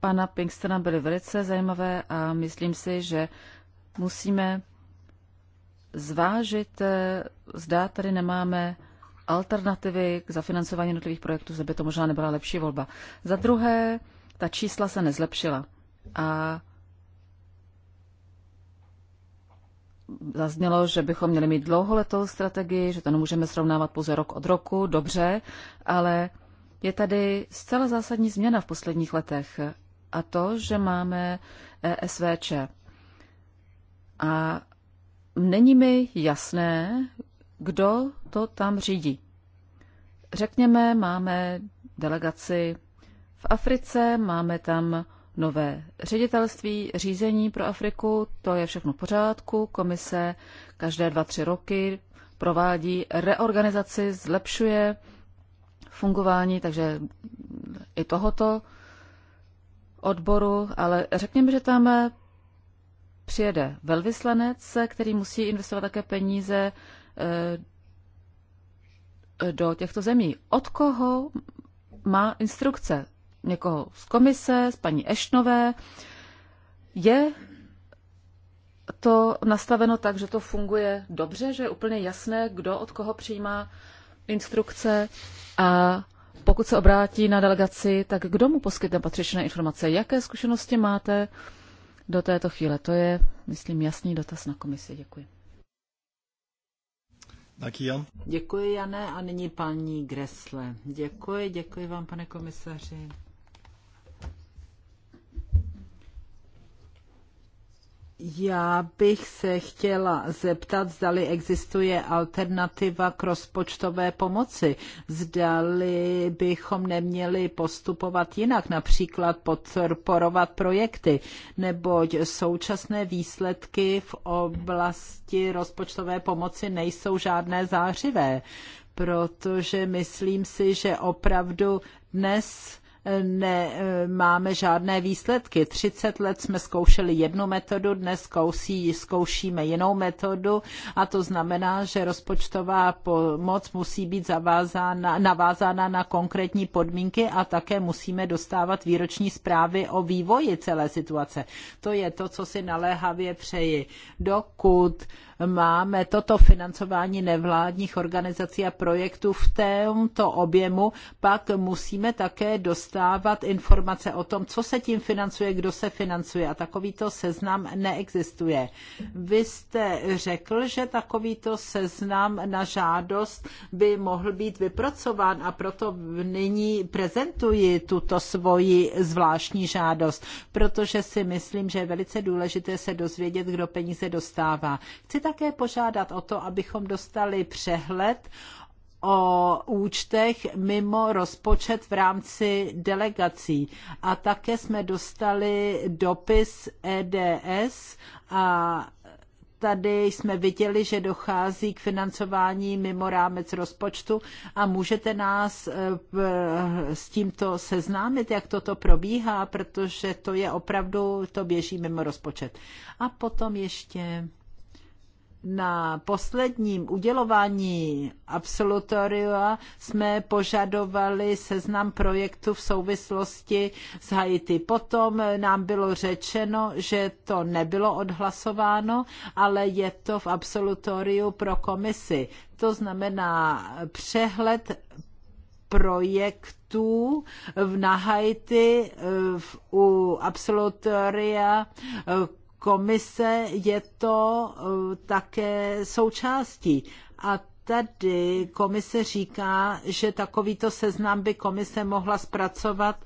pana Pinkstona byly velice zajímavé a myslím si, že musíme zvážit, eh, zda tady nemáme alternativy k zafinancování jednotlivých projektů, zda by to možná nebyla lepší volba. Za druhé, ta čísla se nezlepšila a zaznělo, že bychom měli mít dlouholetou strategii, že to nemůžeme srovnávat pouze rok od roku, dobře, ale je tady zcela zásadní změna v posledních letech a to, že máme ESVČ. A Není mi jasné, kdo to tam řídí. Řekněme, máme delegaci v Africe, máme tam nové ředitelství řízení pro Afriku, to je všechno v pořádku. Komise každé dva, tři roky provádí reorganizaci, zlepšuje fungování, takže i tohoto odboru, ale řekněme, že tam přijede velvyslanec, který musí investovat také peníze eh, do těchto zemí. Od koho má instrukce? Někoho z komise, z paní Ešnové? Je to nastaveno tak, že to funguje dobře, že je úplně jasné, kdo od koho přijímá instrukce a pokud se obrátí na delegaci, tak kdo mu poskytne patřičné informace? Jaké zkušenosti máte? Uh, do této chvíle. To je, myslím, jasný dotaz na komisi. Děkuji. Taky Jan. Děkuji, Jane, a nyní paní Gresle. Děkuji, děkuji vám, pane komisaři. Já bych se chtěla zeptat, zdali existuje alternativa k rozpočtové pomoci. Zdali bychom neměli postupovat jinak, například podporovat projekty, neboť současné výsledky v oblasti rozpočtové pomoci nejsou žádné zářivé, protože myslím si, že opravdu dnes nemáme žádné výsledky. 30 let jsme zkoušeli jednu metodu, dnes zkouší, zkoušíme jinou metodu a to znamená, že rozpočtová pomoc musí být zavázána, navázána na konkrétní podmínky a také musíme dostávat výroční zprávy o vývoji celé situace. To je to, co si naléhavě přeji. Dokud máme toto financování nevládních organizací a projektů v tomto objemu, pak musíme také dostávat informace o tom, co se tím financuje, kdo se financuje. A takovýto seznam neexistuje. Vy jste řekl, že takovýto seznam na žádost by mohl být vypracován a proto nyní prezentuji tuto svoji zvláštní žádost, protože si myslím, že je velice důležité se dozvědět, kdo peníze dostává. Chci také požádat o to, abychom dostali přehled o účtech mimo rozpočet v rámci delegací. A také jsme dostali dopis EDS a tady jsme viděli, že dochází k financování mimo rámec rozpočtu a můžete nás eh, s tímto seznámit, jak toto probíhá, protože to je opravdu, to běží mimo rozpočet. A potom ještě na posledním udělování absolutoria jsme požadovali seznam projektu v souvislosti s Haiti. Potom nám bylo řečeno, že to nebylo odhlasováno, ale je to v absolutoriu pro komisi. To znamená přehled projektů na Haiti eh, v, u absolutoria eh, komise je to eh, také součástí. A tady komise říká, že takovýto seznam by komise mohla zpracovat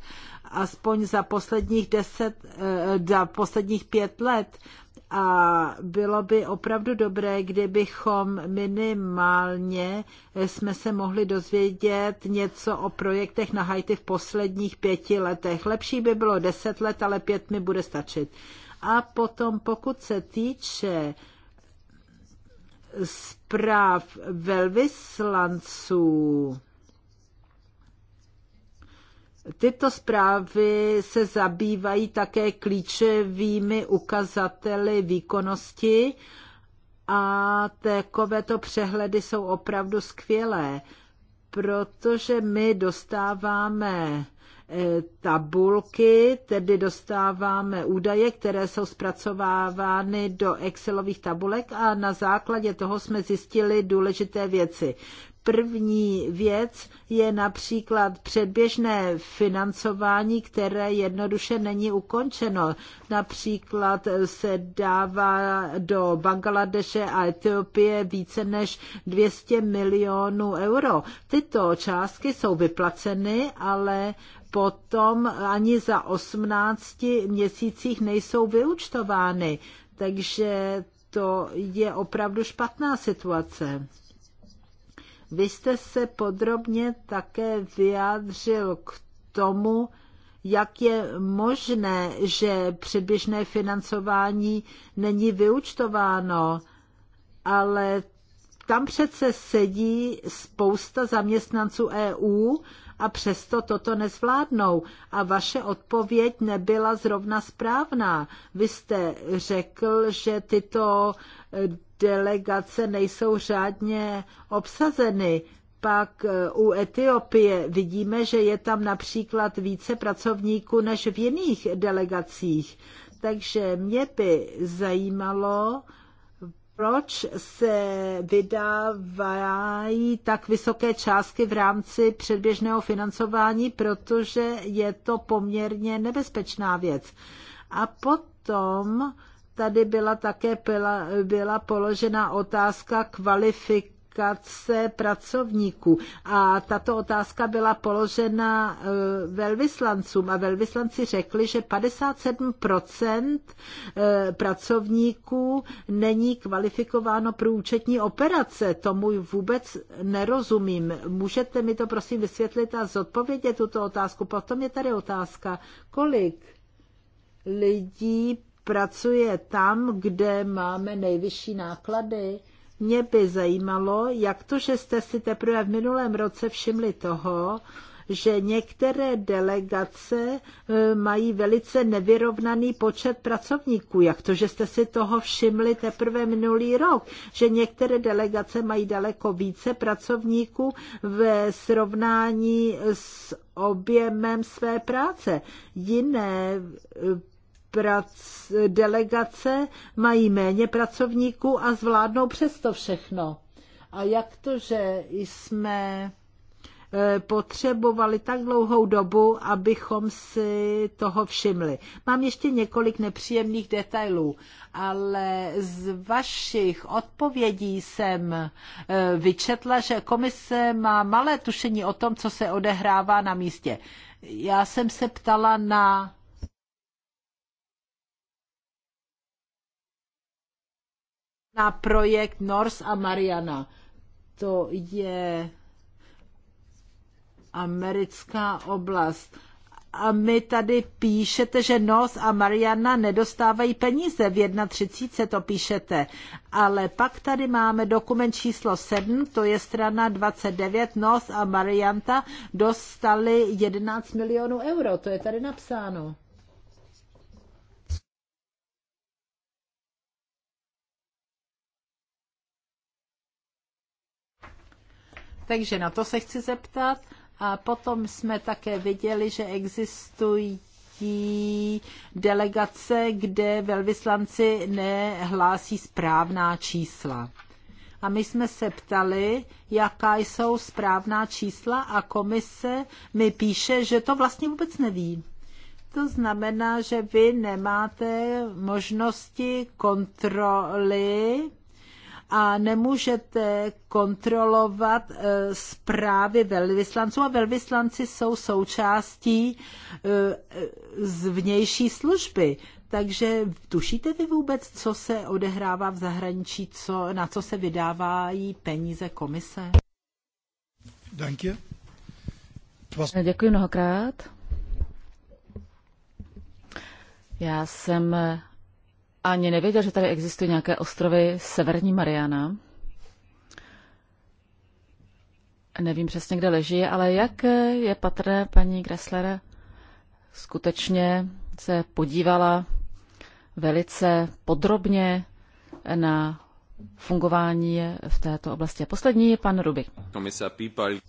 aspoň za posledních, deset, eh, za posledních pět let. A bylo by opravdu dobré, kdybychom minimálně eh, jsme se mohli dozvědět něco o projektech na Haiti v posledních pěti letech. Lepší by bylo deset let, ale pět mi bude stačit. A potom, pokud se týče zpráv velvyslanců, Tyto zprávy se zabývají také klíčovými ukazateli výkonnosti a takovéto přehledy jsou opravdu skvělé, protože my dostáváme E, tabulky, tedy dostáváme údaje, které jsou zpracovávány do Excelových tabulek a na základě toho jsme zjistili důležité věci. První věc je například předběžné financování, které jednoduše není ukončeno. Například se dává do Bangladeše a Etiopie více než 200 milionů euro. Tyto částky jsou vyplaceny, ale potom ani za 18 měsících nejsou vyučtovány. Takže to je opravdu špatná situace. Vy jste se podrobně také vyjádřil k tomu, jak je možné, že předběžné financování není vyučtováno, ale tam přece sedí spousta zaměstnanců EU a přesto toto nezvládnou. A vaše odpověď nebyla zrovna správná. Vy jste řekl, že tyto eh, delegace nejsou řádně obsazeny pak eh, u Etiopie vidíme, že je tam například více pracovníků než v jiných delegacích. Takže mě by zajímalo, proč se vydávají tak vysoké částky v rámci předběžného financování, protože je to poměrně nebezpečná věc. A potom tady byla také byla, byla položena otázka kvalifik kvalifikace pracovníků. A tato otázka byla položena eh, velvyslancům a velvyslanci řekli, že 57% eh, pracovníků není kvalifikováno pro účetní operace. Tomu vůbec nerozumím. Můžete mi to prosím vysvětlit a zodpovědět tuto otázku? Potom je tady otázka, kolik lidí pracuje tam, kde máme nejvyšší náklady mě by zajímalo, jak to, že jste si teprve v minulém roce všimli toho, že některé delegace eh, mají velice nevyrovnaný počet pracovníků. Jak to, že jste si toho všimli teprve minulý rok, že některé delegace mají daleko více pracovníků ve srovnání s objemem své práce. Jiné eh, prac, delegace mají méně pracovníků a zvládnou přesto všechno. A jak to, že jsme e, potřebovali tak dlouhou dobu, abychom si toho všimli. Mám ještě několik nepříjemných detailů, ale z vašich odpovědí jsem e, vyčetla, že komise má malé tušení o tom, co se odehrává na místě. Já jsem se ptala na na projekt Nors a Mariana. To je americká oblast. A my tady píšete, že Nos a Mariana nedostávají peníze. V 31. to píšete. Ale pak tady máme dokument číslo 7, to je strana 29. Nos a Marianta dostali 11 milionů euro. To je tady napsáno. takže na to se chci zeptat. A potom jsme také viděli, že existují delegace, kde velvyslanci nehlásí správná čísla. A my jsme se ptali, jaká jsou správná čísla a komise mi píše, že to vlastně vůbec neví. To znamená, že vy nemáte možnosti kontroly a nemůžete kontrolovat eh, zprávy velvyslanců a velvyslanci jsou součástí eh, z vnější služby. Takže tušíte vy vůbec, co se odehrává v zahraničí, co, na co se vydávají peníze komise? Eh, děkuji mnohokrát. Já jsem ani nevěděl, že tady existují nějaké ostrovy Severní Mariana. Nevím přesně, kde leží, ale jak je patrné, paní Gressler skutečně se podívala velice podrobně na fungování v této oblasti. Poslední je pan Ruby.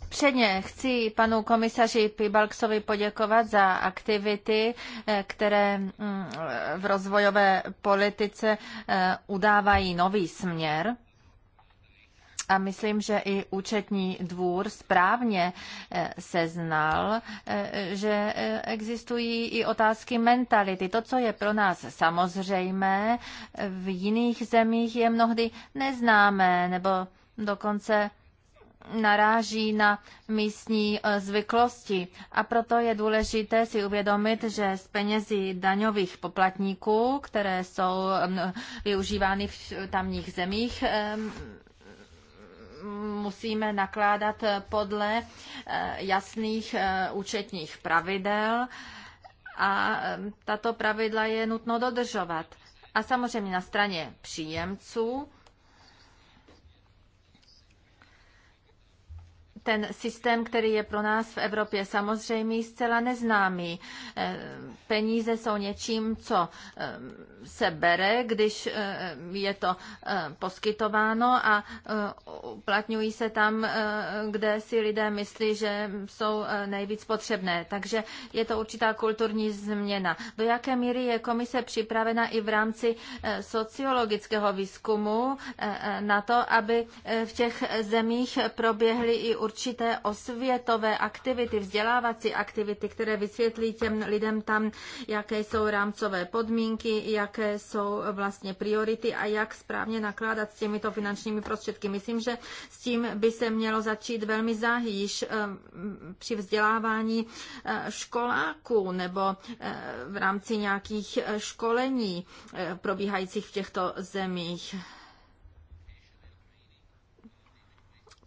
Předně chci panu komisaři Pibalksovi poděkovat za aktivity, eh, které mm, v rozvojové politice eh, udávají nový směr a myslím, že i účetní dvůr správně eh, seznal, eh, že eh, existují i otázky mentality. To, co je pro nás samozřejmé, v jiných zemích je mnohdy neznámé nebo dokonce naráží na místní zvyklosti. A proto je důležité si uvědomit, že z penězí daňových poplatníků, které jsou mm, využívány v tamních zemích, musíme nakládat podle eh, jasných eh, účetních pravidel a eh, tato pravidla je nutno dodržovat. A samozřejmě na straně příjemců ten systém, který je pro nás v Evropě samozřejmě zcela neznámý. Eh, peníze jsou něčím, co eh, se bere, když eh, je to poskytováno a uplatňují se tam, kde si lidé myslí, že jsou nejvíc potřebné. Takže je to určitá kulturní změna. Do jaké míry je komise připravena i v rámci sociologického výzkumu na to, aby v těch zemích proběhly i určitě určité osvětové aktivity, vzdělávací aktivity, které vysvětlí těm lidem tam, jaké jsou rámcové podmínky, jaké jsou vlastně priority a jak správně nakládat s těmito finančními prostředky. Myslím, že s tím by se mělo začít velmi záhy již eh, při vzdělávání eh, školáků nebo eh, v rámci nějakých školení probíhajících v těchto zemích.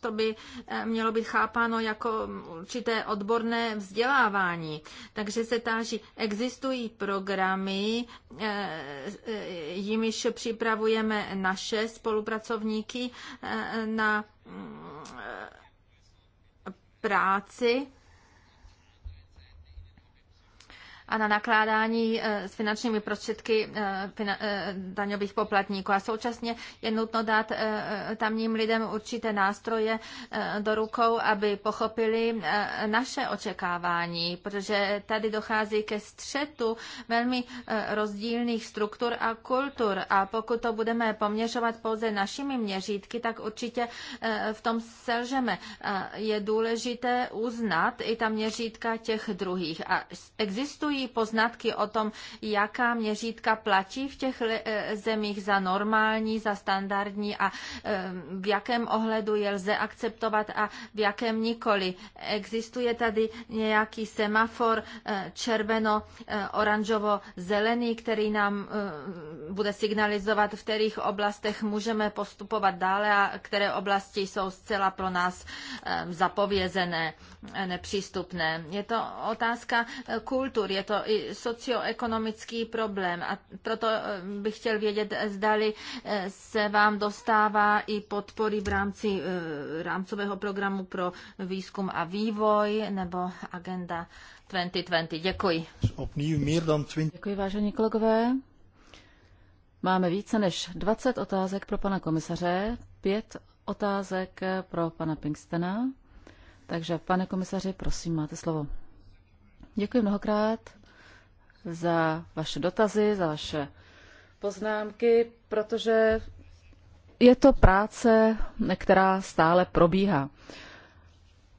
to by eh, mělo být chápáno jako určité odborné vzdělávání. Takže se táží, existují programy, eh, eh, jimiž připravujeme naše spolupracovníky na mm, práci a na nakládání eh, s finančními prostředky eh, eh, daňových poplatníků. A současně je nutno dát tamním lidem určité nástroje do rukou, aby pochopili naše očekávání, protože tady dochází ke střetu velmi rozdílných struktur a kultur. A pokud to budeme poměřovat pouze našimi měřítky, tak určitě v tom selžeme. Je důležité uznat i ta měřítka těch druhých. A existují existují poznatky o tom, jaká měřítka platí v těch eh, zemích za normální, za standardní a eh, v jakém ohledu je lze akceptovat a v jakém nikoli. Existuje tady nějaký semafor eh, červeno-oranžovo-zelený, který nám bude signalizovat, v kterých oblastech můžeme postupovat dále a které oblasti jsou zcela pro nás zapovězené, nepřístupné. Je to otázka kultur, je to i socioekonomický problém a proto eh, bych chtěl vědět, zdali eh, se vám dostává i podpory v rámci eh, rámcového programu pro výzkum a vývoj nebo agenda 2020. Děkuji. Děkuji, vážení kolegové. Máme více než 20 otázek pro pana komisaře, pět otázek pro pana Pinkstena. Takže, pane komisaři, prosím, máte slovo. Děkuji mnohokrát za vaše dotazy, za vaše poznámky, protože je to práce, která stále probíhá.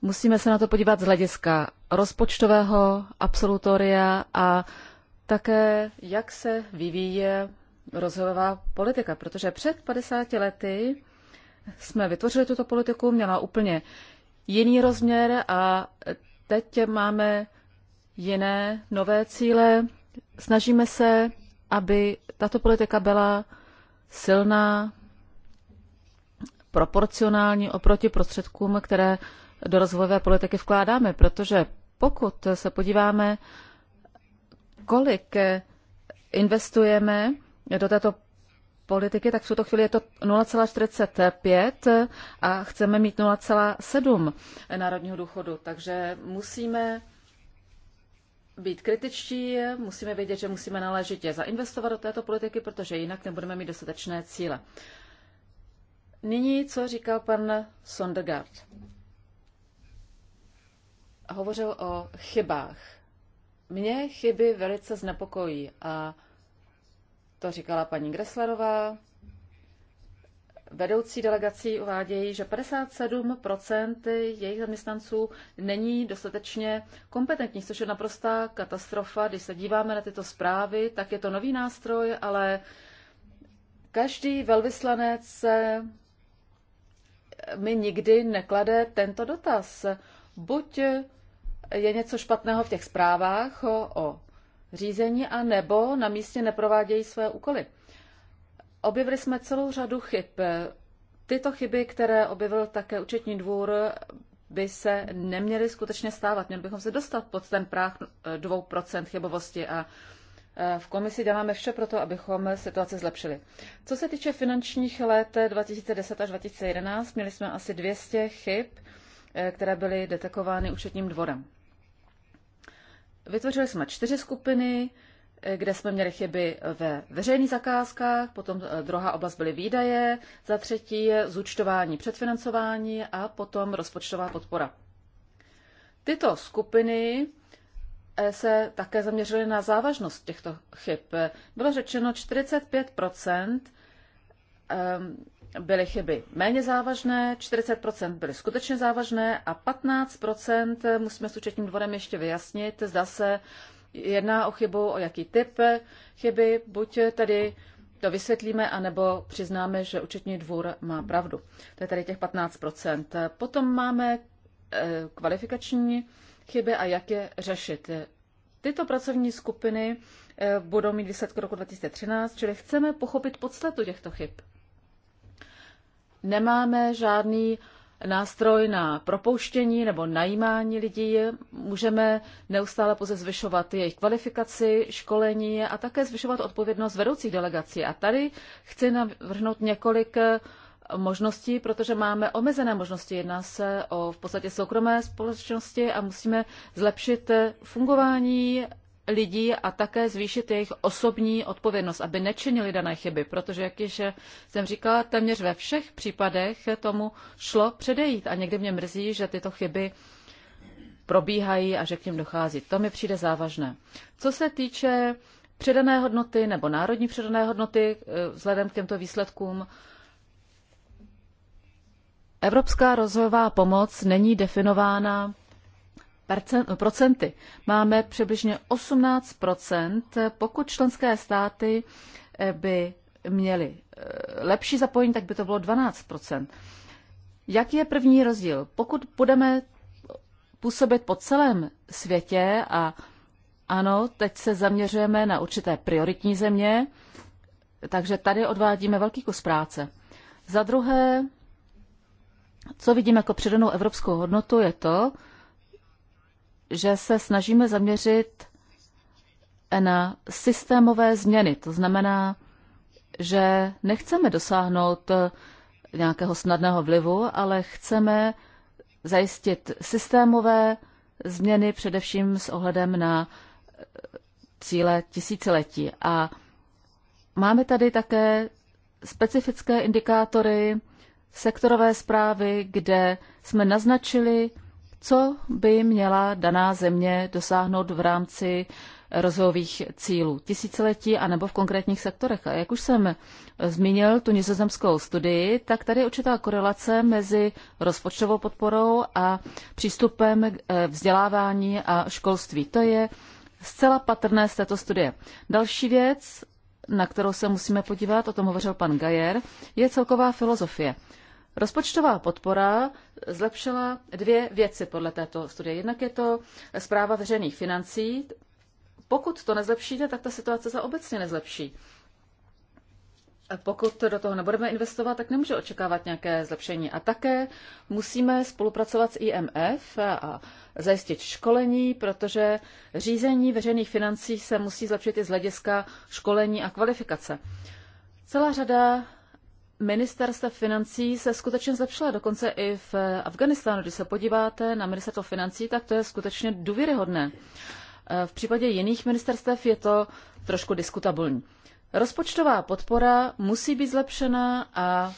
Musíme se na to podívat z hlediska rozpočtového absolutoria a také, jak se vyvíje rozvojová politika, protože před 50 lety jsme vytvořili tuto politiku, měla úplně jiný rozměr a teď máme jiné, nové cíle. Snažíme se, aby tato politika byla silná, proporcionální oproti prostředkům, které do rozvojové politiky vkládáme, protože pokud se podíváme, kolik investujeme do této politiky, tak v tuto chvíli je to 0,45 a chceme mít 0,7 národního důchodu. Takže musíme být kritičtí, musíme vědět, že musíme náležitě zainvestovat do této politiky, protože jinak nebudeme mít dostatečné cíle. Nyní, co říkal pan Sondergaard. Hovořil o chybách. Mě chyby velice znepokojí a to říkala paní Greslerová, vedoucí delegací uvádějí, že 57 jejich zaměstnanců není dostatečně kompetentní. což je naprostá katastrofa. Když se díváme na tyto zprávy, tak je to nový nástroj, ale každý velvyslanec mi nikdy neklade tento dotaz. Buď je něco špatného v těch zprávách o, o řízení, anebo na místě neprovádějí své úkoly. Objevili jsme celou řadu chyb. Tyto chyby, které objevil také účetní dvůr, by se neměly skutečně stávat. Měli bychom se dostat pod ten práh 2% eh, chybovosti a eh, v komisi děláme vše pro to, abychom situaci zlepšili. Co se týče finančních let 2010 až 2011, měli jsme asi 200 chyb, eh, které byly detekovány účetním dvorem. Vytvořili jsme čtyři skupiny, kde jsme měli chyby ve veřejných zakázkách, potom eh, druhá oblast byly výdaje, za třetí zúčtování předfinancování a potom rozpočtová podpora. Tyto skupiny eh, se také zaměřily na závažnost těchto chyb. Bylo řečeno 45 eh, byly chyby méně závažné, 40% byly skutečně závažné a 15% musíme s účetním dvorem ještě vyjasnit, zda se jedná o chybu, o jaký typ chyby, buď tedy to vysvětlíme, anebo přiznáme, že účetní dvůr má pravdu. To je tady těch 15 Potom máme eh, kvalifikační chyby a jak je řešit. Tyto pracovní skupiny eh, budou mít výsledky roku 2013, čili chceme pochopit podstatu těchto chyb. Nemáme žádný nástroj na propouštění nebo najímání lidí. Můžeme neustále pouze zvyšovat jejich kvalifikaci, školení a také zvyšovat odpovědnost vedoucích delegací. A tady chci navrhnout několik možností, protože máme omezené možnosti. Jedná se o v podstatě soukromé společnosti a musíme zlepšit fungování lidí a také zvýšit jejich osobní odpovědnost, aby nečinili dané chyby, protože, jak již jsem říkala, téměř ve všech případech tomu šlo předejít a někdy mě mrzí, že tyto chyby probíhají a že k ním dochází. To mi přijde závažné. Co se týče předané hodnoty nebo národní předané hodnoty eh, vzhledem k těmto výsledkům, Evropská rozvojová pomoc není definována procenty. Máme přibližně 18 Pokud členské státy eh, by měly eh, lepší zapojení, tak by to bylo 12 Jaký je první rozdíl? Pokud budeme působit po celém světě a ano, teď se zaměřujeme na určité prioritní země, takže tady odvádíme velký kus práce. Za druhé, co vidím jako přidanou evropskou hodnotu, je to, že se snažíme zaměřit na systémové změny. To znamená, že nechceme dosáhnout nějakého snadného vlivu, ale chceme zajistit systémové změny především s ohledem na cíle tisíciletí. A máme tady také specifické indikátory sektorové zprávy, kde jsme naznačili co by měla daná země dosáhnout v rámci rozvojových cílů tisíciletí anebo v konkrétních sektorech. A jak už jsem zmínil tu nizozemskou studii, tak tady je určitá korelace mezi rozpočtovou podporou a přístupem k eh, vzdělávání a školství. To je zcela patrné z této studie. Další věc, na kterou se musíme podívat, o tom hovořil pan Gajer, je celková filozofie. Rozpočtová podpora zlepšila dvě věci podle této studie. Jednak je to zpráva veřejných financí. Pokud to nezlepšíte, tak ta situace se obecně nezlepší. Pokud do toho nebudeme investovat, tak nemůže očekávat nějaké zlepšení. A také musíme spolupracovat s IMF a zajistit školení, protože řízení veřejných financí se musí zlepšit i z hlediska školení a kvalifikace. Celá řada ministerstva financí se skutečně zlepšila, dokonce i v Afganistánu. Když se podíváte na ministerstvo financí, tak to je skutečně důvěryhodné. Eh, v případě jiných ministerstev je to trošku diskutabilní. Rozpočtová podpora musí být zlepšena a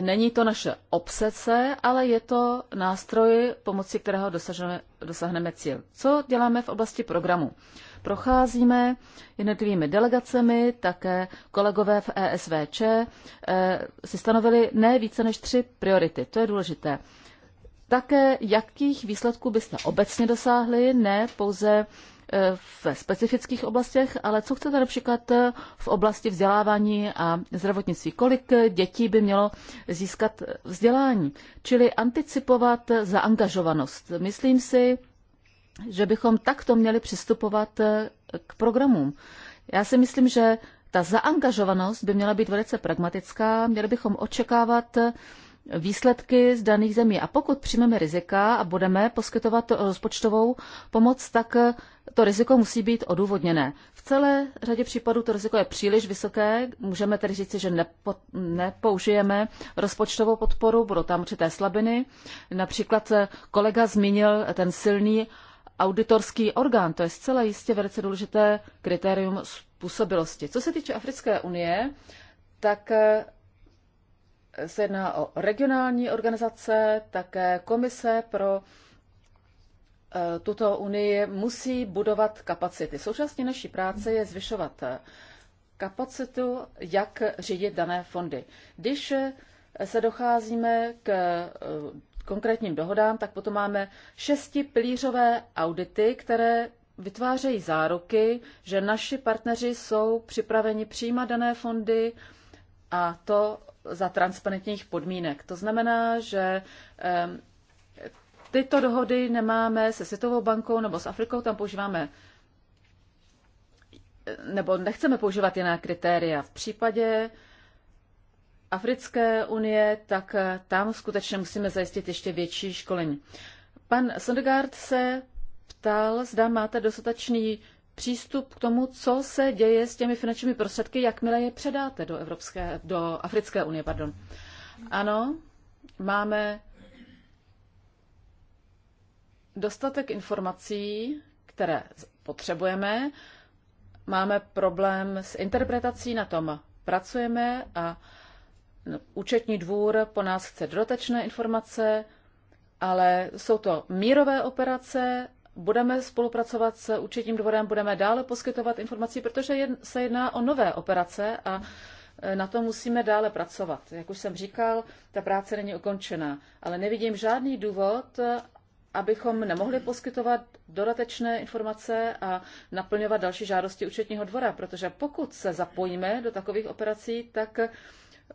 není to naše obsece, ale je to nástroj, pomocí kterého dosahneme dosáhneme cíl. Co děláme v oblasti programu? procházíme jednotlivými delegacemi, také kolegové v ESVČ eh, si stanovili ne více než tři priority. To je důležité. Také jakých výsledků byste obecně dosáhli, ne pouze eh, v specifických oblastech, ale co chcete například eh, v oblasti vzdělávání a zdravotnictví? Kolik dětí by mělo získat vzdělání? Čili anticipovat zaangažovanost. Myslím si, že bychom takto měli přistupovat eh, k programům. Já si myslím, že ta zaangažovanost by měla být velice pragmatická, měli bychom očekávat eh, výsledky z daných zemí. A pokud přijmeme rizika a budeme poskytovat rozpočtovou pomoc, tak eh, to riziko musí být odůvodněné. V celé řadě případů to riziko je příliš vysoké, můžeme tedy říci, že nepo, nepoužijeme rozpočtovou podporu, budou tam určité slabiny. Například kolega zmínil ten silný auditorský orgán. To je zcela jistě velice důležité kritérium způsobilosti. Co se týče Africké unie, tak eh, se jedná o regionální organizace, také komise pro eh, tuto unii musí budovat kapacity. Součástí naší práce je zvyšovat eh, kapacitu, jak řídit dané fondy. Když se docházíme k konkrétním dohodám, tak potom máme šesti pilířové audity, které vytvářejí záruky, že naši partneři jsou připraveni přijímat dané fondy a to za transparentních podmínek. To znamená, že tyto dohody nemáme se Světovou bankou nebo s Afrikou, tam používáme nebo nechceme používat jiná kritéria. V případě Africké unie, tak eh, tam skutečně musíme zajistit ještě větší školení. Pan Sondergaard se ptal, zda máte dostatečný přístup k tomu, co se děje s těmi finančními prostředky, jakmile je předáte do, Evropské, do Africké unie. Pardon. Ano, máme dostatek informací, které potřebujeme. Máme problém s interpretací, na tom pracujeme a účetní dvůr po nás chce dodatečné informace, ale jsou to mírové operace, budeme spolupracovat s účetním dvorem, budeme dále poskytovat informací, protože se jedná o nové operace a e, na to musíme dále pracovat. Jak už jsem říkal, ta práce není ukončená, ale nevidím žádný důvod, e, abychom nemohli poskytovat dodatečné informace a naplňovat další žádosti účetního dvora, protože pokud se zapojíme do takových operací, tak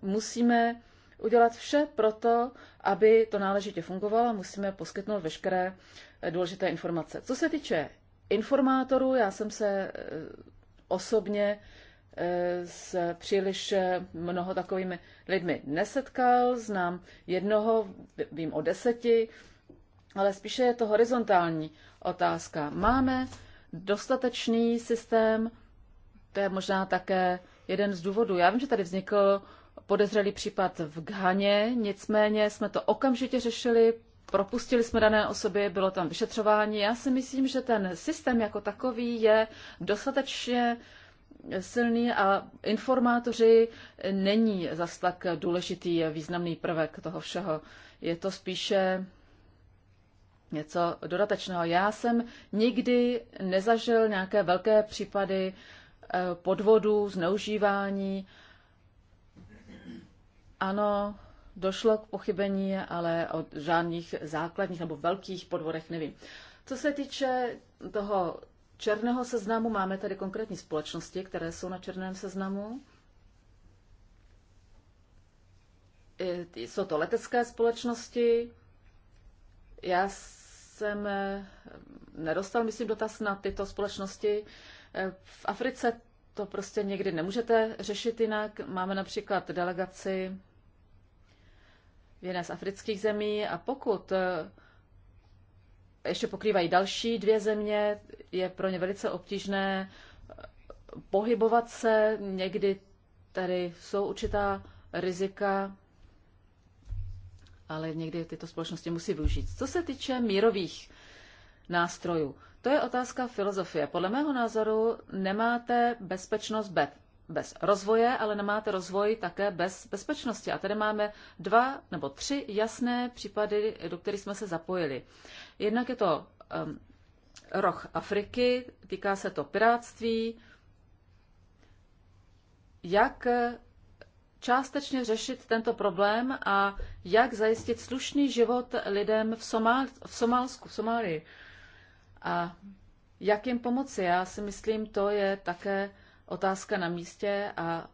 musíme udělat vše pro to, aby to náležitě fungovalo a musíme poskytnout veškeré eh, důležité informace. Co se týče informátorů, já jsem se eh, osobně eh, s příliš mnoho takovými lidmi nesetkal, znám jednoho, vím o deseti, ale spíše je to horizontální otázka. Máme dostatečný systém, to je možná také jeden z důvodů. Já vím, že tady vznikl podezřelý případ v Ghaně, nicméně jsme to okamžitě řešili, propustili jsme dané osoby, bylo tam vyšetřování. Já si myslím, že ten systém jako takový je dostatečně silný a informátoři není zas tak důležitý významný prvek toho všeho. Je to spíše něco dodatečného. Já jsem nikdy nezažil nějaké velké případy eh, podvodů, zneužívání ano, došlo k pochybení, ale o žádných základních nebo velkých podvodech nevím. Co se týče toho černého seznamu, máme tady konkrétní společnosti, které jsou na černém seznamu. Jsou to letecké společnosti. Já jsem eh, nedostal, myslím, dotaz na tyto společnosti. Eh, v Africe to prostě někdy nemůžete řešit jinak. Máme například delegaci v jedné z afrických zemí a pokud eh, ještě pokrývají další dvě země, je pro ně velice obtížné eh, pohybovat se. Někdy tady jsou určitá rizika, ale někdy tyto společnosti musí využít. Co se týče mírových nástrojů, to je otázka filozofie. Podle mého názoru nemáte bezpečnost bez, bez rozvoje, ale nemáte rozvoj také bez bezpečnosti. A tady máme dva nebo tři jasné případy, do kterých jsme se zapojili. Jednak je to um, roh Afriky, týká se to piráctví, jak částečně řešit tento problém a jak zajistit slušný život lidem v, Somál, v Somálsku, v Somálii. A jak jim pomoci? Já si myslím, to je také otázka na místě a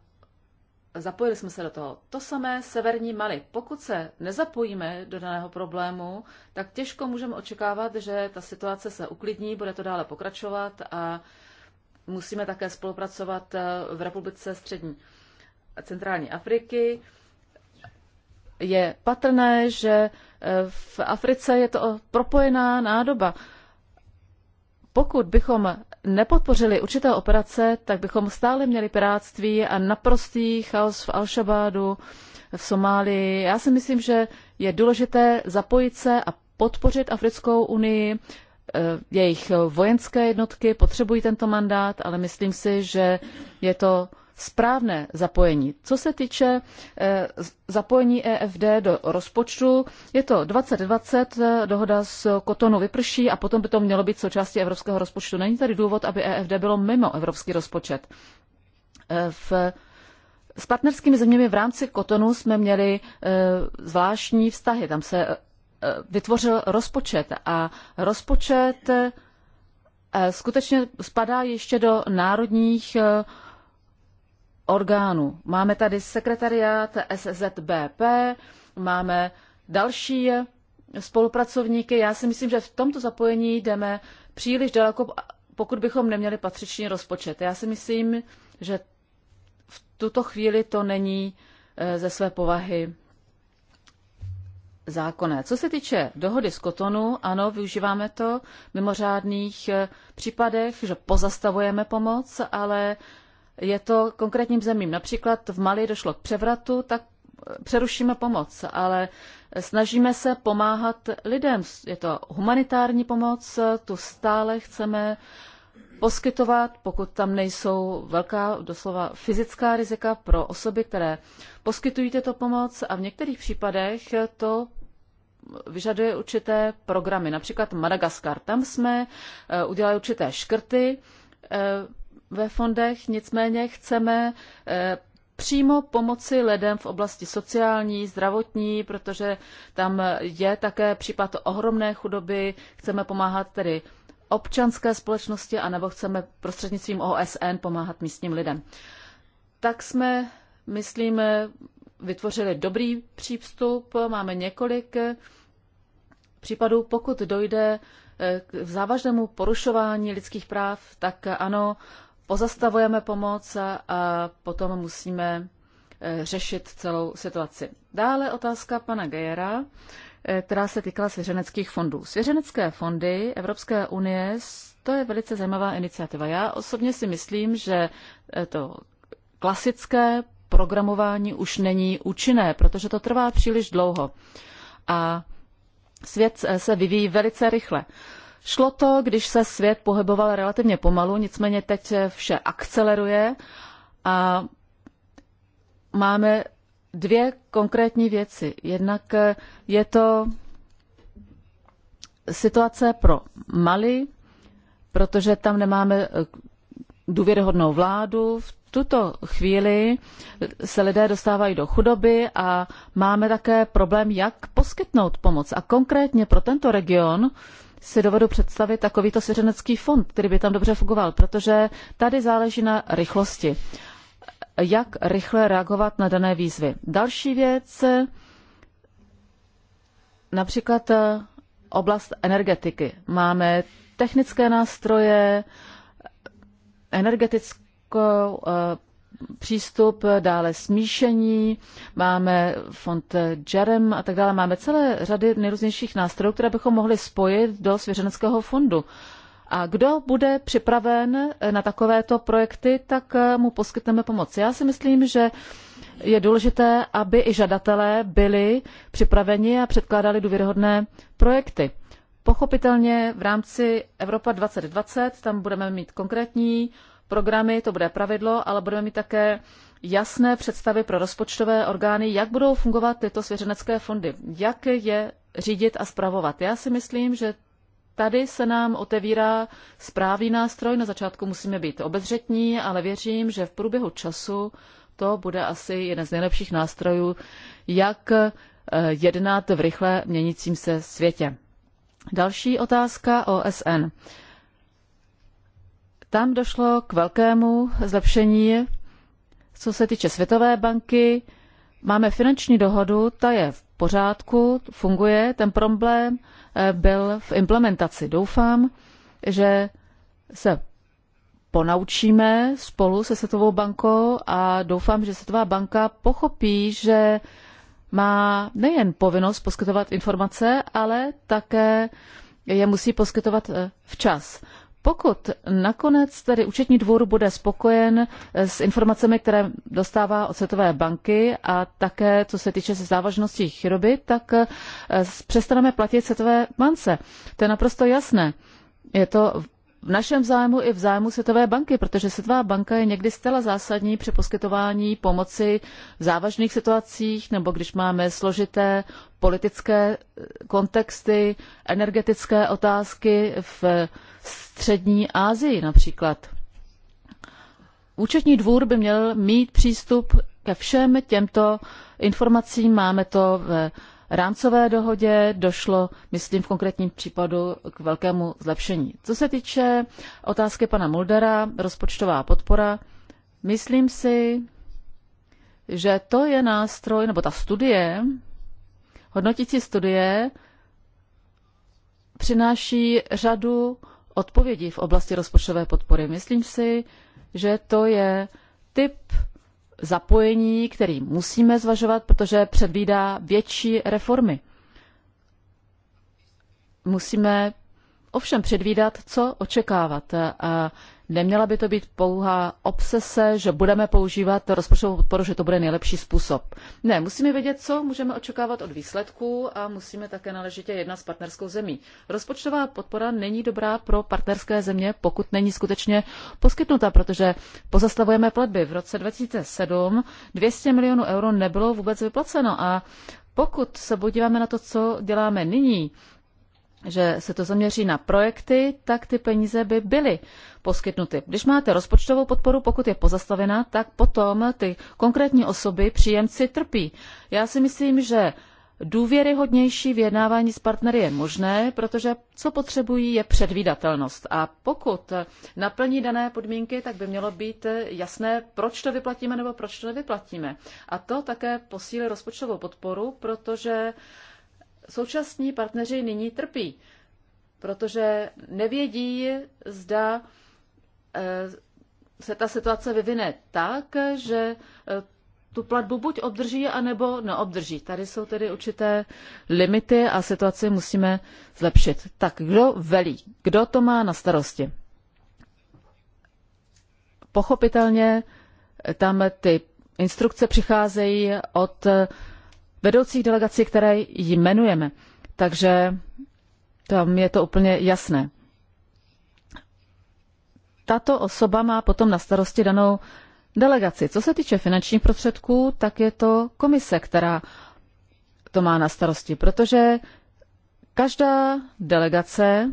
zapojili jsme se do toho. To samé severní Mali. Pokud se nezapojíme do daného problému, tak těžko můžeme očekávat, že ta situace se uklidní, bude to dále pokračovat a musíme také spolupracovat eh, v republice střední a centrální Afriky. Je patrné, že eh, v Africe je to propojená nádoba pokud bychom nepodpořili určité operace, tak bychom stále měli piráctví a naprostý chaos v Al-Shabaadu, v Somálii. Já si myslím, že je důležité zapojit se a podpořit Africkou unii. Eh, jejich vojenské jednotky potřebují tento mandát, ale myslím si, že je to správné zapojení. Co se týče eh, zapojení EFD do rozpočtu, je to 2020, eh, dohoda s Kotonu vyprší a potom by to mělo být součástí evropského rozpočtu. Není tady důvod, aby EFD bylo mimo evropský rozpočet. Eh, v s partnerskými zeměmi v rámci Kotonu jsme měli zvláštní vztahy. Tam se vytvořil rozpočet a rozpočet skutečně spadá ještě do národních orgánů. Máme tady sekretariát SZBP, máme další spolupracovníky. Já si myslím, že v tomto zapojení jdeme příliš daleko, pokud bychom neměli patřičný rozpočet. Já si myslím, že v tuto chvíli to není e, ze své povahy zákonné. Co se týče dohody z kotonu, ano, využíváme to v mimořádných e, případech, že pozastavujeme pomoc, ale je to konkrétním zemím. Například v Mali došlo k převratu, tak eh, přerušíme pomoc, ale snažíme se pomáhat lidem. Je to humanitární pomoc, tu stále chceme poskytovat, pokud tam nejsou velká, doslova fyzická rizika pro osoby, které poskytují tyto pomoc a v některých případech to vyžaduje určité programy. Například Madagaskar, tam jsme eh, udělali určité škrty, eh, ve fondech, nicméně chceme eh, přímo pomoci lidem v oblasti sociální, zdravotní, protože tam je také případ ohromné chudoby. Chceme pomáhat tedy občanské společnosti, anebo chceme prostřednictvím OSN pomáhat místním lidem. Tak jsme, myslím, vytvořili dobrý přístup. Máme několik eh, případů, pokud dojde eh, k závažnému porušování lidských práv, tak ano, pozastavujeme pomoc a potom musíme e, řešit celou situaci. Dále otázka pana Gejera, e, která se týkala svěřeneckých fondů. Svěřenecké fondy Evropské unie, to je velice zajímavá iniciativa. Já osobně si myslím, že e, to klasické programování už není účinné, protože to trvá příliš dlouho. A svět se vyvíjí velice rychle. Šlo to, když se svět pohyboval relativně pomalu, nicméně teď vše akceleruje a máme dvě konkrétní věci. Jednak je to situace pro Mali, protože tam nemáme eh, důvěryhodnou vládu. V tuto chvíli se lidé dostávají do chudoby a máme také problém, jak poskytnout pomoc. A konkrétně pro tento region, si dovedu představit takovýto svěřenecký fond, který by tam dobře fungoval, protože tady záleží na rychlosti. Jak rychle reagovat na dané výzvy. Další věc, například eh, oblast energetiky. Máme technické nástroje, energetickou eh, přístup, dále smíšení, máme fond Jerem a tak dále. Máme celé řady nejrůznějších nástrojů, které bychom mohli spojit do svěřeneckého fondu. A kdo bude připraven na takovéto projekty, tak mu poskytneme pomoc. Já si myslím, že je důležité, aby i žadatelé byli připraveni a předkládali důvěryhodné projekty. Pochopitelně v rámci Evropa 2020 tam budeme mít konkrétní programy, to bude pravidlo, ale budeme mít také jasné představy pro rozpočtové orgány, jak budou fungovat tyto svěřenecké fondy, jak je řídit a spravovat. Já si myslím, že tady se nám otevírá správný nástroj. Na začátku musíme být obezřetní, ale věřím, že v průběhu času to bude asi jeden z nejlepších nástrojů, jak eh, jednat v rychle měnícím se světě. Další otázka o SN. Tam došlo k velkému zlepšení, co se týče Světové banky. Máme finanční dohodu, ta je v pořádku, funguje. Ten problém eh, byl v implementaci. Doufám, že se ponaučíme spolu se Světovou bankou a doufám, že Světová banka pochopí, že má nejen povinnost poskytovat informace, ale také je musí poskytovat eh, včas. Pokud nakonec tedy účetní dvůr bude spokojen eh, s informacemi, které dostává od Světové banky a také, co se týče se závažností chyroby, tak eh, přestaneme platit Světové bance. To je naprosto jasné. Je to v našem zájmu i v zájmu Světové banky, protože Světová banka je někdy zcela zásadní při poskytování pomoci v závažných situacích nebo když máme složité politické eh, kontexty, energetické otázky v střední Asii například. Účetní dvůr by měl mít přístup ke všem těmto informacím. Máme to ve rámcové dohodě došlo, myslím, v konkrétním případu k velkému zlepšení. Co se týče otázky pana Muldera, rozpočtová podpora, myslím si, že to je nástroj, nebo ta studie, hodnotící studie, přináší řadu odpovědí v oblasti rozpočtové podpory. Myslím si, že to je typ zapojení, který musíme zvažovat, protože předvídá větší reformy. Musíme ovšem předvídat, co očekávat. A Neměla by to být pouhá obsese, že budeme používat rozpočtovou podporu, že to bude nejlepší způsob. Ne, musíme vědět, co můžeme očekávat od výsledků a musíme také náležitě jednat s partnerskou zemí. Rozpočtová podpora není dobrá pro partnerské země, pokud není skutečně poskytnuta, protože pozastavujeme platby. V roce 2007 200 milionů euro nebylo vůbec vyplaceno a pokud se podíváme na to, co děláme nyní, že se to zaměří na projekty, tak ty peníze by byly poskytnuty. Když máte rozpočtovou podporu, pokud je pozastavena, tak potom ty konkrétní osoby, příjemci trpí. Já si myslím, že důvěryhodnější vyjednávání s partnery je možné, protože co potřebují je předvídatelnost. A pokud naplní dané podmínky, tak by mělo být jasné, proč to vyplatíme nebo proč to nevyplatíme. A to také posílí rozpočtovou podporu, protože současní partneři nyní trpí, protože nevědí, zda eh, se ta situace vyvine tak, že eh, tu platbu buď obdrží, anebo neobdrží. Tady jsou tedy určité limity a situaci musíme zlepšit. Tak kdo velí? Kdo to má na starosti? Pochopitelně eh, tam ty instrukce přicházejí od vedoucích delegací, které jmenujeme. Takže tam je to úplně jasné. Tato osoba má potom na starosti danou delegaci. Co se týče finančních prostředků, tak je to komise, která to má na starosti, protože každá delegace,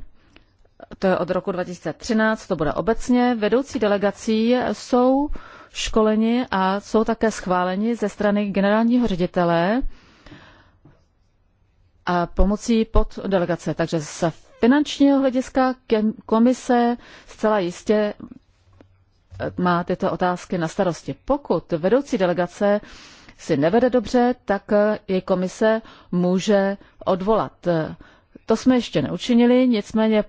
to je od roku 2013, to bude obecně, vedoucí delegací jsou školeni a jsou také schváleni ze strany generálního ředitele a pomocí poddelegace. Takže z finančního hlediska komise zcela jistě eh, má tyto otázky na starosti. Pokud vedoucí delegace si nevede dobře, tak jej eh, komise může odvolat. To jsme ještě neučinili, nicméně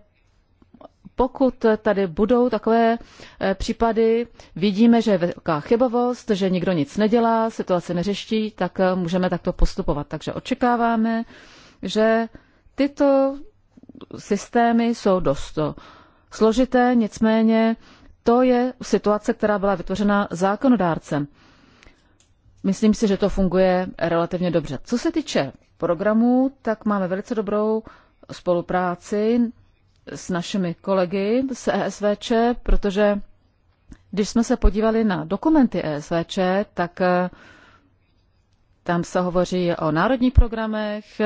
pokud tady budou takové eh, případy, vidíme, že je velká chybovost, že nikdo nic nedělá, situace neřeší, tak eh, můžeme takto postupovat. Takže očekáváme, že tyto systémy jsou dost eh, složité, nicméně to je situace, která byla vytvořena zákonodárcem. Myslím si, že to funguje relativně dobře. Co se týče programů, tak máme velice dobrou spolupráci s našimi kolegy z ESVČ, protože když jsme se podívali na dokumenty ESVČ, tak eh, tam se hovoří o národních programech,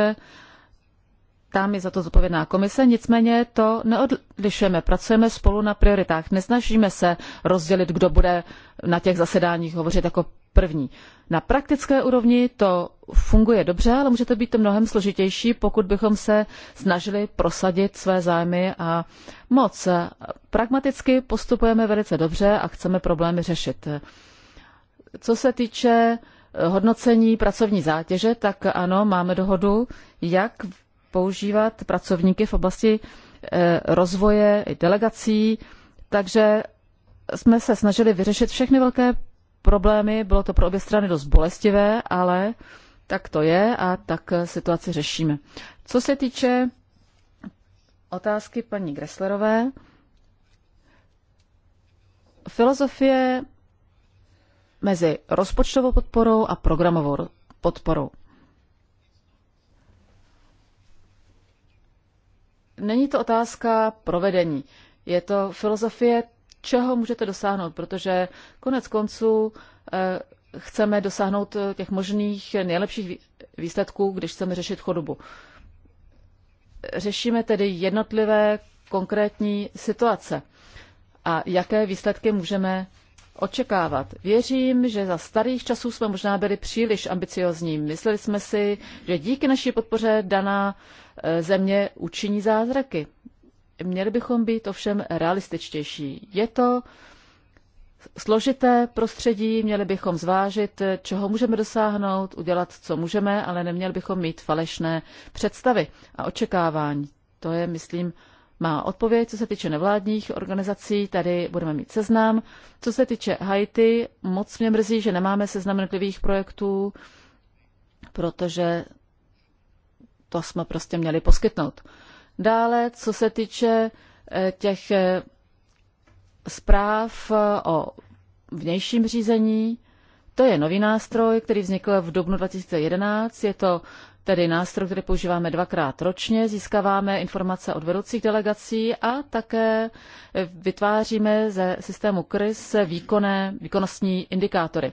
tam je za to zodpovědná komise, nicméně to neodlišujeme. Pracujeme spolu na prioritách. Nesnažíme se rozdělit, kdo bude na těch zasedáních hovořit jako první. Na praktické úrovni to funguje dobře, ale může to být mnohem složitější, pokud bychom se snažili prosadit své zájmy a moc. Pragmaticky postupujeme velice dobře a chceme problémy řešit. Co se týče eh, hodnocení pracovní zátěže, tak ano, máme dohodu, jak používat pracovníky v oblasti eh, rozvoje delegací, takže jsme se snažili vyřešit všechny velké problémy, bylo to pro obě strany dost bolestivé, ale tak to je a tak eh, situaci řešíme. Co se týče otázky paní Gresslerové, filozofie mezi rozpočtovou podporou a programovou podporou. Není to otázka provedení. Je to filozofie čeho můžete dosáhnout, protože konec konců eh, chceme dosáhnout těch možných nejlepších výsledků, když chceme řešit chodobu. Řešíme tedy jednotlivé konkrétní situace a jaké výsledky můžeme očekávat. Věřím, že za starých časů jsme možná byli příliš ambiciozní. Mysleli jsme si, že díky naší podpoře daná eh, země učiní zázraky. Měli bychom být ovšem realističtější. Je to složité prostředí, měli bychom zvážit, čeho můžeme dosáhnout, udělat, co můžeme, ale neměli bychom mít falešné představy a očekávání. To je, myslím, má odpověď, co se týče nevládních organizací, tady budeme mít seznam. Co se týče Haiti, moc mě mrzí, že nemáme seznam jednotlivých projektů, protože to jsme prostě měli poskytnout. Dále, co se týče eh, těch eh, zpráv eh, o vnějším řízení, to je nový nástroj, který vznikl v dubnu 2011. Je to tedy nástroj, který používáme dvakrát ročně. Získáváme informace od vedoucích delegací a také vytváříme ze systému KRIS výkonné, výkonnostní indikátory.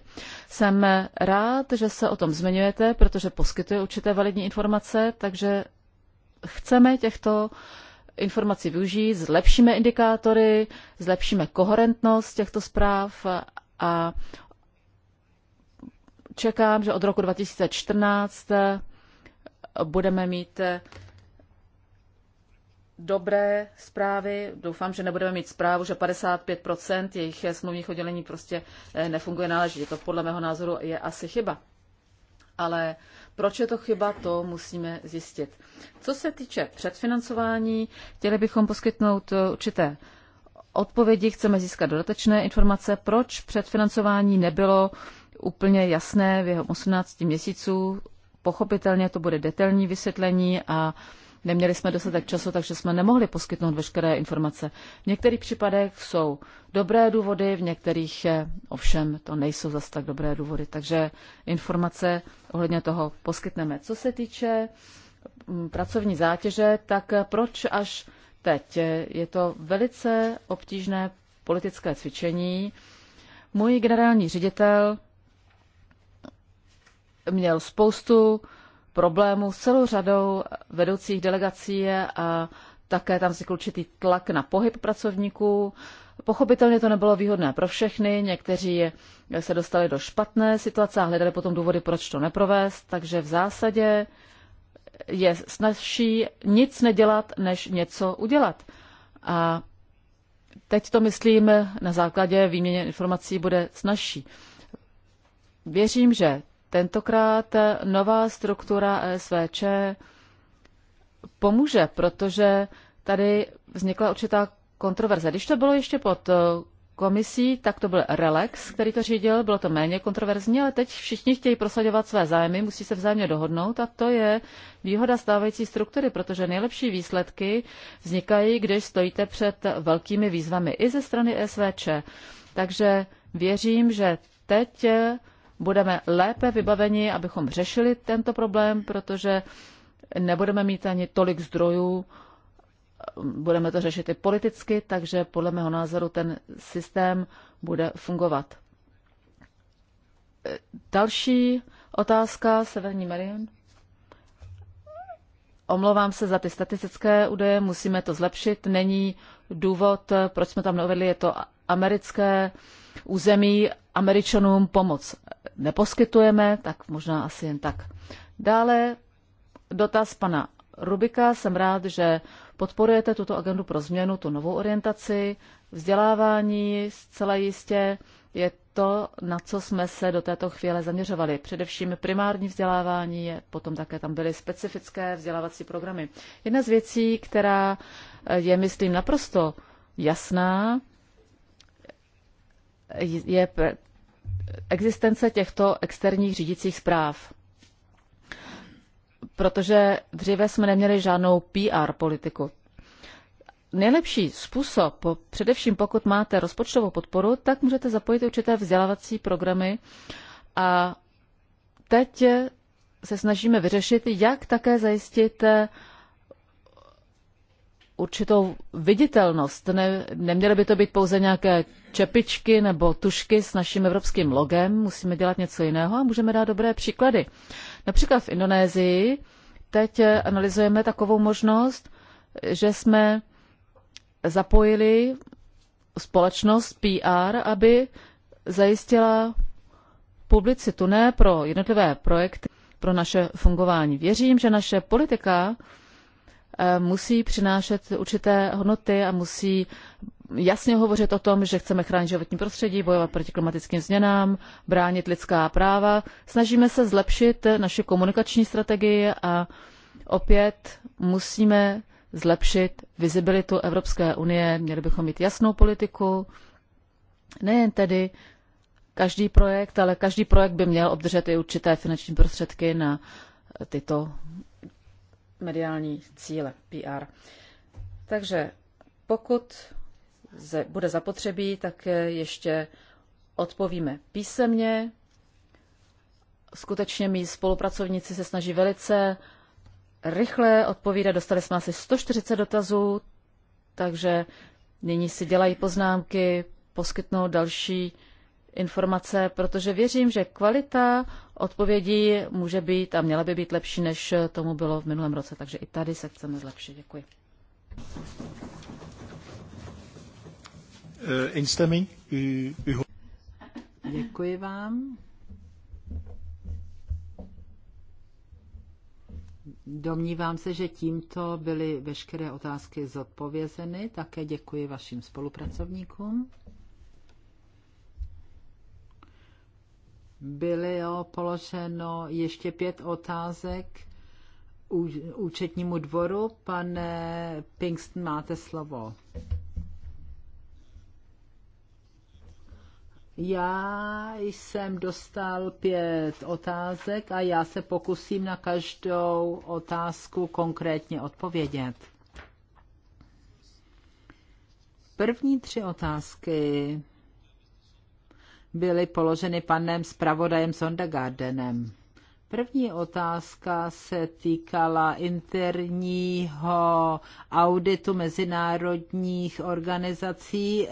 Jsem rád, že se o tom zmiňujete, protože poskytuje určité validní informace, takže chceme těchto informací využít, zlepšíme indikátory, zlepšíme koherentnost těchto zpráv a čekám, že od roku 2014 budeme mít dobré zprávy. Doufám, že nebudeme mít zprávu, že 55% jejich smluvních oddělení prostě eh, nefunguje náležitě. To podle mého názoru je asi chyba. Ale proč je to chyba, to musíme zjistit. Co se týče předfinancování, chtěli bychom poskytnout eh, určité odpovědi, chceme získat dodatečné informace, proč předfinancování nebylo úplně jasné v jeho 18 měsíců. Pochopitelně to bude detailní vysvětlení a Neměli jsme dostatek času, takže jsme nemohli poskytnout veškeré informace. V některých případech jsou dobré důvody, v některých ovšem to nejsou zase tak dobré důvody, takže informace ohledně toho poskytneme. Co se týče mm, pracovní zátěže, tak proč až teď? Je to velice obtížné politické cvičení. Můj generální ředitel měl spoustu problémů s celou řadou vedoucích delegací a také tam vznikl určitý tlak na pohyb pracovníků. Pochopitelně to nebylo výhodné pro všechny, někteří se dostali do špatné situace a hledali potom důvody, proč to neprovést, takže v zásadě je snažší nic nedělat, než něco udělat. A teď to, myslím, na základě výměně informací bude snažší. Věřím, že Tentokrát eh, nová struktura ESVČ eh, pomůže, protože tady vznikla určitá kontroverze. Když to bylo ještě pod eh, komisí, tak to byl Relax, který to řídil, bylo to méně kontroverzní, ale teď všichni chtějí prosadovat své zájmy, musí se vzájemně dohodnout a to je výhoda stávající struktury, protože nejlepší výsledky vznikají, když stojíte před velkými výzvami i ze strany SVČ. Takže věřím, že teď budeme lépe vybaveni, abychom řešili tento problém, protože nebudeme mít ani tolik zdrojů, budeme to řešit i politicky, takže podle mého názoru ten systém bude fungovat. Další otázka, Severní Marion. Omlouvám se za ty statistické údaje, musíme to zlepšit. Není důvod, proč jsme tam neuvedli, je to americké území Američanům pomoc neposkytujeme, tak možná asi jen tak. Dále dotaz pana Rubika. Jsem rád, že podporujete tuto agendu pro změnu, tu novou orientaci. Vzdělávání zcela jistě je to, na co jsme se do této chvíle zaměřovali. Především primární vzdělávání, potom také tam byly specifické vzdělávací programy. Jedna z věcí, která je, myslím, naprosto jasná, je existence těchto externích řídicích zpráv. Protože dříve jsme neměli žádnou PR politiku. Nejlepší způsob, především pokud máte rozpočtovou podporu, tak můžete zapojit určité vzdělávací programy a teď se snažíme vyřešit, jak také zajistit eh, určitou viditelnost. Ne, neměly by to být pouze nějaké čepičky nebo tušky s naším evropským logem, musíme dělat něco jiného a můžeme dát dobré příklady. Například v Indonésii teď analyzujeme takovou možnost, že jsme zapojili společnost PR, aby zajistila publicitu ne pro jednotlivé projekty, pro naše fungování. Věřím, že naše politika Eh, musí přinášet určité hodnoty a musí jasně hovořit o tom, že chceme chránit životní prostředí, bojovat proti klimatickým změnám, bránit lidská práva. Snažíme se zlepšit naši komunikační strategii a opět musíme zlepšit vizibilitu Evropské unie. Měli bychom mít jasnou politiku, nejen tedy každý projekt, ale každý projekt by měl obdržet i určité finanční prostředky na tyto mediální cíle, PR. Takže pokud bude zapotřebí, tak ještě odpovíme písemně. Skutečně mý spolupracovníci se snaží velice rychle odpovídat. Dostali jsme asi 140 dotazů, takže nyní si dělají poznámky, poskytnou další informace, protože věřím, že kvalita odpovědí může být a měla by být lepší, než tomu bylo v minulém roce. Takže i tady se chceme zlepšit. Děkuji. Eh, děkuji vám. Domnívám se, že tímto byly veškeré otázky zodpovězeny. Také děkuji vašim spolupracovníkům. bylo položeno ještě pět otázek účetnímu dvoru. Pane Pinkston, máte slovo. Já jsem dostal pět otázek a já se pokusím na každou otázku konkrétně odpovědět. První tři otázky byly položeny panem zpravodajem Sondergardenem. První otázka se týkala interního auditu mezinárodních organizací,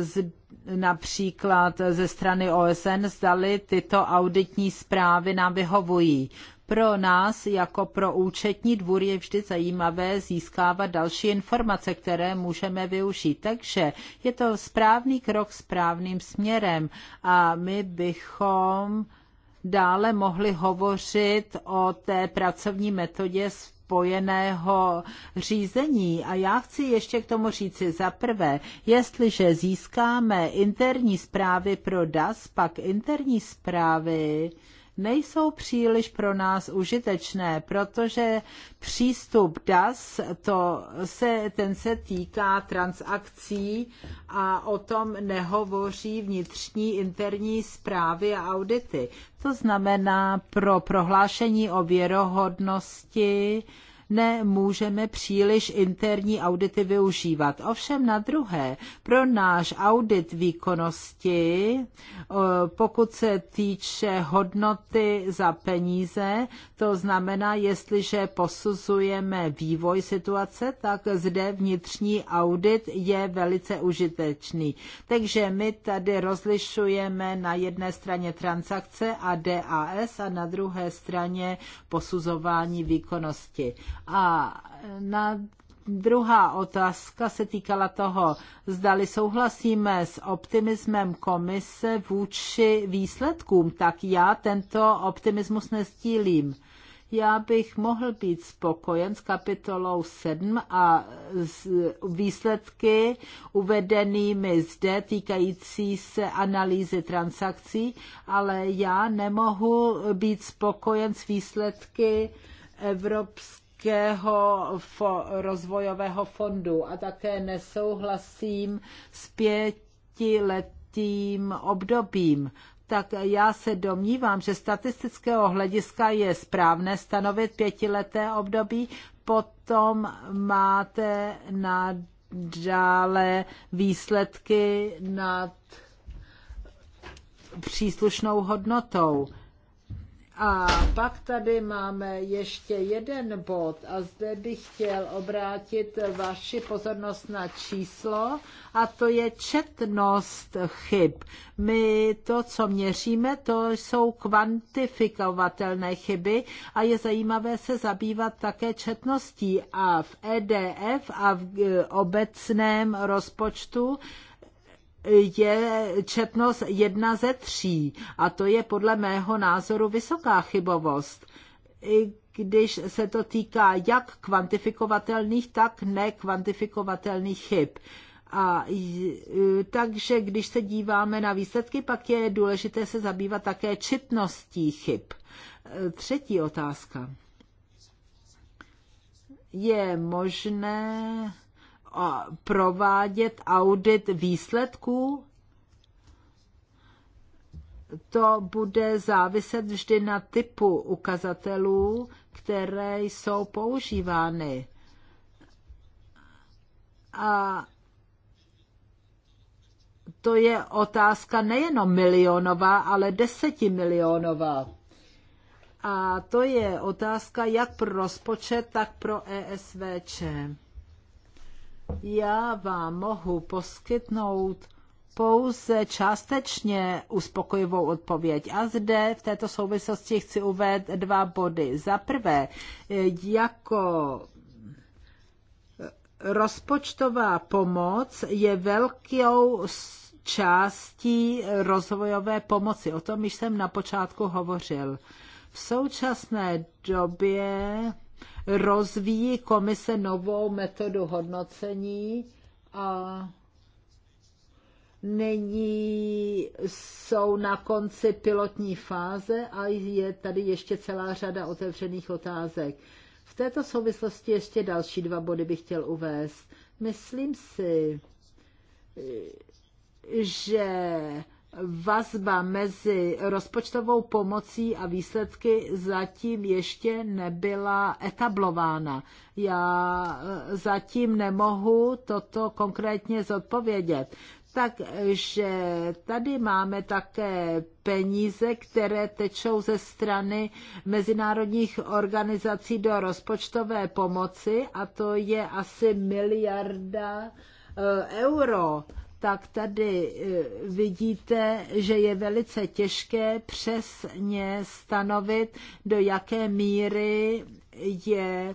z, například ze strany OSN, zdali tyto auditní zprávy nám vyhovují. Pro nás, jako pro účetní dvůr, je vždy zajímavé získávat další informace, které můžeme využít. Takže je to správný krok správným směrem a my bychom dále mohli hovořit o té pracovní metodě spojeného řízení. A já chci ještě k tomu říci za prvé, jestliže získáme interní zprávy pro DAS, pak interní zprávy nejsou příliš pro nás užitečné, protože přístup DAS, to se, ten se týká transakcí a o tom nehovoří vnitřní interní zprávy a audity. To znamená pro prohlášení o věrohodnosti, nemůžeme příliš interní audity využívat. Ovšem na druhé, pro náš audit výkonnosti, eh, pokud se týče hodnoty za peníze, to znamená, jestliže posuzujeme vývoj situace, tak zde vnitřní audit je velice užitečný. Takže my tady rozlišujeme na jedné straně transakce a DAS a na druhé straně posuzování výkonnosti. A na druhá otázka se týkala toho, zdali souhlasíme s optimismem komise vůči výsledkům, tak já tento optimismus nestílím. Já bych mohl být spokojen s kapitolou 7 a s výsledky uvedenými zde týkající se analýzy transakcí, ale já nemohu být spokojen s výsledky Evropské Evropského fo- rozvojového fondu a také nesouhlasím s pětiletým obdobím tak já se domnívám, že statistického hlediska je správné stanovit pětileté období, potom máte nadále výsledky nad příslušnou hodnotou. A pak tady máme ještě jeden bod a zde bych chtěl obrátit vaši pozornost na číslo a to je četnost chyb. My to, co měříme, to jsou kvantifikovatelné chyby a je zajímavé se zabývat také četností a v EDF a v e, obecném rozpočtu je četnost jedna ze tří a to je podle mého názoru vysoká chybovost. I když se to týká jak kvantifikovatelných, tak nekvantifikovatelných chyb. A e, takže když se díváme na výsledky, pak je důležité se zabývat také četností chyb. E, třetí otázka. Je možné provádět audit výsledků? To bude záviset vždy na typu ukazatelů, které jsou používány. A to je otázka nejenom milionová, ale desetimilionová. A to je otázka jak pro rozpočet, tak pro ESVČ. Já vám mohu poskytnout pouze částečně uspokojivou odpověď. A zde v této souvislosti chci uvést dva body. Za prvé, jako rozpočtová pomoc je velkou částí rozvojové pomoci. O tom již jsem na počátku hovořil. V současné době rozvíjí komise novou metodu hodnocení a nyní jsou na konci pilotní fáze a je tady ještě celá řada otevřených otázek. V této souvislosti ještě další dva body bych chtěl uvést. Myslím si, že vazba mezi rozpočtovou pomocí a výsledky zatím ještě nebyla etablována. Já eh, zatím nemohu toto konkrétně zodpovědět. Takže tady máme také peníze, které tečou ze strany mezinárodních organizací do rozpočtové pomoci a to je asi miliarda eh, euro tak tady eh, vidíte, že je velice těžké přesně stanovit, do jaké míry je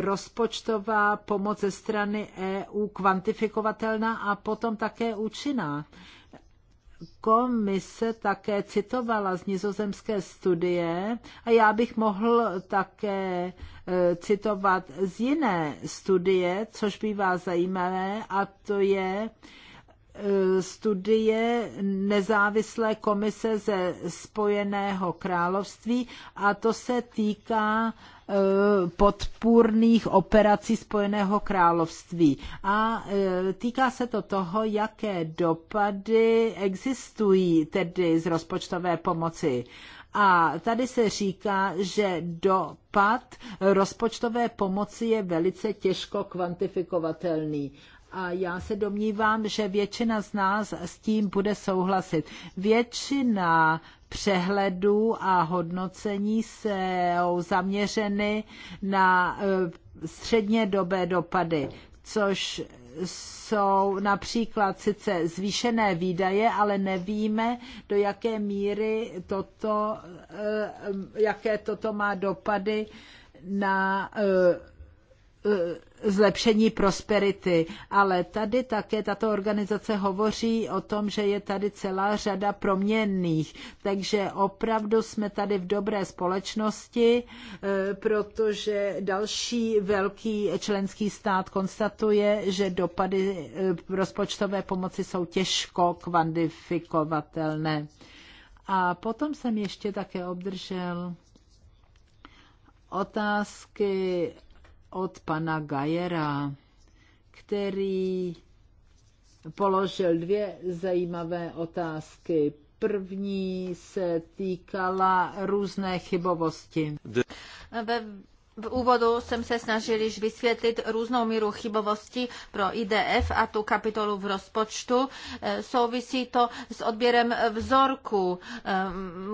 rozpočtová pomoc ze strany EU kvantifikovatelná a potom také účinná. Komise také citovala z nizozemské studie a já bych mohl také eh, citovat z jiné studie, což bývá zajímavé, a to je, studie nezávislé komise ze Spojeného království a to se týká e, podpůrných operací Spojeného království. A e, týká se to toho, jaké dopady existují tedy z rozpočtové pomoci. A tady se říká, že dopad rozpočtové pomoci je velice těžko kvantifikovatelný. A já se domnívám, že většina z nás s tím bude souhlasit. Většina přehledů a hodnocení se zaměřeny na e, středně dobé dopady, což jsou například sice zvýšené výdaje, ale nevíme, do jaké míry toto, e, jaké toto má dopady na e, E, zlepšení prosperity, ale tady také tato organizace hovoří o tom, že je tady celá řada proměnných, takže opravdu jsme tady v dobré společnosti, e, protože další velký členský stát konstatuje, že dopady e, rozpočtové pomoci jsou těžko kvantifikovatelné. A potom jsem ještě také obdržel otázky od pana Gajera, který položil dvě zajímavé otázky. První se týkala různé chybovosti. Ve v úvodu jsem se snažil již vysvětlit různou míru chybovosti pro IDF a tu kapitolu v rozpočtu. E, souvisí to s odběrem vzorků. E,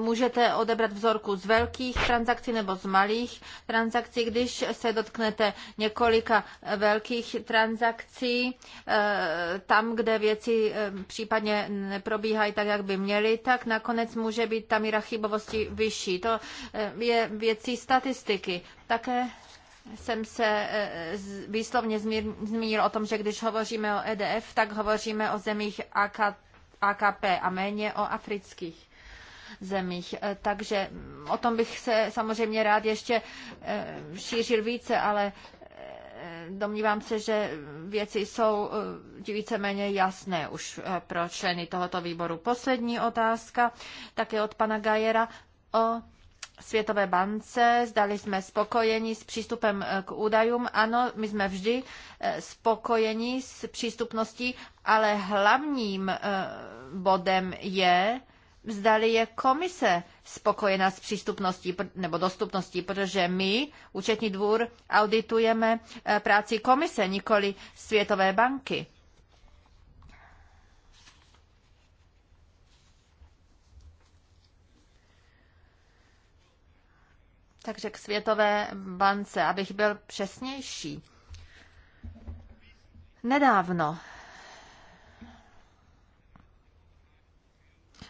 můžete odebrat vzorku z velkých transakcí nebo z malých transakcí. Když se dotknete několika velkých transakcí, e, tam, kde věci případně neprobíhají tak, jak by měly, tak nakonec může být ta míra chybovosti vyšší. To je věcí statistiky. Také jsem se eh, výslovně zmínil o tom, že když hovoříme o EDF, tak hovoříme o zemích AKP a méně o afrických zemích. Eh, takže o tom bych se samozřejmě rád ještě eh, šířil více, ale domnívám se, že věci jsou méně jasné už pro členy tohoto výboru. Poslední otázka, také od pana Gajera, o Světové bance, zdali jsme spokojeni s přístupem eh, k údajům. Ano, my jsme vždy eh, spokojeni s přístupností, ale hlavním eh, bodem je, zdali je komise spokojena s přístupností nebo dostupností, protože my, účetní dvůr, auditujeme práci komise, nikoli Světové banky. takže k Světové bance, abych byl přesnější. Nedávno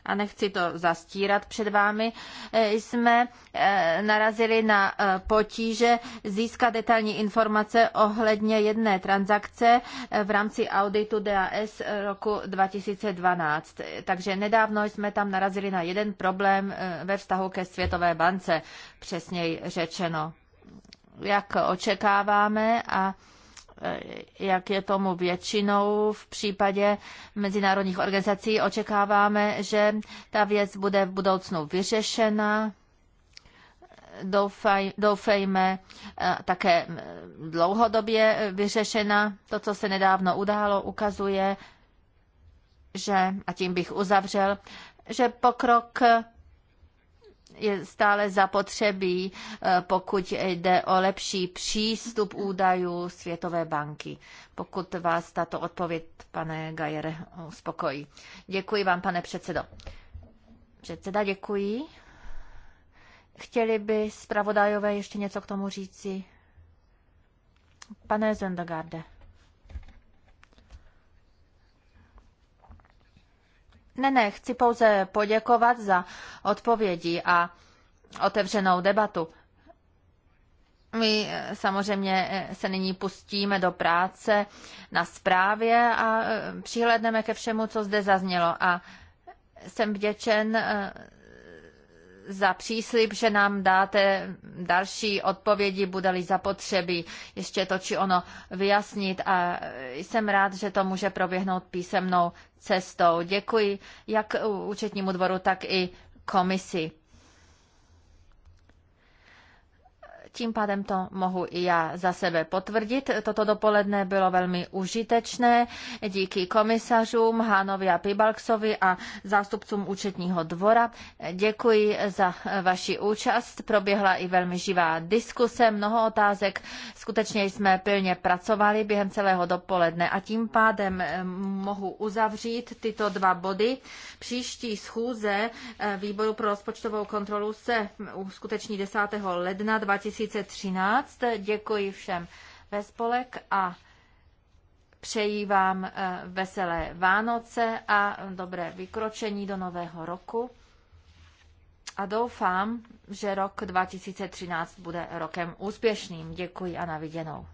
a nechci to zastírat před vámi, eh, jsme eh, narazili na eh, potíže získat detailní informace ohledně jedné transakce v rámci auditu DAS roku 2012. Takže nedávno jsme tam narazili na jeden problém ve vztahu ke Světové bance, přesněji řečeno. Jak očekáváme a Eh, jak je tomu většinou v případě mezinárodních organizací, očekáváme, že ta věc bude v budoucnu vyřešena. Doufaj, doufejme eh, také eh, dlouhodobě vyřešena. To, co se nedávno událo, ukazuje, že, a tím bych uzavřel, že pokrok je stále zapotřebí, eh, pokud jde o lepší přístup údajů Světové banky. Pokud vás tato odpověď, pane Gajere, uspokojí. Děkuji vám, pane předsedo. Předseda, děkuji. Chtěli by zpravodajové ještě něco k tomu říci? Pane Zendagarde. Ne, ne, chci pouze poděkovat za odpovědi a otevřenou debatu. My eh, samozřejmě eh, se nyní pustíme do práce na zprávě a eh, přihledneme ke všemu, co zde zaznělo. A jsem vděčen za příslib, že nám dáte další odpovědi, bude-li zapotřebí ještě to či ono vyjasnit a jsem rád, že to může proběhnout písemnou cestou. Děkuji jak účetnímu dvoru, tak i komisi. Tím pádem to mohu i já za sebe potvrdit. Toto dopoledne bylo velmi užitečné. Díky komisařům Hanovi a Pibalksovi a zástupcům účetního dvora. Děkuji za vaši účast. Proběhla i velmi živá diskuse, mnoho otázek. Skutečně jsme pilně pracovali během celého dopoledne a tím pádem eh, mohu uzavřít tyto dva body. Příští schůze eh, výboru pro rozpočtovou kontrolu se uskuteční 10. ledna 2020 2013. Děkuji všem ve spolek a přeji vám eh, veselé Vánoce a dobré vykročení do nového roku. A doufám, že rok 2013 bude rokem úspěšným. Děkuji a naviděnou.